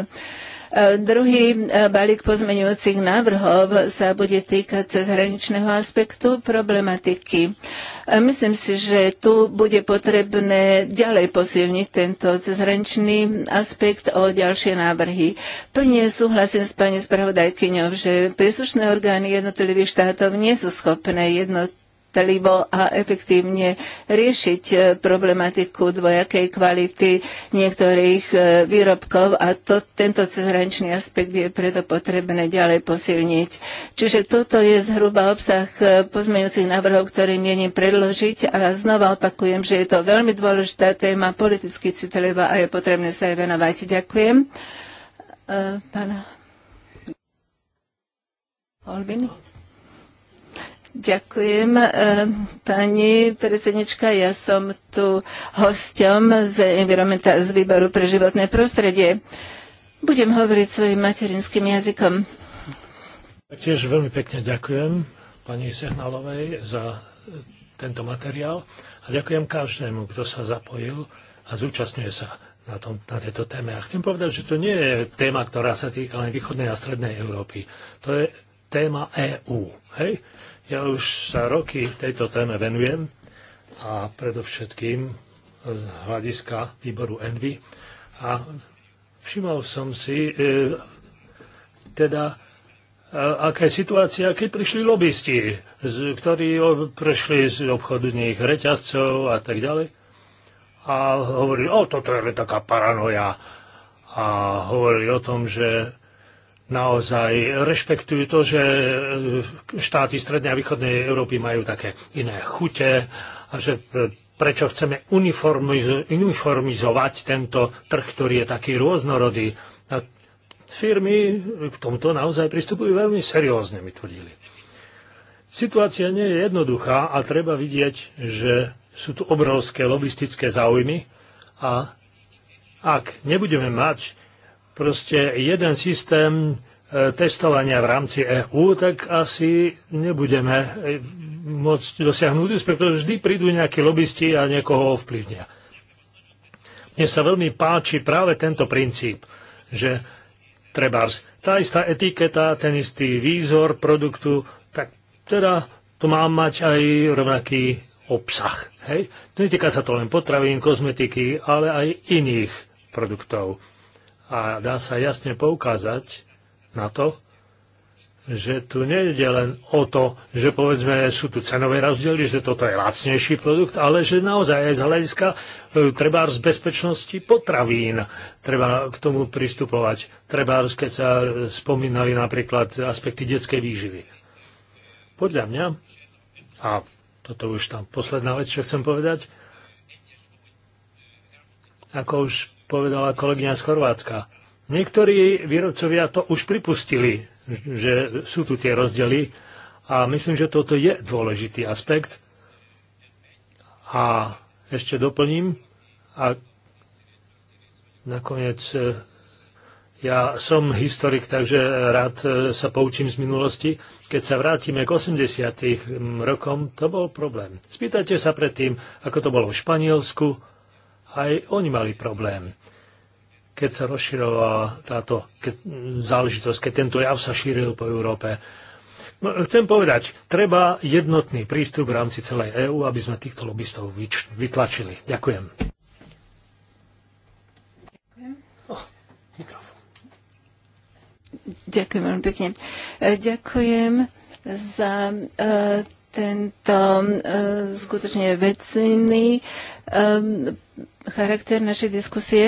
E, druhý e, balík pozmeňujúcich návrhov sa bude týkať cezhraničného aspektu problematiky. E, myslím si, že tu bude potrebné ďalej posilniť tento cezhraničný aspekt o ďalšie návrhy. Plne súhlasím s pani spravodajkyňou, že príslušné orgány jednotlivých štátov nie sú schopné jednot trvalo a efektívne riešiť e, problematiku dvojakej kvality niektorých e, výrobkov a to, tento cezhraničný aspekt je preto potrebné ďalej posilniť. Čiže toto je zhruba obsah e, pozmeňujúcich návrhov, ktorý mienim predložiť a znova opakujem, že je to veľmi dôležitá téma, politicky citlivá a je potrebné sa jej venovať. Ďakujem. Pán Olbini? Ďakujem. E, pani predsednička, ja som tu hosťom z, z výboru pre životné prostredie. Budem hovoriť svojim materinským jazykom. Taktiež veľmi pekne ďakujem pani Sehnalovej za tento materiál a ďakujem každému, kto sa zapojil a zúčastňuje sa na, tom, na tejto téme. A chcem povedať, že to nie je téma, ktorá sa týka len východnej a strednej Európy. To je téma EÚ. Hej? Ja už sa roky tejto téme venujem a predovšetkým z hľadiska výboru Envy a všimol som si e, teda e, je situácia, keď prišli lobbysti, ktorí prešli z obchodných reťazcov a tak ďalej a hovorili, o, toto je taká paranoja a hovorili o tom, že naozaj rešpektujú to, že e, štáty Strednej a Východnej Európy majú také iné chute a že e, prečo chceme uniformizovať tento trh, ktorý je taký rôznorodý. A firmy k tomuto naozaj pristupujú veľmi seriózne, mi tvrdili. Situácia nie je jednoduchá a treba vidieť, že sú tu obrovské lobistické záujmy a ak nebudeme mať proste jeden systém e, testovania v rámci EÚ, tak asi nebudeme e, môcť dosiahnuť úspech, pretože vždy prídu nejakí lobbysti a niekoho ovplyvnia. Mne sa veľmi páči práve tento princíp, že trebárs tá istá etiketa, ten istý výzor produktu, tak teda to má mať aj rovnaký obsah. Hej? Netýka sa to len potravín, kozmetiky, ale aj iných produktov. A dá sa jasne poukázať na to, že tu nejde len o to, že povedzme sú tu cenové rozdiely, že toto je lacnejší produkt, ale že naozaj aj z hľadiska e, treba z bezpečnosti potravín treba k tomu pristupovať. Treba, keď sa spomínali napríklad aspekty detskej výživy. Podľa mňa, a toto už tam posledná vec, čo chcem povedať, ako už povedala kolegyňa z Chorvátska. Niektorí výrobcovia to už pripustili, že sú tu tie rozdiely a myslím, že toto je dôležitý aspekt. A ešte doplním a nakoniec e, ja som historik, takže rád e, sa poučím z minulosti. Keď sa vrátime k 80. rokom, to bol problém. Spýtajte sa predtým, ako to bolo v Španielsku, aj oni mali problém, keď sa rozširovala táto ke, záležitosť, keď tento jav sa šíril po Európe. No, chcem povedať, treba jednotný prístup v rámci celej EÚ, aby sme týchto lobbystov vytlačili. Ďakujem. Ďakujem veľmi pekne. E, ďakujem za e, tento e, skutočne vecný charakter našej diskusie.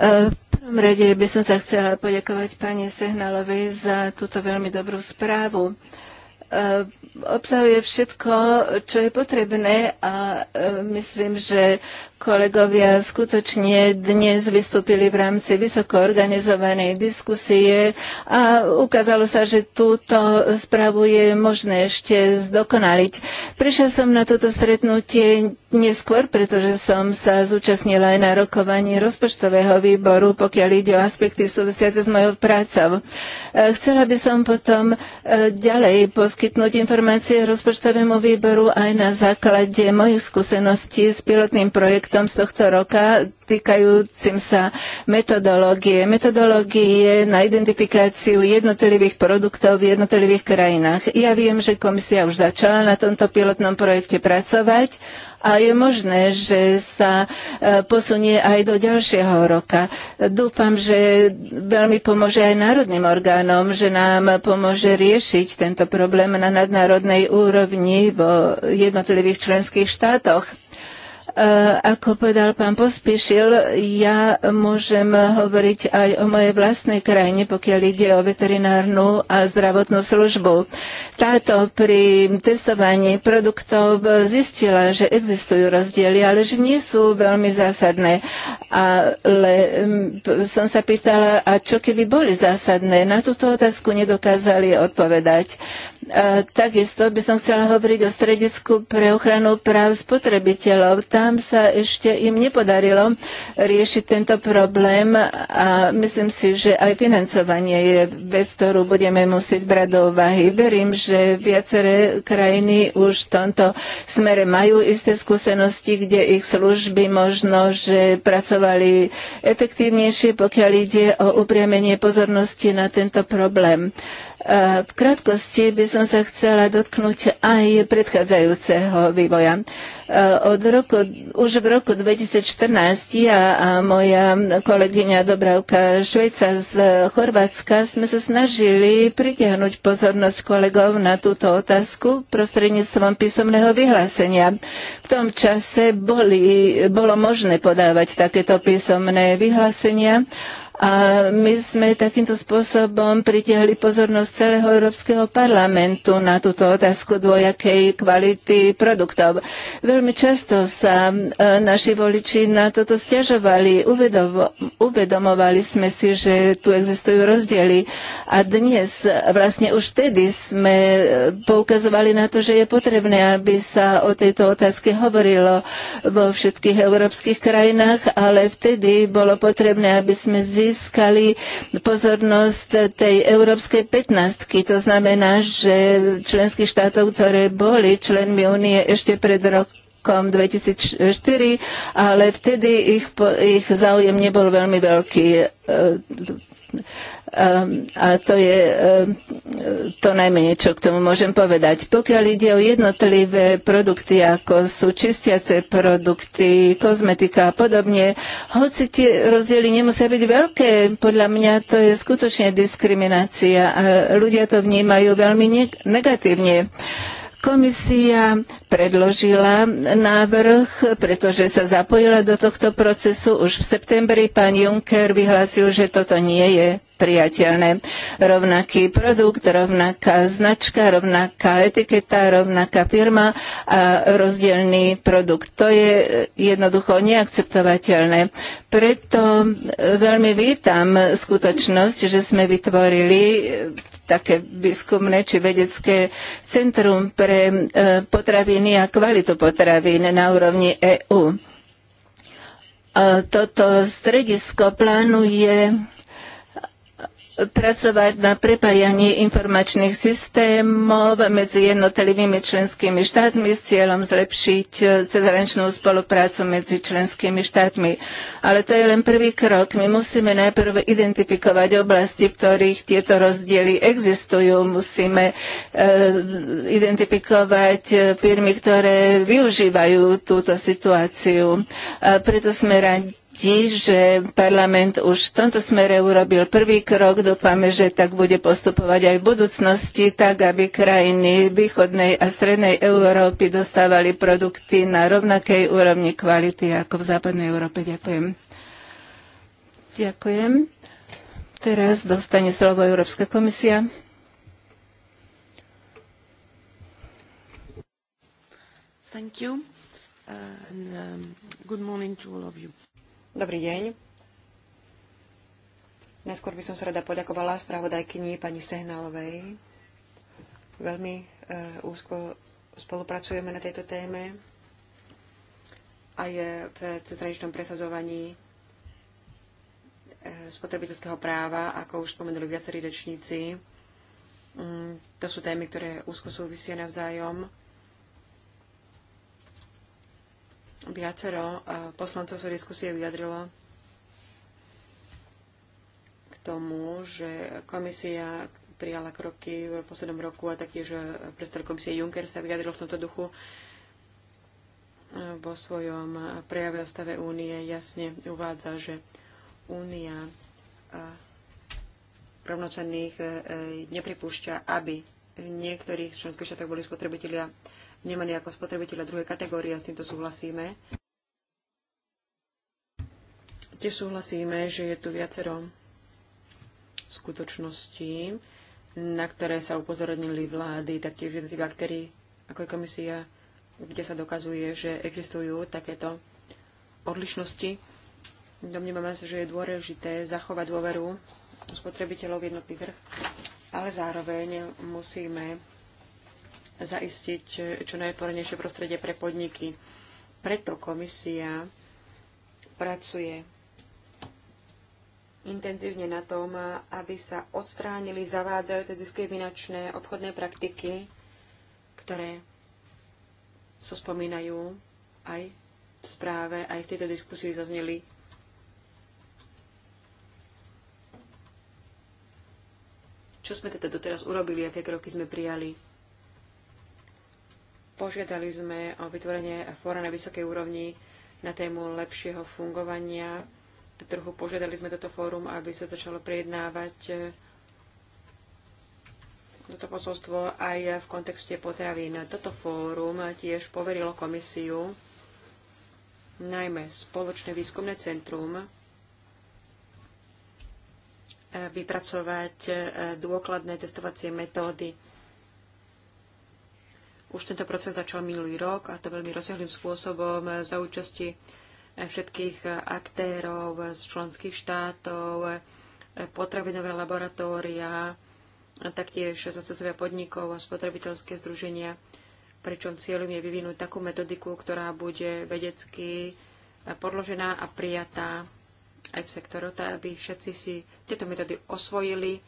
E, v prvom rade by som sa chcela poďakovať pani Sehnalovej za túto veľmi dobrú správu e, obsahuje všetko, čo je potrebné a e, myslím, že kolegovia skutočne dnes vystúpili v rámci vysoko organizovanej diskusie a ukázalo sa, že túto správu je možné ešte zdokonaliť. Prišiel som na toto stretnutie neskôr, pretože som sa zúčastnila aj na rokovaní rozpočtového výboru, pokiaľ ide o aspekty súvisiace s mojou prácou. E, chcela by som potom e, ďalej poskytnúť informácie rozpočtovému výboru aj na základe mojich skúseností s pilotným projektom projektom z tohto roka týkajúcim sa metodológie. Metodológie na identifikáciu jednotlivých produktov v jednotlivých krajinách. Ja viem, že komisia už začala na tomto pilotnom projekte pracovať a je možné, že sa e, posunie aj do ďalšieho roka. Dúfam, že veľmi pomôže aj národným orgánom, že nám pomôže riešiť tento problém na nadnárodnej úrovni vo jednotlivých členských štátoch. Eh, ako povedal pán Pospíšil, ja môžem hovoriť aj o mojej vlastnej krajine, pokiaľ ide o veterinárnu a zdravotnú službu. Táto pri testovaní produktov zistila, že existujú rozdiely, ale že nie sú veľmi zásadné. Ale mm, som sa pýtala, a čo keby boli zásadné? Na túto otázku nedokázali odpovedať. Eh, takisto by som chcela hovoriť o stredisku pre ochranu práv spotrebiteľov. Tam tam sa ešte im nepodarilo riešiť tento problém a myslím si, že aj financovanie je vec, ktorú budeme musieť brať do úvahy. Verím, že viaceré krajiny už v tomto smere majú isté skúsenosti, kde ich služby možno, že pracovali efektívnejšie, pokiaľ ide o upriamenie pozornosti na tento problém. V krátkosti by som sa chcela dotknúť aj predchádzajúceho vývoja. Od roku, už v roku 2014 ja a moja kolegyňa Dobravka Švejca z Chorvátska sme sa snažili pritiahnuť pozornosť kolegov na túto otázku prostredníctvom písomného vyhlásenia. V tom čase boli, bolo možné podávať takéto písomné vyhlásenia a my sme takýmto spôsobom pritiahli pozornosť celého Európskeho parlamentu na túto otázku dvojakej kvality produktov. Veľmi často sa e, naši voliči na toto stiažovali. uvedomovali sme si, že tu existujú rozdiely a dnes, vlastne už vtedy sme e, poukazovali na to, že je potrebné, aby sa o tejto otázke hovorilo vo všetkých európskych krajinách, ale vtedy bolo potrebné, aby sme zistili, získali pozornosť tej európskej 15. To znamená, že členských štátov, ktoré boli členmi únie ešte pred rokom, 2004, ale vtedy ich, ich záujem nebol veľmi veľký. E, Ehm, a to je ehm, to najmenej, čo k tomu môžem povedať. Pokiaľ ide o jednotlivé produkty, ako sú čistiace produkty, kozmetika a podobne, hoci tie rozdiely nemusia byť veľké, podľa mňa to je skutočne diskriminácia a ľudia to vnímajú veľmi negatívne. Komisia predložila návrh, pretože sa zapojila do tohto procesu. Už v septembri pán Juncker vyhlásil, že toto nie je priateľné. Rovnaký produkt, rovnaká značka, rovnaká etiketa, rovnaká firma a rozdielný produkt. To je jednoducho neakceptovateľné. Preto e, veľmi vítam skutočnosť, že sme vytvorili e, také výskumné či vedecké centrum pre e, potraviny a kvalitu potravín na úrovni EÚ. Toto stredisko plánuje pracovať na prepájanie informačných systémov medzi jednotlivými členskými štátmi s cieľom zlepšiť e, cezhraničnú spoluprácu medzi členskými štátmi. Ale to je len prvý krok. My musíme najprv identifikovať oblasti, v ktorých tieto rozdiely existujú. Musíme e, identifikovať e, firmy, ktoré využívajú túto situáciu. A preto sme radi vidí, že parlament už v tomto smere urobil prvý krok. Dúfame, že tak bude postupovať aj v budúcnosti, tak aby krajiny východnej a strednej Európy dostávali produkty na rovnakej úrovni kvality ako v západnej Európe. Ďakujem. Ďakujem. Teraz dostane slovo Európska komisia. Thank you. Uh, and, um, good morning to all of you. Dobrý deň. Najskôr by som sa rada poďakovala spravodajkyni pani Sehnalovej. Veľmi e, úzko spolupracujeme na tejto téme a je v cestraničnom presazovaní e, spotrebiteľského práva, ako už spomenuli viacerí rečníci. Mm, to sú témy, ktoré úzko súvisia navzájom. Viacero eh, poslancov sa diskusie vyjadrilo k tomu, že komisia prijala kroky v poslednom roku a taktiež eh, predstav komisie Juncker sa vyjadril v tomto duchu eh, vo svojom prejave o stave únie jasne uvádza, že únia rovnocenných nepripúšťa, aby v niektorých členských štátoch boli spotrebitelia vnímaní ako spotrebitelia druhej kategórie a s týmto súhlasíme. Tiež súhlasíme, že je tu viacero skutočností, na ktoré sa upozornili vlády, taktiež jednotliví aktéry, ako je komisia, kde sa dokazuje, že existujú takéto odlišnosti. Domnívame sa, že je dôležité zachovať dôveru spotrebiteľov v jednotný trh, ale zároveň musíme zaistiť eh, čo najotvorenejšie prostredie pre podniky. Preto komisia pracuje intenzívne na tom, aby sa odstránili zavádzajúce diskriminačné obchodné praktiky, ktoré sa spomínajú aj v správe, aj v tejto diskusii zazneli. Čo sme teda doteraz urobili, aké kroky sme prijali? Požiadali sme o vytvorenie fóra na vysokej úrovni na tému lepšieho fungovania trhu. Požiadali sme toto fórum, aby sa začalo prejednávať e, toto posolstvo aj v kontexte potravín. Toto fórum tiež poverilo komisiu, najmä spoločné výskumné centrum, e, vypracovať e, dôkladné testovacie metódy už tento proces začal minulý rok a to veľmi rozsiahlým spôsobom za účasti všetkých aktérov z členských štátov, potravinové laboratória, taktiež zastupovia podnikov a spotrebiteľské združenia, pričom cieľom je vyvinúť takú metodiku, ktorá bude vedecky podložená a prijatá aj v sektoru, tak, aby všetci si tieto metódy osvojili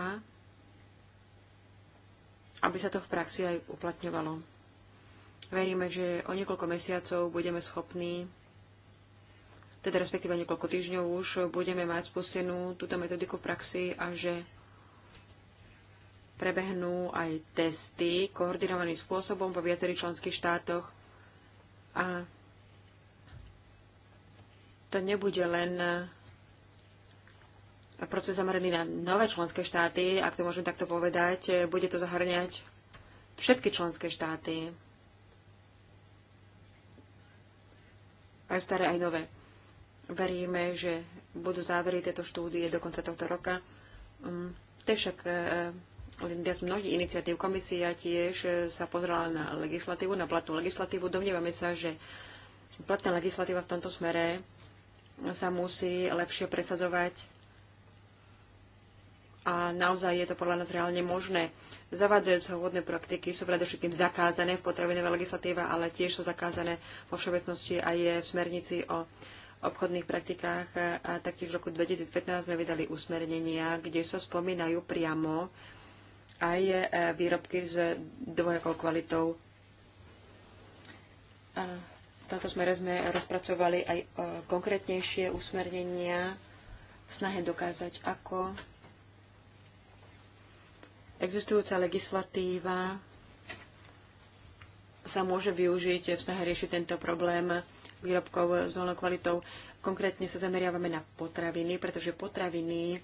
a aby sa to v praxi aj uplatňovalo. Veríme, že o niekoľko mesiacov budeme schopní, teda respektíve niekoľko týždňov už, budeme mať spustenú túto metodiku v praxi a že prebehnú aj testy koordinovaným spôsobom vo viacerých členských štátoch a to nebude len proces zameraný na nové členské štáty, ak to môžem takto povedať, e, bude to zahrňať všetky členské štáty. Aj staré, aj nové. Veríme, že budú závery tejto štúdie do konca tohto roka. Mm, to je však e, e, viac mnohých iniciatív. Komisia tiež sa pozrela na legislatívu, na platnú legislatívu. Domnievame sa, že platná legislatíva v tomto smere sa musí lepšie presadzovať a naozaj je to podľa nás reálne možné. Zavádzajúce vodné praktiky sú predovšetkým zakázané v potravinovej legislatíve, ale tiež sú zakázané vo všeobecnosti a je v smernici o obchodných praktikách a taktiež v roku 2015 sme vydali usmernenia, kde sa spomínajú priamo aj e, výrobky s dvojakou kvalitou. V tomto smere sme rozpracovali aj e, konkrétnejšie usmernenia v snahe dokázať, ako Existujúca legislatíva sa môže využiť v snahe riešiť tento problém výrobkov s dolnou kvalitou. Konkrétne sa zameriavame na potraviny, pretože potraviny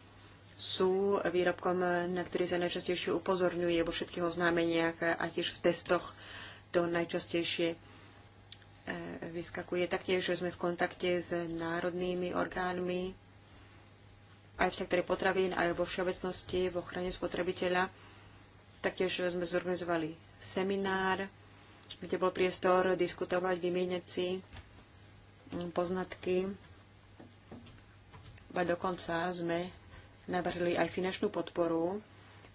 sú výrobkom, na ktorý sa najčastejšie upozorňuje vo všetkých oznámeniach a tiež v testoch to najčastejšie e, vyskakuje. Taktiež sme v kontakte s národnými orgánmi aj v sektore potravín, aj vo všeobecnosti, v ochrane spotrebiteľa. Taktiež sme zorganizovali seminár, kde bol priestor diskutovať, vymieňať si poznatky. A dokonca sme navrhli aj finančnú podporu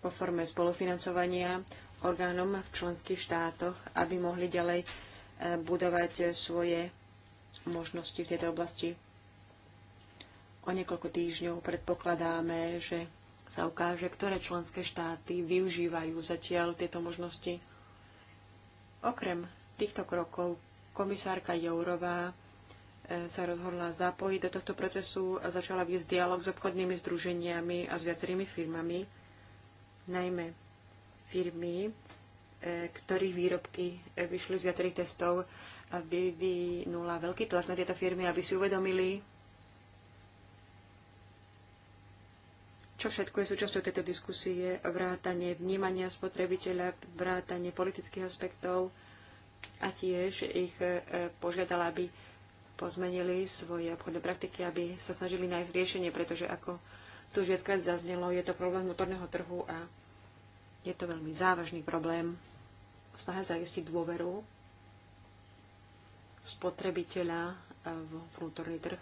po forme spolufinancovania orgánom v členských štátoch, aby mohli ďalej e, budovať svoje možnosti v tejto oblasti. O niekoľko týždňov predpokladáme, že sa ukáže, ktoré členské štáty využívajú zatiaľ tieto možnosti. Okrem týchto krokov komisárka Jourová e, sa rozhodla zapojiť do tohto procesu a začala viesť dialog s obchodnými združeniami a s viacerými firmami, najmä firmy, e, ktorých výrobky e, vyšli z viacerých testov aby vyvinula veľký tlak na tieto firmy, aby si uvedomili, čo všetko je súčasťou tejto diskusie, vrátanie vnímania spotrebiteľa, vrátanie politických aspektov a tiež ich e, požiadala, aby pozmenili svoje obchodné praktiky, aby sa snažili nájsť riešenie, pretože ako tu už viackrát zaznelo, je to problém vnútorného trhu a je to veľmi závažný problém. Snaha zaistiť dôveru spotrebiteľa e, v vnútorný trh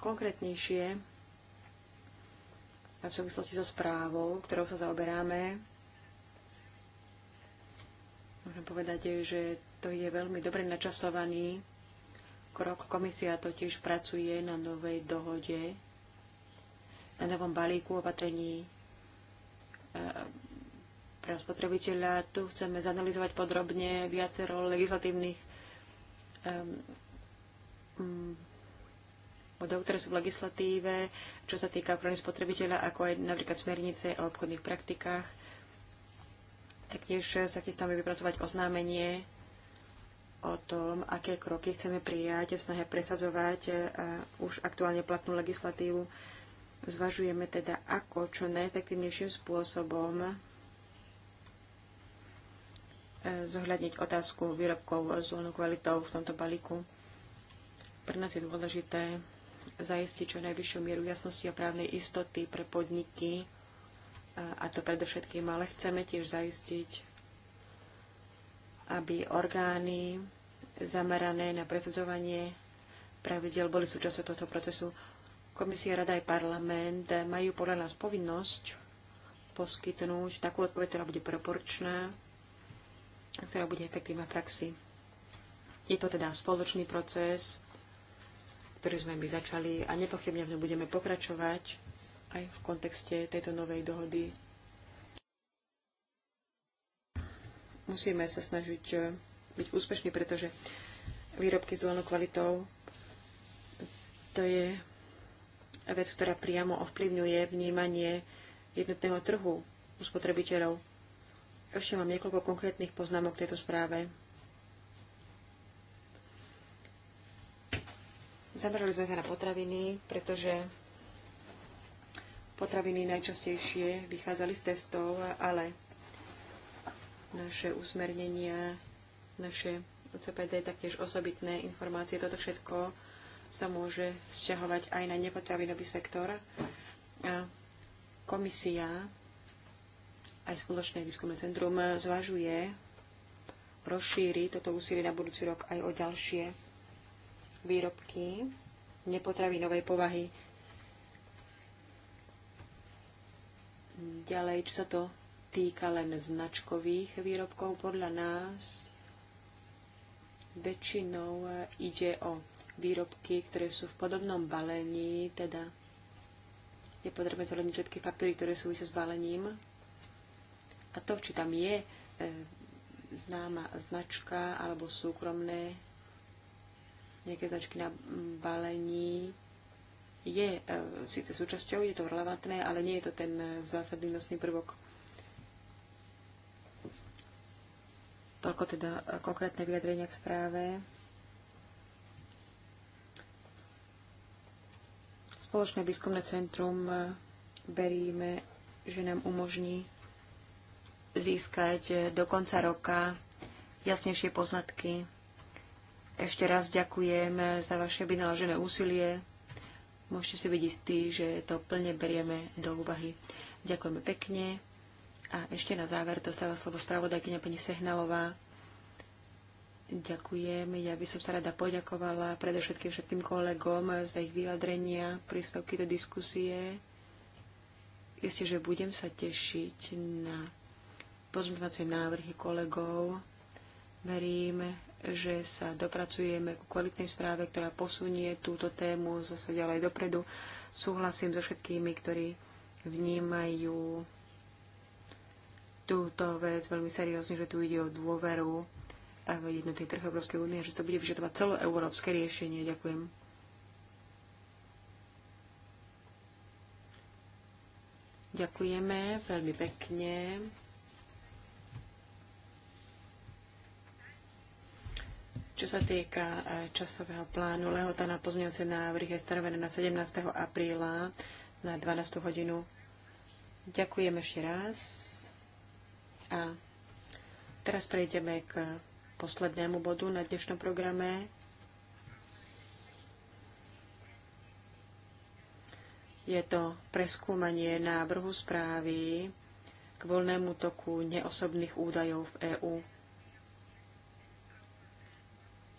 konkrétnejšie v súvislosti so správou, ktorou sa zaoberáme. Môžem povedať, že to je veľmi dobre načasovaný krok. Komisia totiž pracuje na novej dohode, na novom balíku opatrení e, pre spotrebiteľa. Tu chceme zanalizovať podrobne viacero legislatívnych um, bodov, ktoré sú v legislatíve, čo sa týka ochrany spotrebiteľa, ako aj napríklad smernice o obchodných praktikách. Taktiež sa chystáme vypracovať oznámenie o tom, aké kroky chceme prijať v snahe presadzovať e, už aktuálne platnú legislatívu. Zvažujeme teda, ako čo najefektívnejším spôsobom e, zohľadniť otázku výrobkov s voľnou kvalitou v tomto balíku. Pre nás je dôležité zajistiť čo najvyššiu mieru jasnosti a právnej istoty pre podniky, a to predovšetkým, ale chceme tiež zaistiť, aby orgány zamerané na presadzovanie pravidel boli súčasťou tohto procesu. Komisia, Rada aj parlament majú podľa nás povinnosť poskytnúť takú odpoveď, ktorá bude proporčná a ktorá bude efektívna v praxi. Je to teda spoločný proces, ktorý sme my začali a nepochybne v ňom budeme pokračovať aj v kontexte tejto novej dohody. Musíme sa snažiť e, byť úspešní, pretože výrobky s duálnou kvalitou to je vec, ktorá priamo ovplyvňuje vnímanie jednotného trhu u spotrebiteľov. Ešte mám niekoľko konkrétnych poznámok k tejto správe. Zamerali sme sa teda na potraviny, pretože potraviny najčastejšie vychádzali z testov, ale naše usmernenia, naše CPD, taktiež osobitné informácie, toto všetko sa môže vzťahovať aj na nepotravinový sektor. A komisia aj spoločné výskumné centrum zvažuje rozšíri toto úsilie na budúci rok aj o ďalšie výrobky nepotravinovej povahy. Ďalej, čo sa to týka len značkových výrobkov, podľa nás väčšinou ide o výrobky, ktoré sú v podobnom balení, teda je potrebné zohľadniť všetky faktory, ktoré súvisia s balením. A to, či tam je e, známa značka alebo súkromné nejaké značky na balení je e, síce súčasťou, je to relevantné, ale nie je to ten e, zásadný nosný prvok. Toľko teda e, konkrétne vyjadrenia v správe. Spoločné výskumné centrum e, veríme, že nám umožní získať do konca roka jasnejšie poznatky ešte raz ďakujem za vaše vynaložené úsilie. Môžete si byť istí, že to plne berieme do úvahy. Ďakujeme pekne. A ešte na záver dostáva slovo spravodajkyňa pani Sehnalová. Ďakujem. Ja by som sa rada poďakovala predovšetkým všetkým kolegom za ich vyjadrenia, príspevky do diskusie. Isté, že budem sa tešiť na pozmeňovacie návrhy kolegov. Verím, že sa dopracujeme ku kvalitnej správe, ktorá posunie túto tému zase ďalej dopredu. Súhlasím so všetkými, ktorí vnímajú túto vec veľmi seriózne, že tu ide o dôveru v jednotný trh Európskej únie, že to bude vyžadovať celoeurópske riešenie. Ďakujem. Ďakujeme veľmi pekne. Čo sa týka e, časového plánu, lehota na pozmňujúce návrh je stanovená na 17. apríla na 12. hodinu. Ďakujem ešte raz. A teraz prejdeme k poslednému bodu na dnešnom programe. Je to preskúmanie návrhu správy k voľnému toku neosobných údajov v EÚ.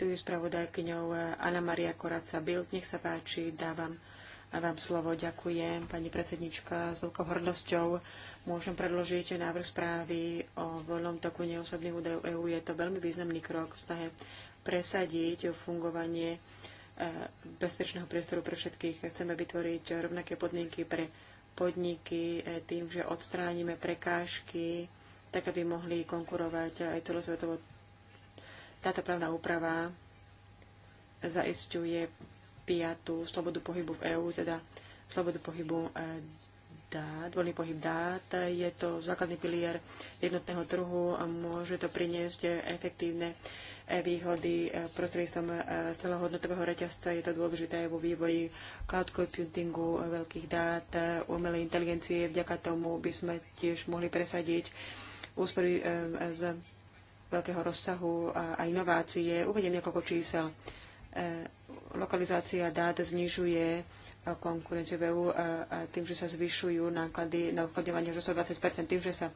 Tu je spravodajkyňou Anna Maria Koraca Bild. Nech sa páči, dávam a vám slovo. Ďakujem, pani predsednička, s veľkou hrdosťou môžem predložiť návrh správy o voľnom toku neosobných údajov EÚ. Je to veľmi významný krok v snahe presadiť fungovanie e, bezpečného priestoru pre všetkých. Chceme vytvoriť rovnaké podmienky pre podniky e, tým, že odstránime prekážky, tak aby mohli konkurovať aj celosvetovo táto právna úprava zaisťuje piatú slobodu pohybu v EÚ, teda slobodu pohybu e, dát, voľný pohyb dát. Je to základný pilier jednotného trhu a môže to priniesť efektívne výhody e, prostredníctvom e, celohodnotového reťazca. Je to dôležité aj vo vývoji cloud computingu, veľkých dát, umelej inteligencie. Vďaka tomu by sme tiež mohli presadiť úspory z veľkého rozsahu a, inovácie. Uvediem niekoľko čísel. E, lokalizácia dát znižuje e, konkurenciu v EU e, tým, že sa zvyšujú náklady na obchodňovanie až 120 tým, že sa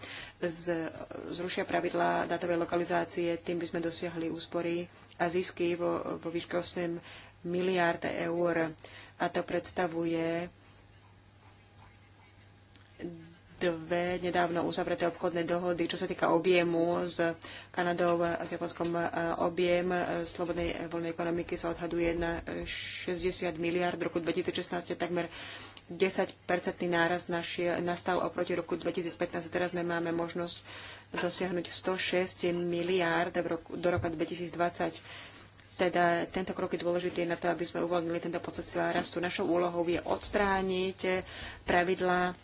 z, zrušia pravidla dátovej lokalizácie, tým by sme dosiahli úspory a zisky vo, vo výške 8 miliárd eur. A to predstavuje dve nedávno uzavreté obchodné dohody, čo sa týka objemu s Kanadou a s Japonskom. E, objem e, slobodnej e, voľnej ekonomiky sa odhaduje na 60 miliard. V roku 2016 je takmer 10-percentný náraz nastal oproti roku 2015. Teraz my máme možnosť dosiahnuť 106 miliárd do roka 2020. Teda tento krok je dôležitý na to, aby sme uvoľnili tento potenciál rastu. Našou úlohou je odstrániť pravidlá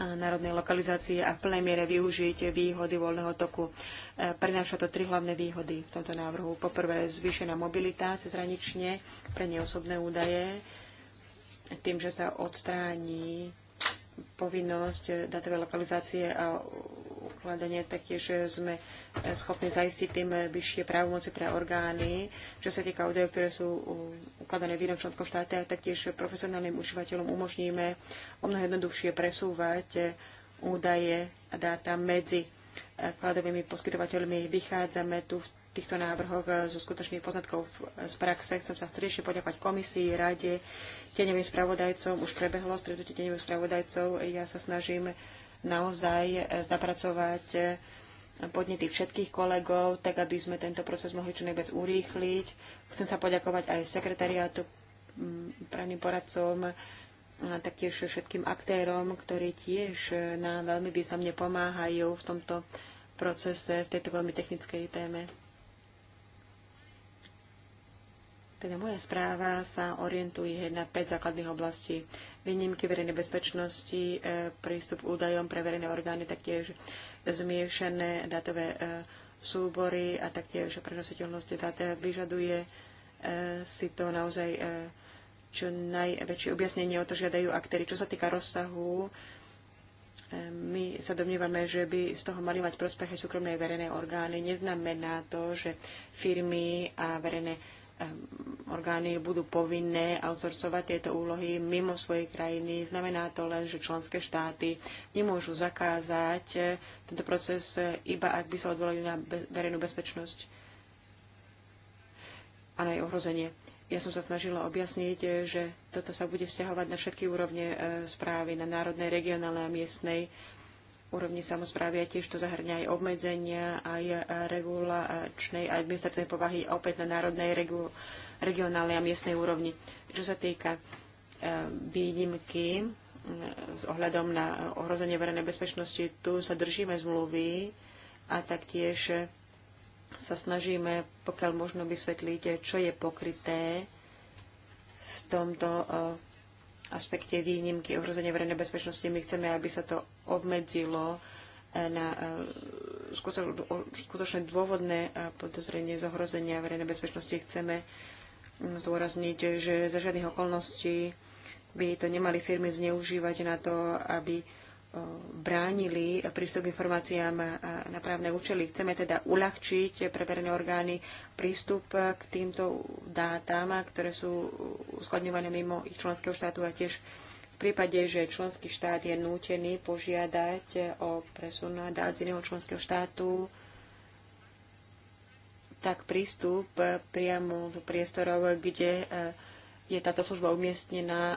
národnej lokalizácie a v plnej miere využiť výhody voľného toku. E, prináša to tri hlavné výhody v tomto návrhu. Poprvé, zvýšená mobilita cezhranične pre neosobné údaje, tým, že sa odstráni povinnosť datovej lokalizácie a ukladanie. taktiež sme schopní zaistiť tým vyššie právomoci pre orgány, čo sa týka údajov, ktoré sú ukladané v inom členskom štáte a taktiež profesionálnym užívateľom umožníme o mnoho jednoduchšie presúvať údaje a dáta medzi kladovými poskytovateľmi. Vychádzame tu v týchto návrhoch zo eh, skutočných poznatkov z praxe. Chcem sa srdečne poďakovať komisii, rade, tieňovým spravodajcom. Už prebehlo stretnutie tieňových spravodajcov. Ja sa snažím naozaj eh, zapracovať eh, podnety všetkých kolegov, tak aby sme tento proces mohli čo najviac urýchliť. Chcem sa poďakovať aj sekretariátu, mm, právnym poradcom, a taktiež všetkým aktérom, ktorí tiež nám veľmi významne pomáhajú v tomto procese, v tejto veľmi technickej téme. Teda moja správa sa orientuje na 5 základných oblastí. Výnimky verejnej bezpečnosti, e, prístup k údajom pre verejné orgány, taktiež zmiešané datové e, súbory a taktiež prenositeľnosť dát e, vyžaduje si to naozaj čo najväčšie objasnenie o to žiadajú aktéry. Čo sa týka rozsahu, my sa domnievame, že by z toho mali mať prospech aj súkromné verejné orgány. Neznamená to, že firmy a verejné orgány budú povinné outsourcovať tieto úlohy mimo svojej krajiny. Znamená to len, že členské štáty nemôžu zakázať eh, tento proces, eh, iba ak by sa odvolali na verejnú bezpečnosť a na jej ohrozenie. Ja som sa snažila objasniť, eh, že toto sa bude vzťahovať na všetky úrovne správy, na národnej, regionálnej a miestnej úrovni samozprávy a tiež to zahrňa aj obmedzenia, aj regulačnej a administratívnej povahy opäť na národnej, regu, regionálnej a miestnej úrovni. Čo sa týka e, výnimky e, s ohľadom na ohrozenie verejnej bezpečnosti, tu sa držíme zmluvy a taktiež sa snažíme, pokiaľ možno vysvetlíte, čo je pokryté v tomto e, aspekte výnimky ohrozenia verejnej bezpečnosti. My chceme, aby sa to obmedzilo e, na e, skutočne dôvodné e, podozrenie z ohrozenia verejnej bezpečnosti. Chceme mm, zdôrazniť, že za žiadnych okolností by to nemali firmy zneužívať na to, aby bránili prístup k informáciám na právne účely. Chceme teda uľahčiť pre verejné orgány prístup k týmto dátam, ktoré sú uskladňované mimo ich členského štátu a tiež v prípade, že členský štát je nútený požiadať o presun dát z iného členského štátu, tak prístup priamo do priestorov, kde e, je táto služba umiestnená, e,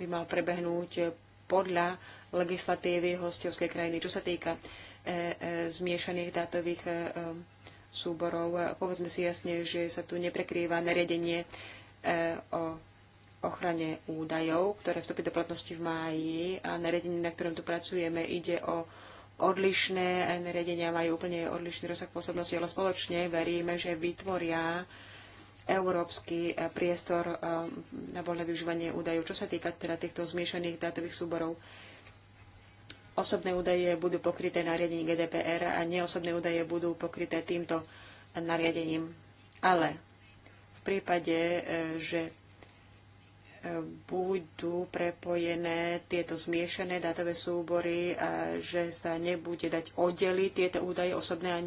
by mal prebehnúť podľa legislatívy hostovskej krajiny. Čo sa týka e, e, zmiešaných dátových e, súborov, povedzme si jasne, že sa tu neprekrýva nariadenie o ochrane údajov, ktoré vstupí do platnosti v máji a nariadenie, na ktorom tu pracujeme, ide o odlišné nariadenia, majú úplne odlišný rozsah pôsobnosti, ale spoločne veríme, že vytvoria európsky priestor na voľné využívanie údajov. Čo sa týka teda týchto zmiešaných dátových súborov, Osobné údaje budú pokryté nariadením GDPR a neosobné údaje budú pokryté týmto nariadením. Ale v prípade, e, že e, budú prepojené tieto zmiešané dátové súbory a že sa nebude dať oddeliť tieto údaje osobné a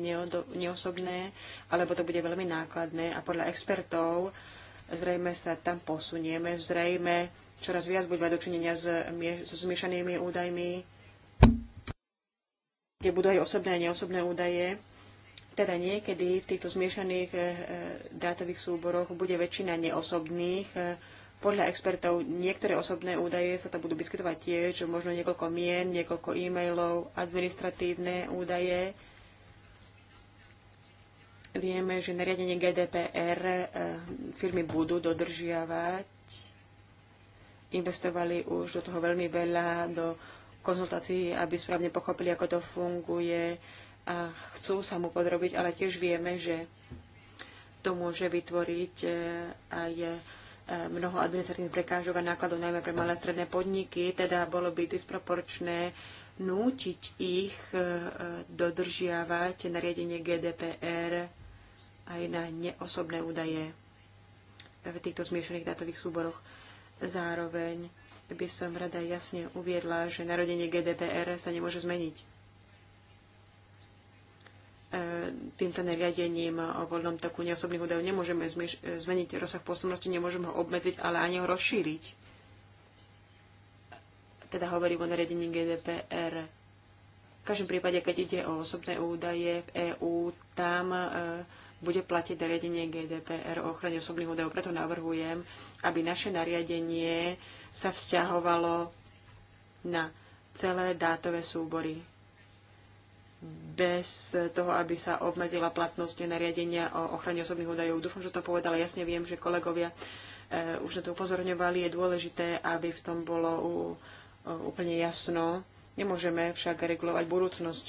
neosobné, alebo to bude veľmi nákladné. A podľa expertov zrejme sa tam posunieme, zrejme čoraz viac bude dočinenia s zmiešanými údajmi kde budú aj osobné a neosobné údaje. Teda niekedy v týchto zmiešaných eh, eh, dátových súboroch bude väčšina neosobných. Eh, podľa expertov niektoré osobné údaje sa tam budú vyskytovať tiež, možno niekoľko mien, niekoľko e-mailov, administratívne údaje. Vieme, že nariadenie GDPR firmy budú dodržiavať. Investovali už do toho veľmi veľa, do konzultácií, aby správne pochopili, ako to funguje a chcú sa mu podrobiť, ale tiež vieme, že to môže vytvoriť e, aj e, mnoho administratívnych prekážok a nákladov, najmä pre malé a stredné podniky, teda bolo by disproporčné nútiť ich e, dodržiavať nariadenie GDPR aj na neosobné údaje v týchto zmiešaných dátových súboroch. Zároveň by som rada jasne uviedla, že narodenie GDPR sa nemôže zmeniť. E, týmto nariadením o voľnom toku neosobných údajov nemôžeme zmeniť rozsah pôsobnosti, nemôžeme ho obmedziť, ale ani ho rozšíriť. Teda hovorím o nariadení GDPR. V každom prípade, keď ide o osobné údaje v EÚ, tam e, bude platiť nariadenie GDPR o ochrane osobných údajov. Preto navrhujem, aby naše nariadenie sa vzťahovalo na celé dátové súbory bez toho, aby sa obmedzila platnosť nariadenia o ochrane osobných údajov. Dúfam, že to povedala jasne. Viem, že kolegovia e, už na to upozorňovali. Je dôležité, aby v tom bolo u, e, úplne jasno. Nemôžeme však regulovať budúcnosť.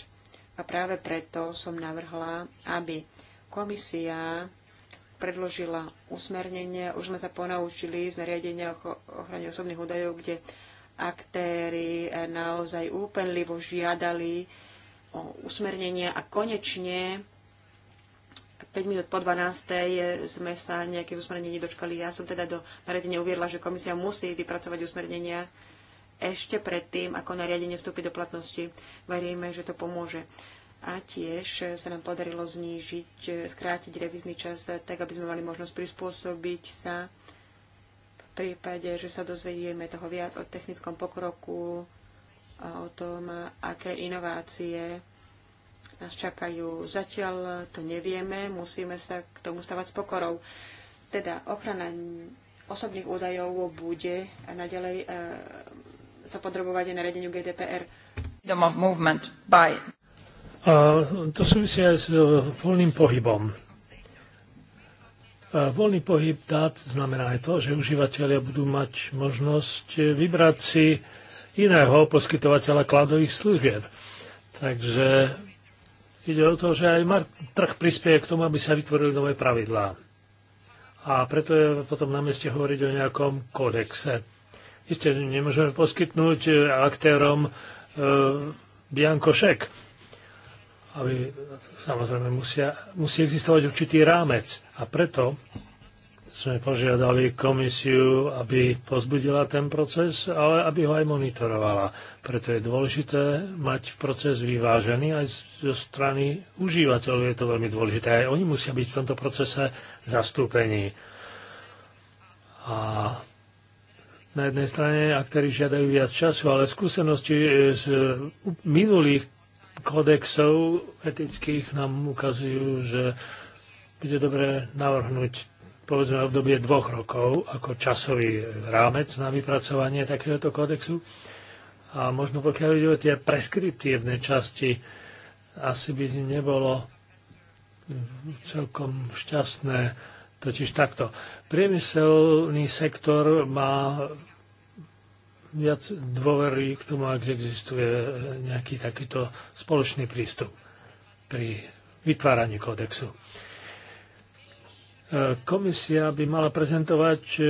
A práve preto som navrhla, aby komisia predložila usmernenie. Už sme sa ponaučili z nariadenia o ochrane osobných údajov, kde aktéry eh, naozaj úpenlivo žiadali o usmernenia a konečne 5 minút po 12. sme sa nejaké usmernenie dočkali. Ja som teda do nariadenia uviedla, že komisia musí vypracovať usmernenia ešte predtým, ako nariadenie vstúpi do platnosti. Veríme, že to pomôže a tiež sa nám podarilo znížiť, skrátiť revizný čas tak, aby sme mali možnosť prispôsobiť sa v prípade, že sa dozvedieme toho viac o technickom pokroku a o tom, aké inovácie nás čakajú. Zatiaľ to nevieme, musíme sa k tomu stavať s pokorou. Teda ochrana osobných údajov bude a naďalej e, sa podrobovať aj nariadeniu GDPR. Freedom of movement by a to súvisí aj s e, voľným pohybom. A e, voľný pohyb dát znamená aj to, že užívateľia budú mať možnosť vybrať si iného poskytovateľa kladových služieb. Takže ide o to, že aj trh prispieje k tomu, aby sa vytvorili nové pravidlá. A preto je potom na mieste hovoriť o nejakom kódexe. Isté, nemôžeme poskytnúť e, aktérom e, Šek aby samozrejme musia, musí existovať určitý rámec. A preto sme požiadali komisiu, aby pozbudila ten proces, ale aby ho aj monitorovala. Preto je dôležité mať proces vyvážený aj zo strany užívateľov. Je to veľmi dôležité. Aj oni musia byť v tomto procese zastúpení. A na jednej strane aktéry žiadajú viac času, ale skúsenosti z minulých kodexov etických nám ukazujú, že bude dobre navrhnúť povedzme obdobie dvoch rokov ako časový rámec na vypracovanie takéhoto kodexu. A možno pokiaľ ide o tie preskriptívne časti, asi by nebolo celkom šťastné. Totiž takto. Priemyselný sektor má viac dôvery k tomu, ak existuje eh, nejaký takýto spoločný prístup pri vytváraní kódexu. Eh, komisia by mala prezentovať eh,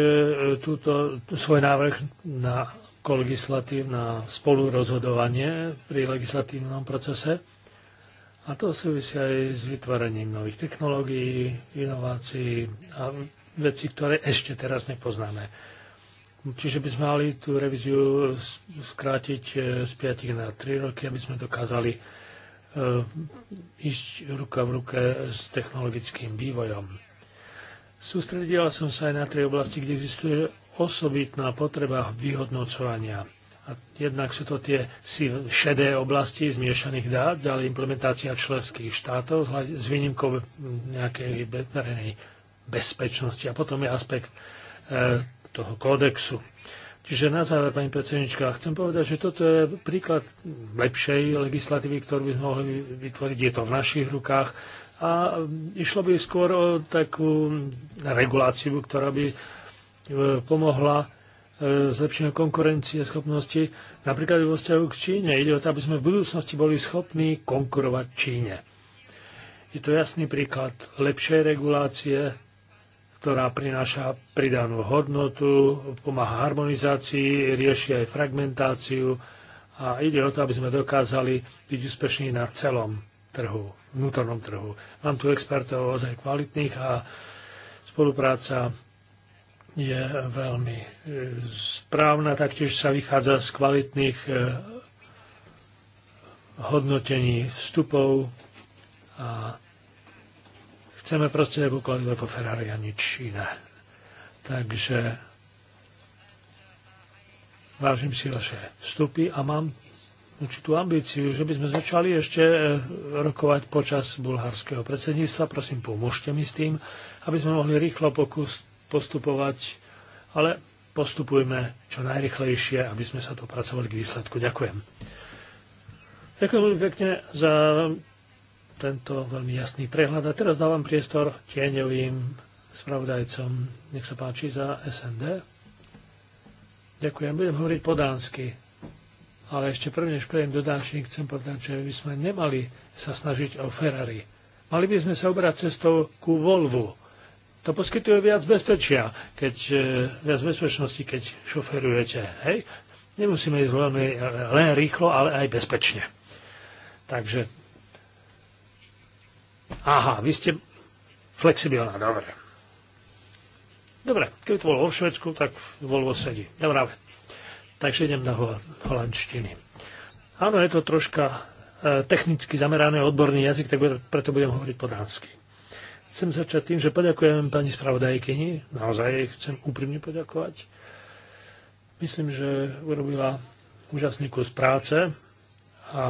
túto, svoj návrh na kolegislatív, na spolurozhodovanie pri legislatívnom procese. A to súvisí aj s vytváraním nových technológií, inovácií a vecí, ktoré ešte teraz nepoznáme. Čiže by sme mali tú revíziu skrátiť e, z 5 na 3 roky, aby sme dokázali e, ísť ruka v ruke s technologickým vývojom. Sústredila som sa aj na tri oblasti, kde existuje osobitná potreba vyhodnocovania. A jednak sú to tie šedé oblasti zmiešaných dát, ďalej implementácia členských štátov s výnimkou nejakej verejnej bezpečnosti. A potom je aspekt e, toho kódexu. Čiže na záver, pani predsednička, chcem povedať, že toto je príklad lepšej legislatívy, ktorú by sme mohli vytvoriť. Je to v našich rukách a išlo by skôr o takú reguláciu, ktorá by e, pomohla e, zlepšeniu konkurencie schopnosti. Napríklad vo vzťahu k Číne ide o to, aby sme v budúcnosti boli schopní konkurovať Číne. Je to jasný príklad lepšej regulácie ktorá prináša pridanú hodnotu, pomáha harmonizácii, rieši aj fragmentáciu a ide o to, aby sme dokázali byť úspešní na celom trhu, vnútornom trhu. Mám tu expertov ozaj kvalitných a spolupráca je veľmi e, správna, taktiež sa vychádza z kvalitných e, hodnotení vstupov a Chceme proste ukladať ako Ferrari a nič iné. Takže vážim si vaše vstupy a mám určitú ambíciu, že by sme začali ešte e, rokovať počas bulharského predsedníctva. Prosím, pomôžte mi s tým, aby sme mohli rýchlo pokus postupovať, ale postupujme čo najrychlejšie, aby sme sa pracovali k výsledku. Ďakujem. Ďakujem veľmi pekne za tento veľmi jasný prehľad. A teraz dávam priestor tieňovým spravodajcom. Nech sa páči za SND. Ďakujem, budem hovoriť po dánsky. Ale ešte prvne, než prejem do dánštiny, chcem povedať, že by sme nemali sa snažiť o Ferrari. Mali by sme sa obrať cestou ku Volvu. To poskytuje viac bezpečia, keď, e, viac bezpečnosti, keď šoferujete. Hej? Nemusíme ísť veľmi len rýchlo, ale aj bezpečne. Takže Aha, vy ste flexibilná, dobre. Dobre, keby to bolo vo Švedsku, tak Volvo sedí. Dobre, takže idem na holandštiny. Áno, je to troška e, technicky zameraný odborný jazyk, tak preto budem hovoriť po dánsky. Chcem začať tým, že poďakujem pani spravodajkyni, naozaj jej chcem úprimne poďakovať. Myslím, že urobila úžasný kus práce a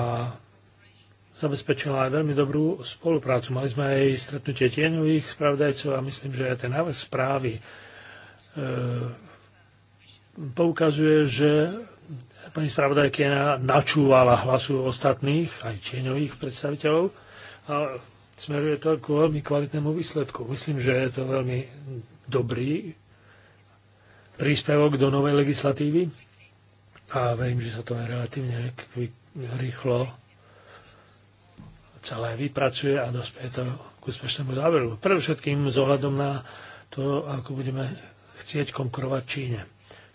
zabezpečila aj veľmi dobrú spoluprácu. Mali sme aj stretnutie tieňových spravodajcov a myslím, že aj ten návrh správy e, poukazuje, že pani spravodajkina načúvala hlasu ostatných, aj tieňových predstaviteľov a smeruje to k veľmi kvalitnému výsledku. Myslím, že je to veľmi dobrý príspevok do novej legislatívy a verím, že sa to aj relatívne rýchlo celé vypracuje a dospeje to k úspešnému záveru. Predovšetkým s ohľadom na to, ako budeme chcieť konkurovať Číne.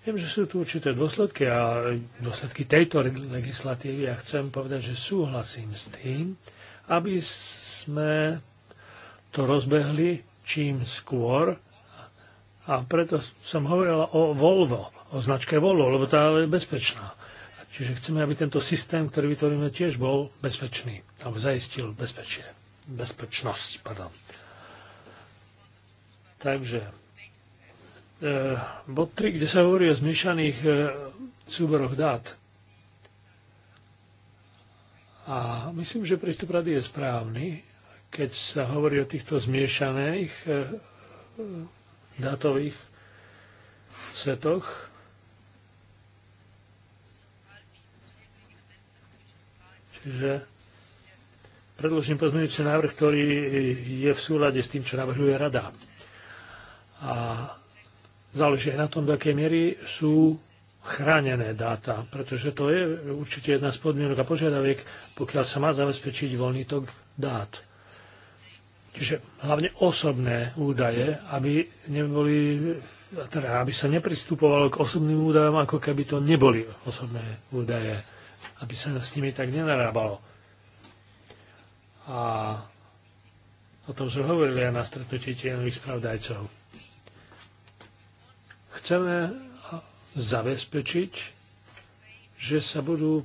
Viem, že sú tu určité dôsledky a dôsledky tejto legislatívy a ja chcem povedať, že súhlasím s tým, aby sme to rozbehli čím skôr a preto som hovorila o Volvo, o značke Volvo, lebo tá je bezpečná. Čiže chceme, aby tento systém, ktorý vytvoríme, tiež bol bezpečný alebo zaistil bezpečie, bezpečnosť. Pardon. Takže e, bod 3, kde sa hovorí o zmiešaných e, súboroch dát. A myslím, že prístup rady je správny, keď sa hovorí o týchto zmiešaných e, e dátových svetoch. Čiže predložím pozmeňujúci návrh, ktorý je v súlade s tým, čo navrhuje rada. A záleží aj na tom, do akej miery sú chránené dáta, pretože to je určite jedna z podmienok a požiadaviek, pokiaľ sa má zabezpečiť voľný tok dát. Čiže hlavne osobné údaje, aby, neboli, teda aby sa nepristupovalo k osobným údajom, ako keby to neboli osobné údaje, aby sa s nimi tak nenarábalo a o tom sme hovorili aj na stretnutí tienových spravdajcov. Chceme zabezpečiť, že sa, budú,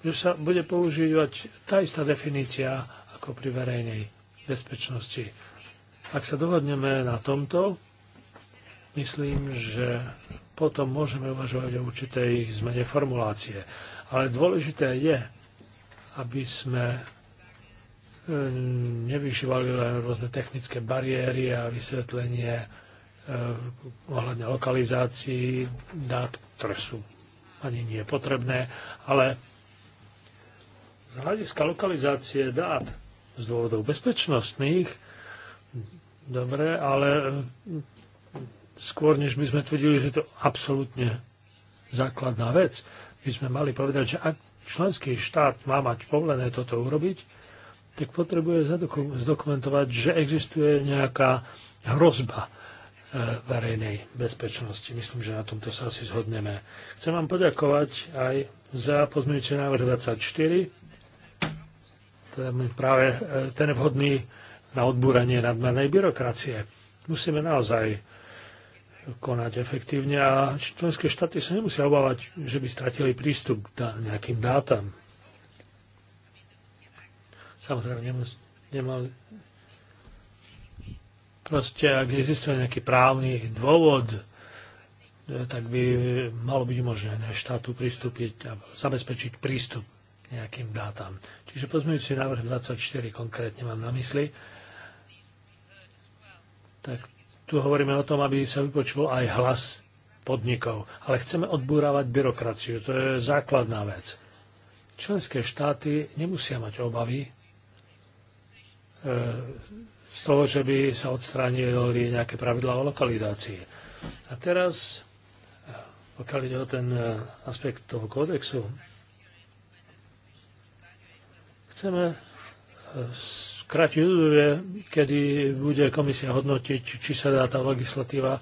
že sa bude používať tá istá definícia ako pri verejnej bezpečnosti. Ak sa dohodneme na tomto, myslím, že potom môžeme uvažovať o určitej zmene formulácie. Ale dôležité je, aby sme Ehm, nevyšívali len rôzne technické bariéry a vysvetlenie ehm, ohľadne lokalizácií dát, ktoré sú ani nie potrebné, ale z hľadiska lokalizácie dát z dôvodov bezpečnostných, dobre, ale ehm, skôr než by sme tvrdili, že to absolútne základná vec, by sme mali povedať, že ak členský štát má mať povolené toto urobiť, tak potrebuje zdokumentovať, že existuje nejaká hrozba e, verejnej bezpečnosti. Myslím, že na tomto sa asi zhodneme. Chcem vám poďakovať aj za pozmeňujúci návrh 24. E, ten práve ten je vhodný na odbúranie nadmernej byrokracie. Musíme naozaj konať efektívne a členské štáty sa nemusia obávať, že by stratili prístup k nejakým dátam. Samozrejme, nemus, nemal... Proste, ak existuje nejaký právny dôvod, e, tak by malo byť možné štátu pristúpiť a zabezpečiť prístup k nejakým dátam. Čiže si návrh 24 konkrétne mám na mysli. Tak tu hovoríme o tom, aby sa vypočul aj hlas podnikov. Ale chceme odbúravať byrokraciu, to je základná vec. Členské štáty nemusia mať obavy z toho, že by sa odstránili nejaké pravidlá o lokalizácii. A teraz, pokiaľ ide o ten eh, aspekt toho kódexu, chceme eh, skrať juduje, kedy bude komisia hodnotiť, či sa dá tá legislatíva,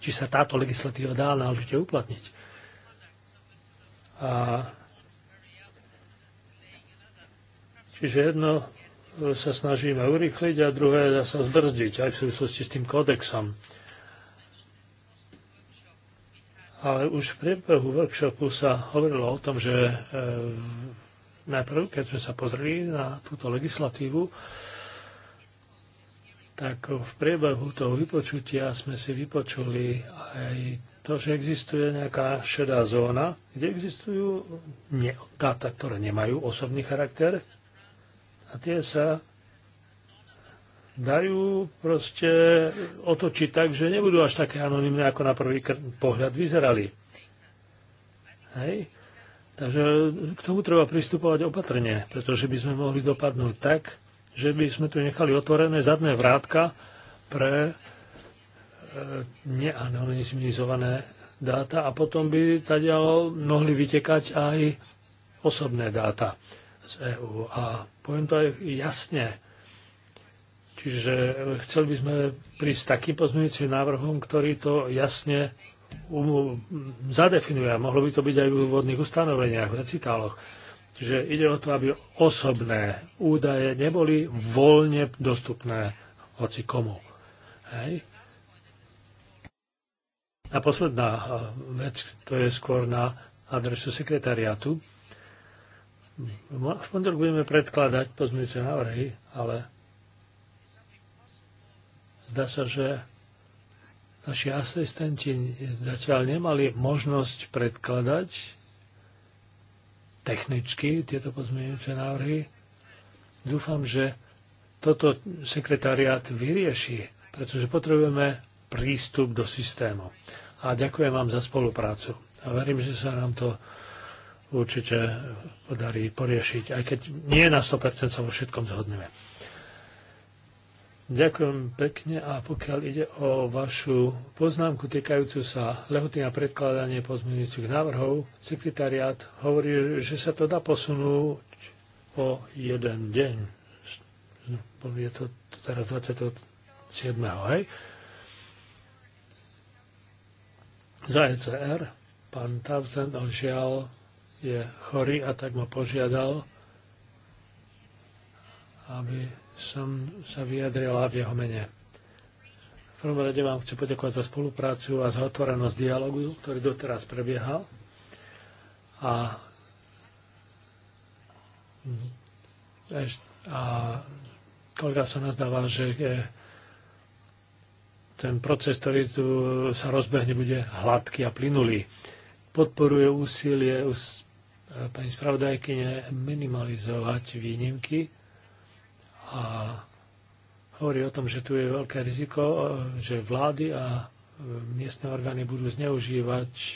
či sa táto legislatíva dá náležite uplatniť. A Čiže jedno sa snažíme urychliť a druhé sa zbrzdiť aj v súvislosti s tým kódexom. Ale už v priebehu workshopu sa hovorilo o tom, že e, najprv, keď sme sa pozreli na túto legislatívu, tak v priebehu toho vypočutia sme si vypočuli aj to, že existuje nejaká šedá zóna, kde existujú dáta, ktoré nemajú osobný charakter, a tie sa dajú proste otočiť tak, že nebudú až také anonimné, ako na prvý pohľad vyzerali. Hej? Takže k tomu treba pristupovať opatrne, pretože by sme mohli dopadnúť tak, že by sme tu nechali otvorené zadné vrátka pre e, neanonymizované dáta a potom by tady mohli vytekať aj osobné dáta z EU. A poviem to aj jasne. Čiže e, chceli by sme prísť takým pozmeňujúcim návrhom, ktorý to jasne zadefinuje. A mohlo by to byť aj v úvodných ustanoveniach, v recitáloch. Čiže ide o to, aby osobné údaje neboli voľne dostupné hoci komu. Hej? A posledná e, vec, to je skôr na adresu sekretariátu. V pondelok budeme predkladať pozmeňujúce návrhy, ale zdá sa, že naši asistenti zatiaľ nemali možnosť predkladať technicky tieto pozmeňujúce návrhy. Dúfam, že toto sekretariát vyrieši, pretože potrebujeme prístup do systému. A ďakujem vám za spoluprácu. A verím, že sa nám to určite podarí poriešiť, aj keď nie na 100% sa vo všetkom zhodneme. Ďakujem pekne a pokiaľ ide o vašu poznámku týkajúcu sa lehoty na predkladanie pozmeňujúcich návrhov, sekretariat hovorí, že sa to dá posunúť o jeden deň. Je to teraz 27. Hej? Za ECR pán Tavzen žiaľ je chorý a tak ma požiadal, aby som sa vyjadrila v jeho mene. V prvom rade vám chcem poďakovať za spoluprácu a za otvorenosť dialogu, ktorý doteraz prebiehal. A, a kolega sa nazdáva, že ten proces, ktorý tu sa rozbehne, bude hladký a plynulý. Podporuje úsilie pani spravodajkyne minimalizovať výnimky a hovorí o tom, že tu je veľké riziko, že vlády a e, miestne orgány budú zneužívať e,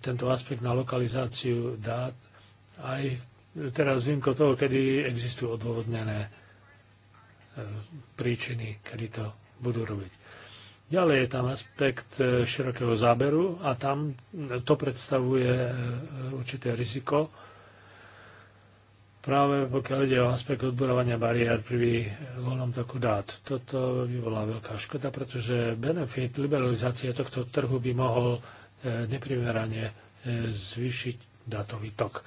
tento aspekt na lokalizáciu dát aj teraz výnko toho, kedy existujú odôvodnené e, príčiny, kedy to budú robiť. Ďalej je tam aspekt e, širokého záberu a tam to predstavuje e, určité riziko, práve pokiaľ ide o aspekt odborovania bariér pri e, voľnom toku dát. Toto by bola veľká škoda, pretože benefit liberalizácie tohto trhu by mohol neprimerane zvýšiť dátový tok.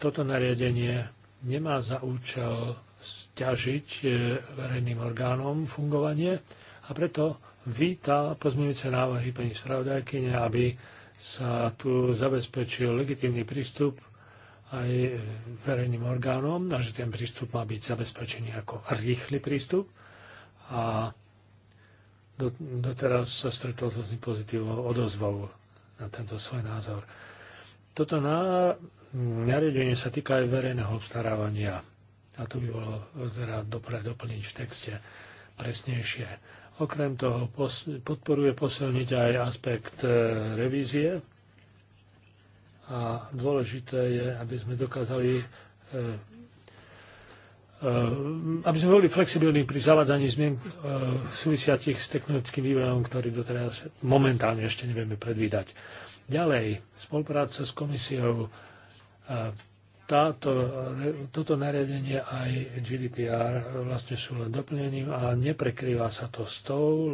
Toto nariadenie nemá za účel stiažiť verejným orgánom fungovanie a preto víta pozmeňujúce návrhy pani spravodajkyne, aby sa tu zabezpečil legitímny prístup aj verejným orgánom a že ten prístup má byť zabezpečený ako rýchly prístup. A doteraz sa stretol s pozitívou odozvou na tento svoj názor. Toto na, nariadenie sa týka aj verejného obstarávania. A to by bolo teda dobre doplniť v texte presnejšie. Okrem toho podporuje posilniť aj aspekt e, revízie a dôležité je, aby sme dokázali e, e, aby sme boli flexibilní pri zavádzaní zmien súvisiacich s technologickým vývojom, ktorý doteraz momentálne ešte nevieme predvídať. Ďalej, spolupráca s komisiou táto, toto nariadenie aj GDPR vlastne sú len doplnením a neprekrýva sa to s tou eh,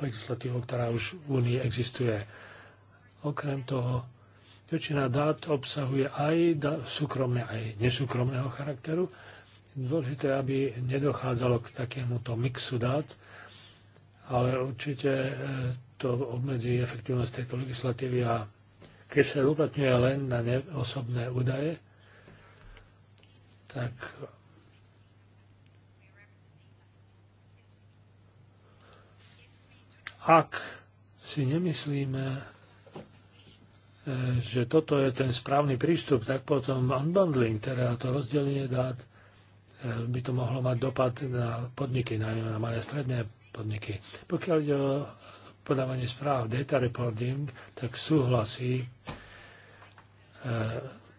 legislatívou, ktorá už v Unii existuje. Okrem toho, väčšina dát obsahuje aj súkromné, aj nesúkromného charakteru. Dôležité, aby nedochádzalo k takémuto mixu dát, ale určite eh, to obmedzí efektívnosť tejto legislatívy a keď sa uplatňuje len na osobné údaje, tak ak si nemyslíme, e, že toto je ten správny prístup, tak potom unbundling, teda to rozdelenie dát, e, by to mohlo mať dopad na podniky, najmä na malé stredné podniky. Pokiaľ ide o podávanie správ, data reporting, tak súhlasí e,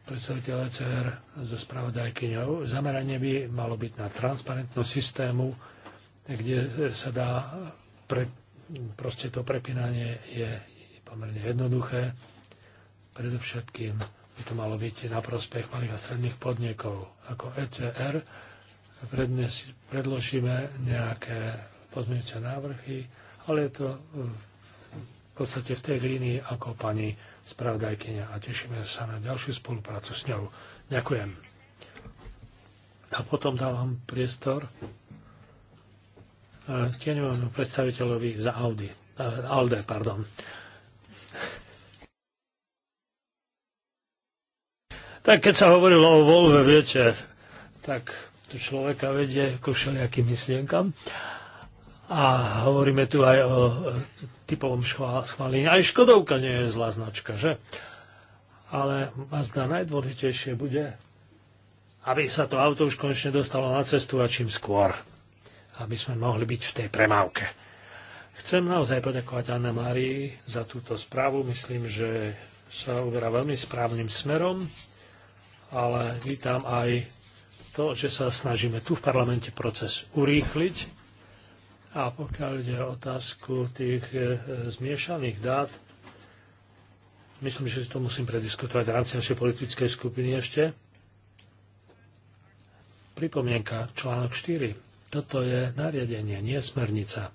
predstaviteľ ECR so spravodajkyňou. Zameranie by malo byť na transparentnosť systému, kde sa dá pre, proste to prepínanie je pomerne jednoduché. Predovšetkým by to malo byť na prospech malých a stredných podnikov. Ako ECR prednes, predložíme nejaké pozmeňujúce návrhy, ale je to eh, v podstate v tej línii ako pani spravodajkyňa a tešíme sa na ďalšiu spoluprácu s ňou. Ďakujem. A potom dávam priestor eh, tieňovému predstaviteľovi za Audi. Eh, Alde, pardon. Tak keď sa hovorilo o volve viete, tak to človeka vedie ku všelijakým myslienkam. A hovoríme tu aj o typovom schválení. Aj Škodovka nie je zlá značka, že? Ale Mazda najdôležitejšie bude, aby sa to auto už konečne dostalo na cestu a čím skôr. Aby sme mohli byť v tej premávke. Chcem naozaj poďakovať Anne Márii za túto správu. Myslím, že sa uberá veľmi správnym smerom, ale vítam aj to, že sa snažíme tu v parlamente proces urýchliť a pokiaľ ide o otázku tých e, zmiešaných dát, myslím, že to musím prediskutovať v rámci našej politickej skupiny ešte. Pripomienka, článok 4. Toto je nariadenie, nie smernica.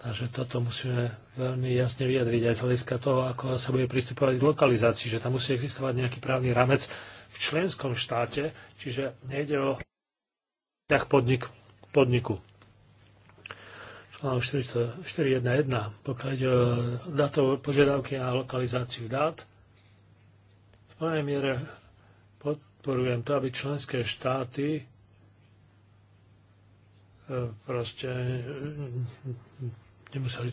Takže toto musíme veľmi jasne vyjadriť aj z hľadiska toho, ako sa bude pristupovať k lokalizácii, že tam musí existovať nejaký právny ramec v členskom štáte, čiže nejde o podnik podniku článok 411, pokiaľ ide o datové požiadavky a lokalizáciu dát. V plnej miere podporujem to, aby členské štáty e, proste nemuseli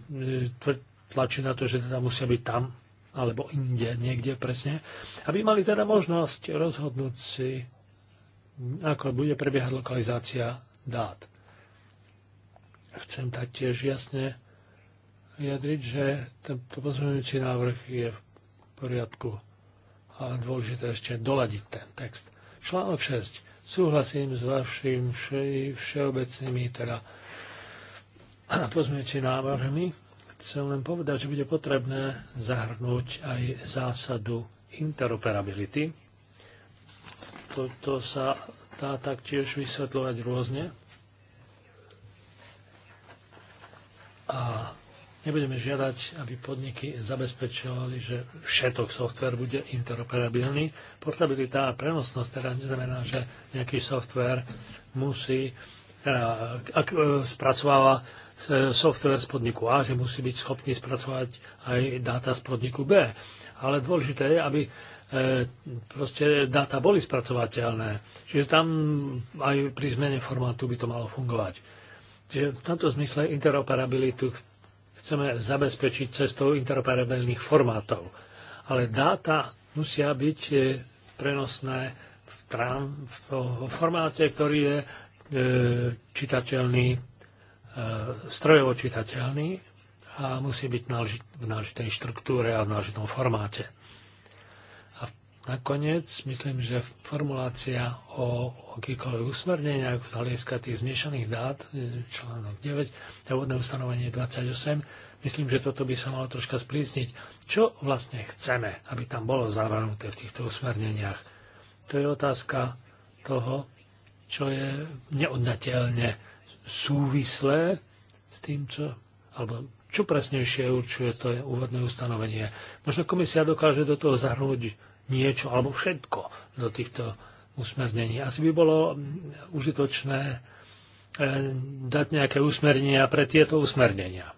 e, tlačiť na to, že teda musia byť tam alebo inde, niekde presne, aby mali teda možnosť rozhodnúť si, ako bude prebiehať lokalizácia dát chcem taktiež jasne vyjadriť, že tento pozmeňujúci návrh je v poriadku a dôležité ešte doladiť ten text. Článok 6. Súhlasím s vašim vše, všeobecnými teda pozmeňujúcimi návrhmi. Chcem len povedať, že bude potrebné zahrnúť aj zásadu interoperability. Toto sa dá taktiež vysvetľovať rôzne a nebudeme žiadať, aby podniky zabezpečovali, že všetok software bude interoperabilný. Portabilita a prenosnosť teda neznamená, že nejaký software musí teda, ak, e, spracováva e, software z podniku A, že musí byť schopný spracovať aj dáta z podniku B. Ale dôležité je, aby e, proste dáta boli spracovateľné. Čiže tam aj pri zmene formátu by to malo fungovať. Čiže v tomto zmysle interoperabilitu chceme zabezpečiť cestou interoperabilných formátov. Ale dáta musia byť e, prenosné v, trám, v formáte, ktorý je e, čitateľný, e, strojovo čitateľný a musí byť v náležitej štruktúre a v náležitom formáte. Nakoniec myslím, že formulácia o akýkoľvek usmerneniach z hľadiska tých zmiešaných dát, e, článok 9 a ustanovenie 28, myslím, že toto by sa malo troška sprísniť. Čo vlastne chceme, aby tam bolo zavrnuté v týchto usmerneniach? To je otázka toho, čo je neodnateľne súvislé s tým, čo, alebo čo presnejšie určuje to úvodné ustanovenie. Možno komisia dokáže do toho zahrnúť niečo alebo všetko do týchto usmernení. Asi by bolo mm, užitočné e, dať nejaké usmernenia pre tieto usmernenia.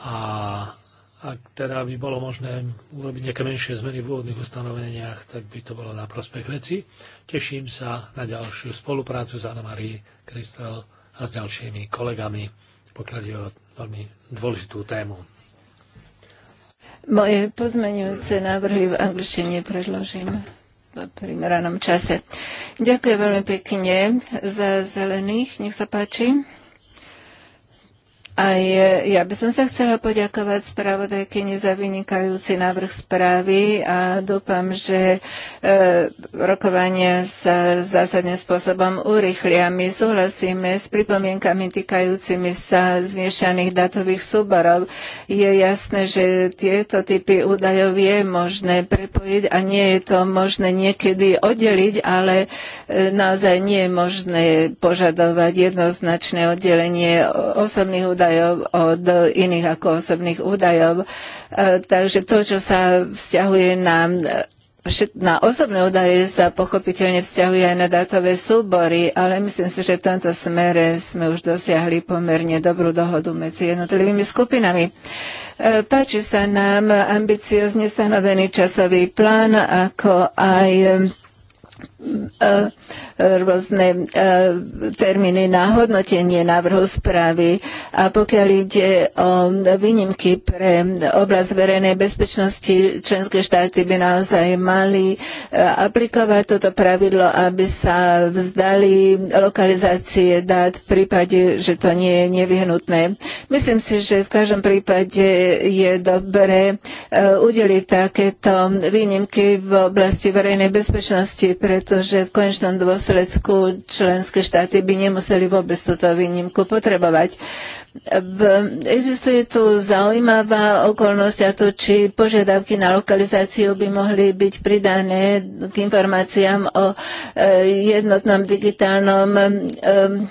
A ak teda by bolo možné urobiť nejaké menšie zmeny v úvodných ustanoveniach, tak by to bolo na prospech veci. Teším sa na ďalšiu spoluprácu s Anna-Marie Kristel a s ďalšími kolegami, pokiaľ je o veľmi dôležitú tému. Moje pozmeňujúce návrhy v angličtine predložím v primeranom čase. Ďakujem veľmi pekne za zelených. Nech sa páči je, ja by som sa chcela poďakovať spravodajkyni za vynikajúci návrh správy a dúfam, že e, rokovania sa zásadným spôsobom urychlia. My súhlasíme s pripomienkami týkajúcimi sa zmiešaných datových súborov. Je jasné, že tieto typy údajov je možné prepojiť a nie je to možné niekedy oddeliť, ale e, naozaj nie je možné požadovať jednoznačné oddelenie osobných údajov údajov od iných ako osobných údajov. E, takže to, čo sa vzťahuje na na osobné údaje sa pochopiteľne vzťahuje aj na dátové súbory, ale myslím si, že v tomto smere sme už dosiahli pomerne dobrú dohodu medzi jednotlivými skupinami. E, páči sa nám ambiciozne stanovený časový plán, ako aj E, rôzne e, termíny na hodnotenie návrhu správy. A pokiaľ ide o výnimky pre oblasť verejnej bezpečnosti, členské štáty by naozaj mali e, aplikovať toto pravidlo, aby sa vzdali lokalizácie dát v prípade, že to nie je nevyhnutné. Myslím si, že v každom prípade je dobré udeliť takéto výnimky v oblasti verejnej bezpečnosti pretože v konečnom dôsledku členské štáty by nemuseli vôbec túto výnimku potrebovať. V, existuje tu zaujímavá okolnosť a to, či požiadavky na lokalizáciu by mohli byť pridané k informáciám o e, jednotnom digitálnom e, um,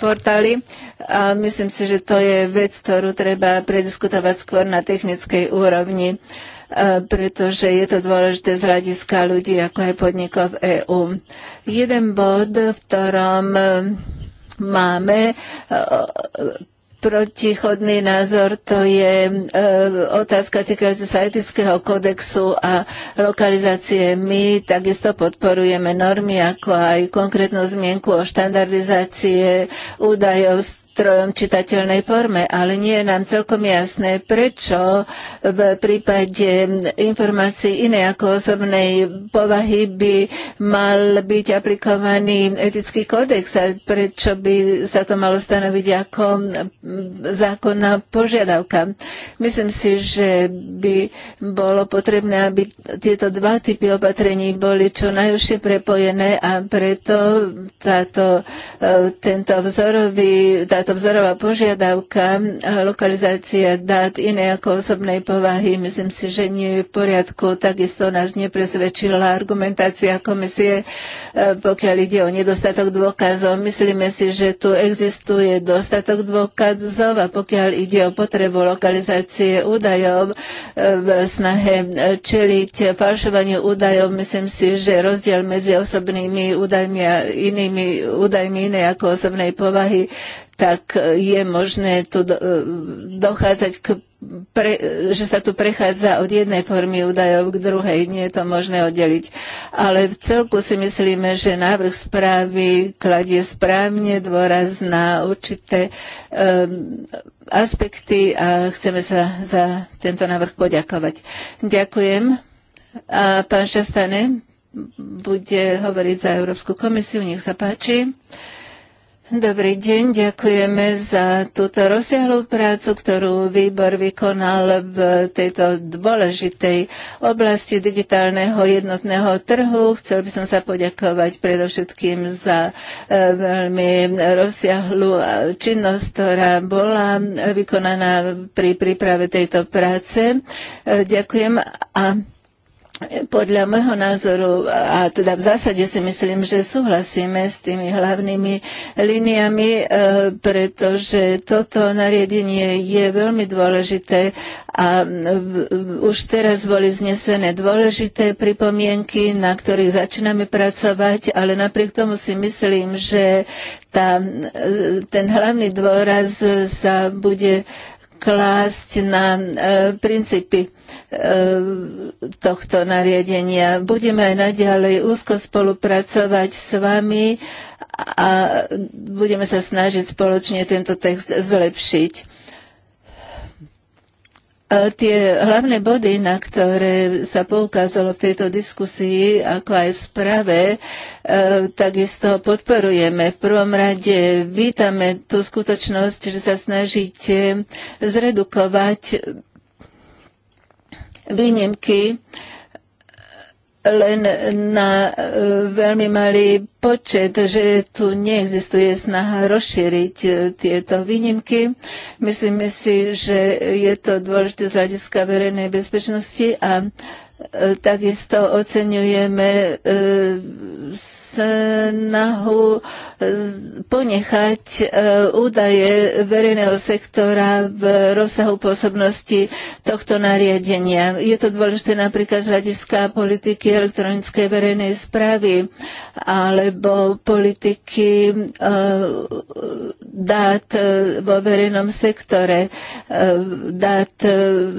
portáli. A myslím si, že to je vec, ktorú treba prediskutovať skôr na technickej úrovni. Uh, E, pretože je to dôležité z hľadiska ľudí, ako aj podnikov EÚ. Jeden bod, v ktorom e, máme e, protichodný názor, to je e, otázka týkajúca sa etického kodexu a lokalizácie. My takisto podporujeme normy, ako aj konkrétnu zmienku o štandardizácie údajov strojom čitateľnej forme, ale nie je nám celkom jasné, prečo v prípade informácií iné ako osobnej povahy by mal byť aplikovaný etický kódex a prečo by sa to malo stanoviť ako zákonná požiadavka. Myslím si, že by bolo potrebné, aby tieto dva typy opatrení boli čo najúžšie prepojené a preto táto, e, tento vzorový, táto táto vzorová požiadavka e, lokalizácia dát iné ako osobnej povahy, myslím si, že nie je v poriadku. Takisto nás nepresvedčila argumentácia komisie, e, pokiaľ ide o nedostatok dôkazov. Myslíme si, že tu existuje dostatok dôkazov a pokiaľ ide o potrebu lokalizácie údajov e, v snahe čeliť falšovaniu údajov, myslím si, že rozdiel medzi osobnými údajmi a inými údajmi iné ako osobnej povahy tak je možné tu e, dochádzať k pre, že sa tu prechádza od jednej formy údajov k druhej, nie je to možné oddeliť. Ale v celku si myslíme, že návrh správy kladie správne dôraz na určité um, aspekty a chceme sa za tento návrh poďakovať. Ďakujem. A pán Šastane bude hovoriť za Európsku komisiu, nech sa páči. Uh, Dobrý deň, ďakujeme za túto rozsiahlú prácu, ktorú výbor vykonal v tejto dôležitej oblasti digitálneho jednotného trhu. Chcel by som sa poďakovať predovšetkým za e, veľmi rozsiahlú e, činnosť, ktorá bola vykonaná pri príprave tejto práce. E, ďakujem a podľa môjho názoru, a teda v zásade si myslím, že súhlasíme s tými hlavnými líniami, e, pretože toto nariadenie je veľmi dôležité a už teraz boli vznesené dôležité pripomienky, na ktorých začíname pracovať, ale napriek tomu si myslím, že tá, e, ten hlavný dôraz sa bude klásť na e, princípy e, tohto nariadenia. Budeme aj naďalej úzko spolupracovať s vami a budeme sa snažiť spoločne tento text zlepšiť. Tie hlavné body, na ktoré sa poukázalo v tejto diskusii, ako aj v sprave, e, takisto podporujeme. V prvom rade vítame tú skutočnosť, že sa snažíte zredukovať výnimky len na e, veľmi malý počet, že tu neexistuje snaha rozšíriť e, tieto výnimky. Myslíme si, že je to dôležité z hľadiska verejnej bezpečnosti a Takisto oceňujeme e, snahu e, ponechať e, údaje verejného sektora v rozsahu pôsobnosti tohto nariadenia. Je to dôležité napríklad z hľadiska politiky elektronickej verejnej správy alebo politiky dát vo verejnom sektore, dát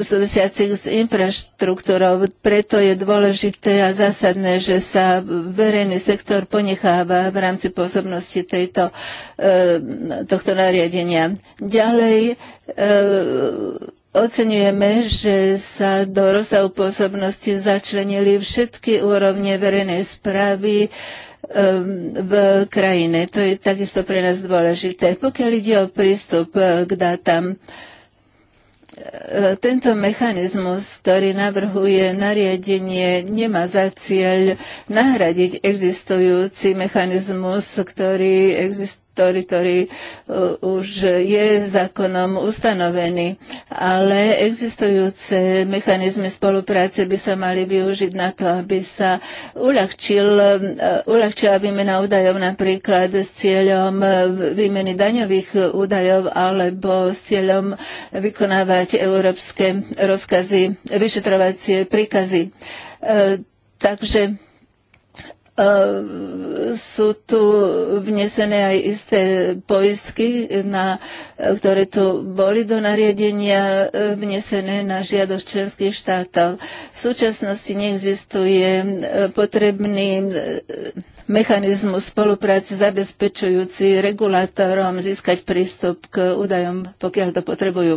súvisiacich s infraštruktúrou preto je dôležité a zásadné, že sa verejný sektor ponecháva v rámci pôsobnosti tejto, eh, tohto nariadenia. Ďalej eh, Oceňujeme, že sa do rozsahu pôsobnosti začlenili všetky úrovne verejnej správy eh, v krajine. To je takisto pre nás dôležité. Pokiaľ ide o prístup k dátam, E, tento mechanizmus, ktorý navrhuje nariadenie, nemá za cieľ nahradiť existujúci mechanizmus, ktorý existuje ktorý, ktorý e, už je zákonom ustanovený. Ale existujúce mechanizmy spolupráce by sa mali využiť na to, aby sa uľahčil, e, uľahčila výmena údajov napríklad s cieľom e, výmeny daňových údajov alebo s cieľom vykonávať európske rozkazy, vyšetrovacie príkazy. Takže sú tu vnesené aj isté poistky, na, ktoré tu boli do nariadenia e, vnesené na žiadosť členských štátov. V súčasnosti neexistuje e, potrebný e, mechanizmu spolupráce zabezpečujúci regulátorom získať prístup k údajom, pokiaľ to potrebujú.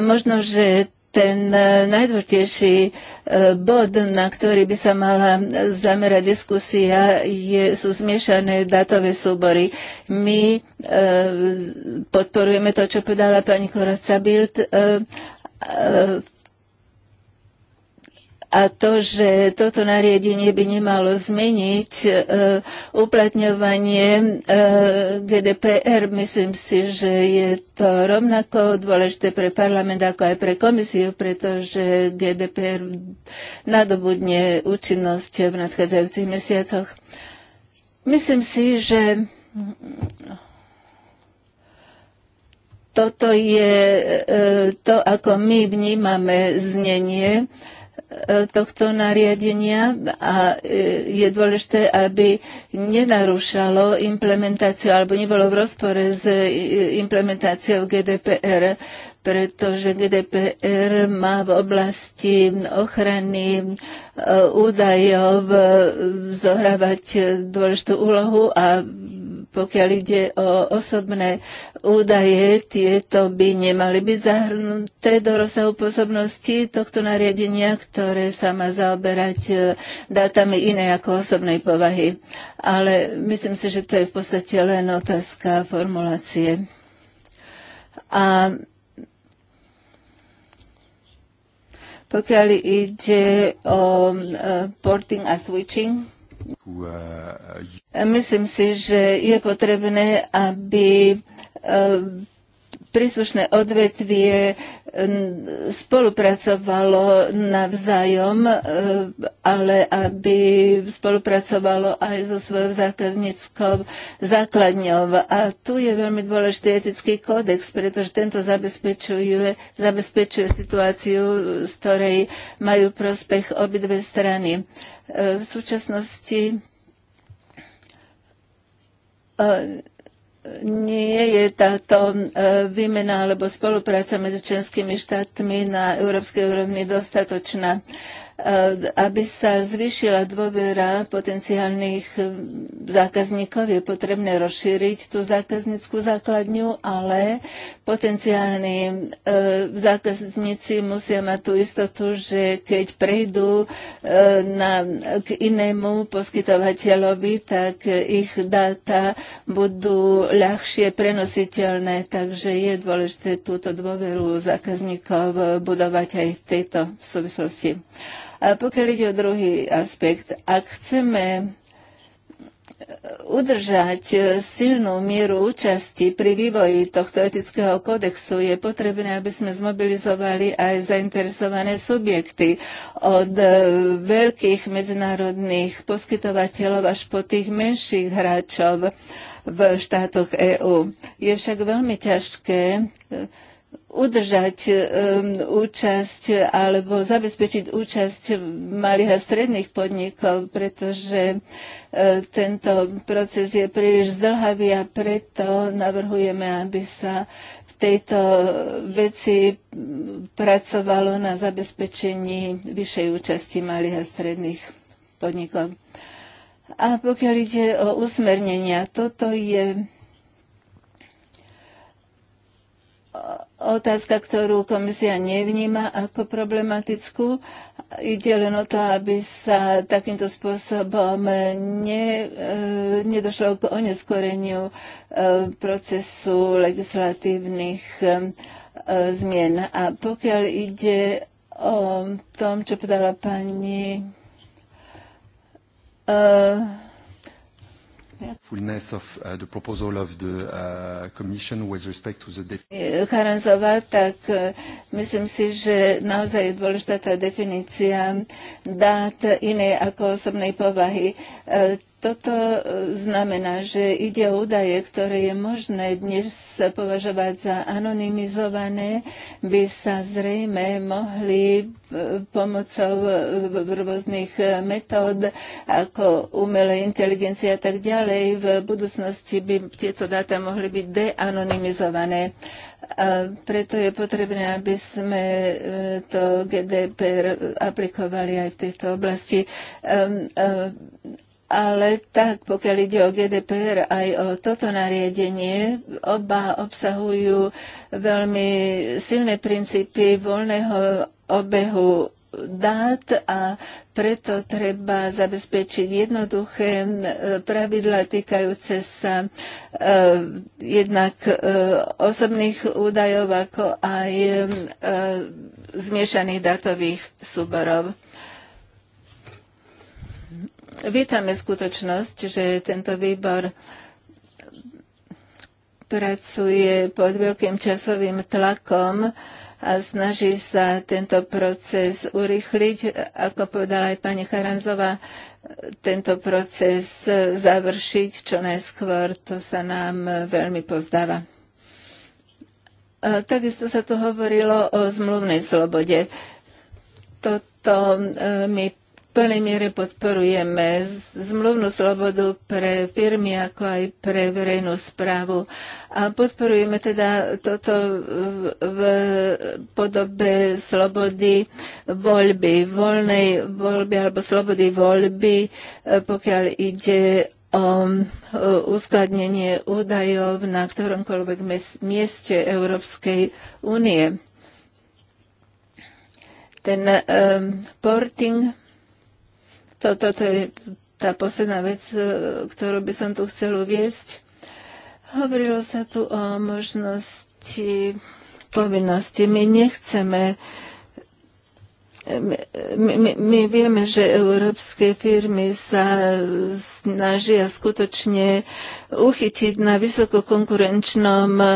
Možno, že ten e, najdôležitejší e, bod, na ktorý by sa mala zamerať diskusia, je, sú zmiešané datové súbory. My e, podporujeme to, čo povedala pani Koraca Bild v a to, že toto nariadenie by nemalo zmeniť e, uplatňovanie e, GDPR, myslím si, že je to rovnako dôležité pre parlament ako aj pre komisiu, pretože GDPR nadobudne účinnosť v nadchádzajúcich mesiacoch. Myslím si, že toto je e, to, ako my vnímame znenie E, tohto nariadenia a e, je dôležité, aby nenarušalo implementáciu alebo nebolo v rozpore s e, implementáciou GDPR, pretože GDPR má v oblasti ochrany údajov zohrávať dôležitú úlohu a pokiaľ ide o osobné údaje, tieto by nemali byť zahrnuté do rozsahu pôsobnosti tohto nariadenia, ktoré sa má zaoberať e, dátami iné ako osobnej povahy. Ale myslím si, že to je v podstate len otázka formulácie. A pokiaľ ide o e, porting a switching, Eh, eh, Myslím si, že je potrebné, aby eh, príslušné odvetvie spolupracovalo navzájom, e, ale aby spolupracovalo aj so svojou zákazníckou základňou. A tu je veľmi dôležitý etický kódex, pretože tento zabezpečuje, zabezpečuje situáciu, z ktorej majú prospech obidve strany. E, v súčasnosti e, nie je táto e, výmena alebo spolupráca medzi členskými štátmi na európskej úrovni dostatočná. Eh, aby sa zvýšila dôvera potenciálnych eh, zákazníkov, je potrebné rozšíriť tú zákaznícku základňu, ale potenciálni eh, zákazníci musia mať tú istotu, že keď prejdú na, k inému poskytovateľovi, tak ich dáta budú ľahšie prenositeľné, takže je dôležité túto dôveru zákazníkov budovať aj v tejto súvislosti. A pokiaľ ide o druhý aspekt, ak chceme e, udržať e, silnú mieru účasti pri vývoji tohto etického kodexu je potrebné, aby sme zmobilizovali aj zainteresované subjekty od e, veľkých medzinárodných poskytovateľov až po tých menších hráčov v štátoch EÚ. Je však veľmi ťažké udržať um, účasť alebo zabezpečiť účasť malých a stredných podnikov, pretože uh, tento proces je príliš zdlhavý a preto navrhujeme, aby sa v tejto veci pracovalo na zabezpečení vyššej účasti malých a stredných podnikov. A pokiaľ ide o usmernenia, toto je otázka, ktorú komisia nevníma ako problematickú. Ide len o to, aby sa takýmto spôsobom ne, e, nedošlo k oneskoreniu e, procesu legislatívnych e, zmien. A pokiaľ ide o tom, čo povedala pani uh, Charanzová, tak uh, myslím si, že naozaj je dôležitá tá definícia dát inej ako osobnej povahy. Uh, toto e, znamená, že ide o údaje, ktoré je možné dnes považovať za anonymizované, by sa zrejme mohli e, pomocou e, rôznych metód ako umelej inteligencie a tak ďalej v budúcnosti by tieto dáta mohli byť deanonymizované. A preto je potrebné, aby sme to GDPR aplikovali aj v tejto oblasti. Ehm, ale tak, pokiaľ ide o GDPR aj o toto nariadenie, oba obsahujú veľmi silné princípy voľného obehu dát a preto treba zabezpečiť jednoduché pravidla týkajúce sa e, jednak e, osobných údajov, ako aj e, zmiešaných datových súborov. Vítame skutočnosť, že tento výbor pracuje pod veľkým časovým tlakom a snaží sa tento proces urychliť. Ako povedala aj pani Charanzová, tento proces završiť čo najskôr, to sa nám veľmi pozdáva. Takisto sa tu hovorilo o zmluvnej slobode. Toto e, mi plnej miere podporujeme zmluvnú slobodu pre firmy, ako aj pre verejnú správu. A podporujeme teda toto v, podobe slobody voľby, voľnej voľby alebo slobody voľby, e, pokiaľ ide o uskladnenie údajov na ktoromkoľvek mieste Európskej únie. Ten um, porting to, je tá posledná vec, e, ktorú by som tu chcel uviesť. Hovorilo sa tu o možnosti povinnosti. My nechceme uh, my, my, my vieme, že európske firmy sa snažia skutočne uchytiť na vysokokonkurenčnom e,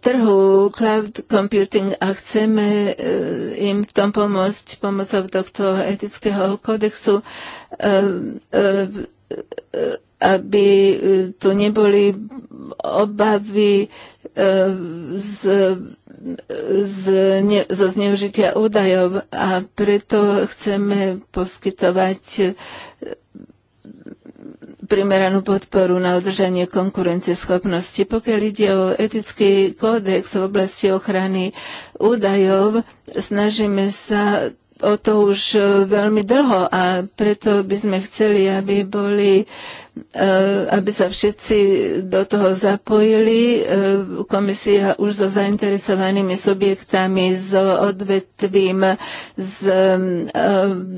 trhu cloud computing a chceme e, im v tom pomôcť pomocou tohto etického kodexu e, aby tu neboli obavy z ne, zo zneužitia údajov a preto chceme poskytovať e, primeranú podporu na udržanie konkurencieschopnosti. Pokiaľ ide o etický kódex v oblasti ochrany údajov, snažíme sa o to už e, veľmi dlho a preto by sme chceli, aby boli e, aby sa všetci do toho zapojili. E, komisia už so zainteresovanými subjektami, s odvetvím, s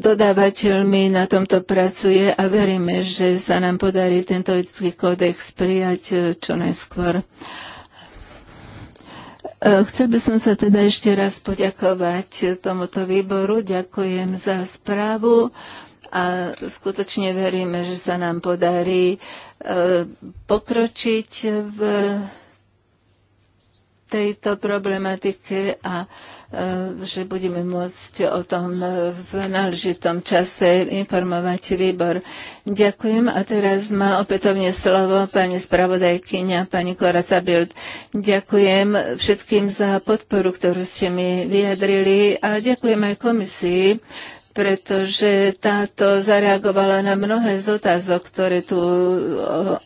dodávateľmi na tomto pracuje a veríme, že sa nám podarí tento etický kódex prijať čo najskôr. E, chcel by som sa teda ešte raz poďakovať tomuto výboru. Ďakujem za správu a skutočne veríme, že sa nám podarí e, pokročiť v tejto problematike a E, že budeme môcť o tom v náležitom čase informovať výbor. Ďakujem a teraz má opätovne slovo pani spravodajkynia, pani Koraca Bild. Ďakujem všetkým za podporu, ktorú ste mi vyjadrili a ďakujem aj komisii pretože táto zareagovala na mnohé z otázok, ktoré tu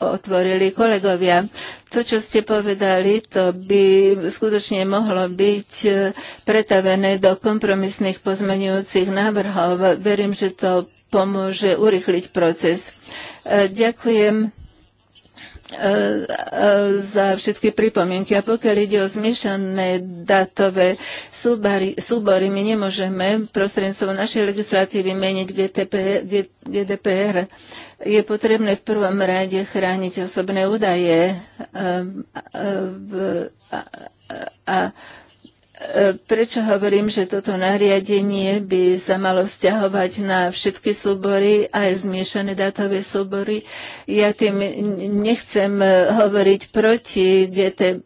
otvorili kolegovia. To, čo ste povedali, to by skutočne mohlo byť e, pretavené do kompromisných pozmenujúcich návrhov. Verím, že to pomôže urychliť proces. E, ďakujem E, e, za všetky pripomienky. A pokiaľ ide o zmiešané datové súbary, súbory, my nemôžeme prostredníctvom našej legislatívy meniť GTP, GDPR. Je potrebné v prvom rade chrániť osobné údaje e, a, a, a, a Prečo hovorím, že toto nariadenie by sa malo vzťahovať na všetky súbory, aj zmiešané dátové súbory? Ja tým nechcem eh, hovoriť proti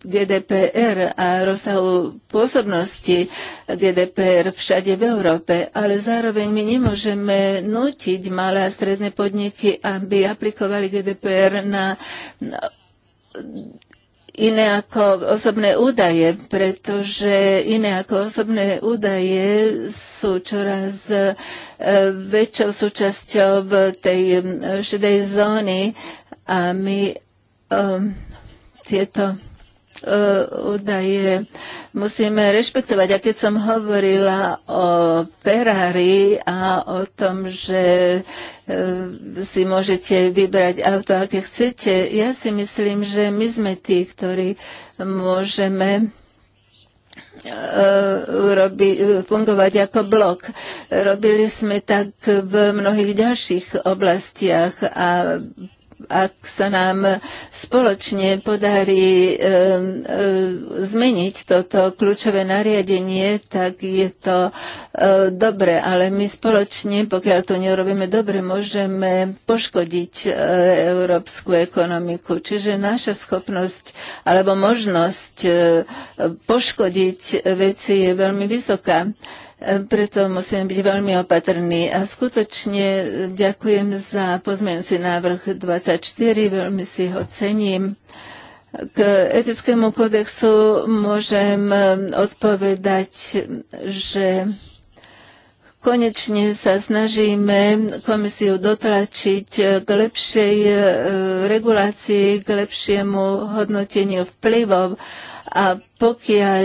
GDPR a rozsahu pôsobnosti GDPR všade v Európe, ale zároveň my nemôžeme nutiť malé a stredné podniky, aby aplikovali GDPR na iné ako osobné údaje, pretože iné ako osobné údaje sú čoraz e, väčšou súčasťou v tej e, šedej zóny a my um, tieto E, údaje musíme rešpektovať. A keď som hovorila o Ferrari a o tom, že e, si môžete vybrať auto, aké chcete, ja si myslím, že my sme tí, ktorí môžeme e, robi, fungovať ako blok. Robili sme tak v mnohých ďalších oblastiach a ak sa nám spoločne podarí zmeniť toto kľúčové nariadenie, tak je to e, dobre, ale my spoločne, pokiaľ to neurobíme dobre, môžeme poškodiť e, európsku ekonomiku. Čiže naša schopnosť alebo možnosť e, poškodiť veci je veľmi vysoká. E, preto musím byť veľmi opatrný. A skutočne e, ďakujem za pozmeňujúci návrh 24, veľmi si ho cením. K etickému kodexu môžem e, odpovedať, že konečne sa snažíme komisiu dotlačiť k lepšej regulácii, k lepšiemu hodnoteniu vplyvov a pokiaľ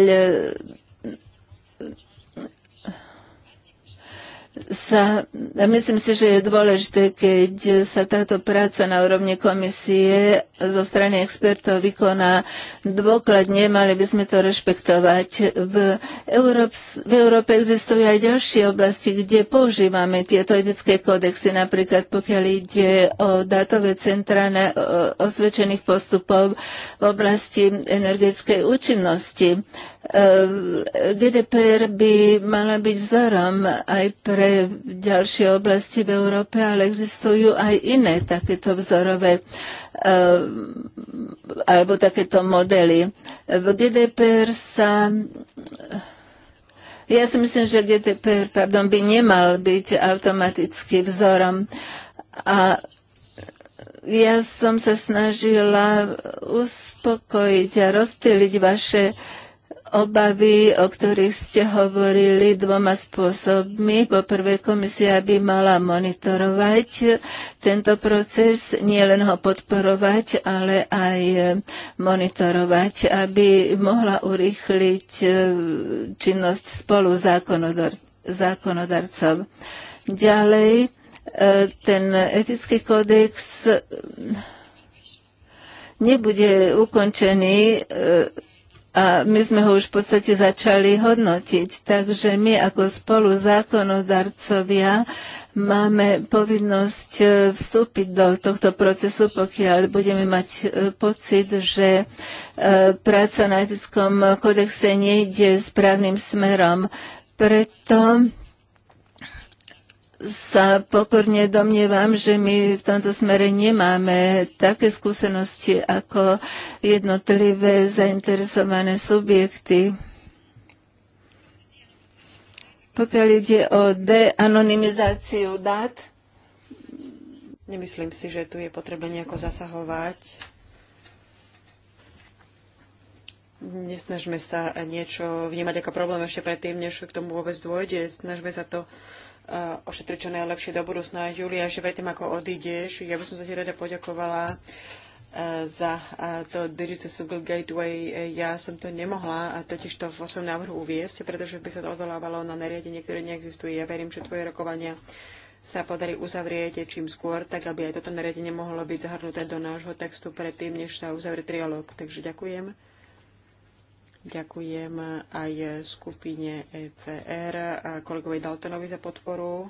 sa, myslím si, že je dôležité, keď sa táto práca na úrovni komisie zo strany expertov vykoná dôkladne, mali by sme to rešpektovať. V, Európs, v Európe existujú aj ďalšie oblasti, kde používame tieto etické kódexy, napríklad pokiaľ ide o dátové centra na, osvedčených postupov v oblasti energetickej účinnosti. Ehm, GDPR by mala byť vzorom aj pre ďalšie oblasti v Európe, ale existujú aj iné takéto vzorové ehm, alebo takéto modely. V GDPR sa ja si myslím, že GDPR pardon, by nemal byť automaticky vzorom. A ja som sa snažila uspokojiť a rozptýliť vaše uh, obavy, o ktorých ste hovorili dvoma spôsobmi. Po prvé, komisia by mala monitorovať tento proces, nielen ho podporovať, ale aj monitorovať, aby mohla urýchliť e, činnosť spolu zákonodar- zákonodarcov. Ďalej, e, ten etický kódex e, nebude ukončený a my sme ho už v podstate začali hodnotiť. Takže my ako spolu zákonodarcovia máme povinnosť e, vstúpiť do tohto procesu, pokiaľ budeme mať e, pocit, že e, práca na etickom kodexe nejde správnym smerom. Preto sa pokorne domnievam, že my v tomto smere nemáme také skúsenosti ako jednotlivé zainteresované subjekty. Pokiaľ ide o deanonymizáciu dát, nemyslím si, že tu je potrebné nejako zasahovať. Nesnažme sa niečo vnímať ako problém ešte predtým, než k tomu vôbec dôjde. Snažme sa to Eh, ošetriť čo najlepšie do budúcna. Julia, že vedem, ako odídeš, ja by som sa ti rada poďakovala eh, za eh, to Digital Single Gateway. Ja som to nemohla totiž to v svojom návrhu uviesť, pretože by sa to odolávalo na nariadenie, ktoré neexistuje. Ja verím, že tvoje rokovania sa podarí uzavrieť čím skôr, tak aby aj toto nariadenie mohlo byť zahrnuté do nášho textu predtým, než sa uzavrie trialog. Takže ďakujem. Ďakujem aj skupine ECR a kolegovi Daltonovi za podporu.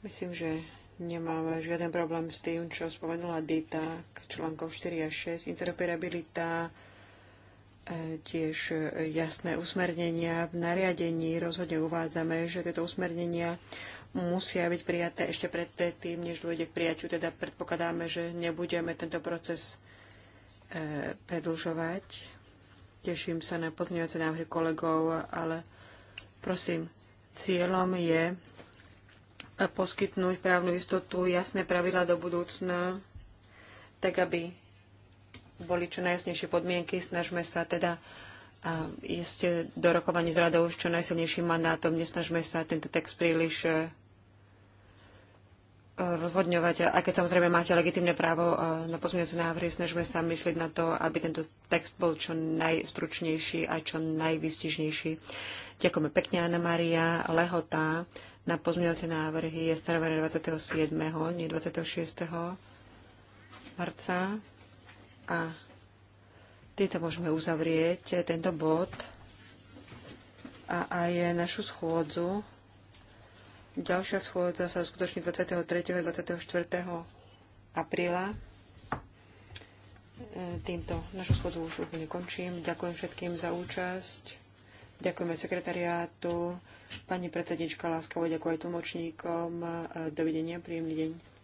Myslím, že nemáme žiaden problém s tým, čo spomenula Dita k článkom 4 a 6. Interoperabilita, e, tiež jasné usmernenia. V nariadení rozhodne uvádzame, že tieto usmernenia musia byť prijaté ešte pred tým, než dôjde k prijaťu. Teda predpokladáme, že nebudeme tento proces e, predlžovať Teším sa na pozmeňovacie návrhy kolegov, ale prosím, cieľom je poskytnúť právnu istotu, jasné pravidla do budúcna, tak aby boli čo najjasnejšie podmienky. Snažme sa teda a ísť do rokovaní s radou s čo najsilnejším mandátom. Nesnažme sa tento text príliš rozvodňovať. A keď samozrejme máte legitimné právo e, na pozmeňujúce návrhy, snažme sa myslieť na to, aby tento text bol čo najstručnejší a čo najvystižnejší. Ďakujeme pekne, Anna Maria. Lehota na pozmeňujúce návrhy je stanovené 27. nie 26. marca. A týto môžeme uzavrieť, tento bod a aj našu schôdzu. Ďalšia schôdza sa uskutoční 23. a 24. apríla. E, týmto našu schôdzu už úplne končím. Ďakujem všetkým za účasť. Ďakujeme sekretariátu, pani predsednička Láskavo, ďakujem tlmočníkom. E, dovidenia, príjemný deň.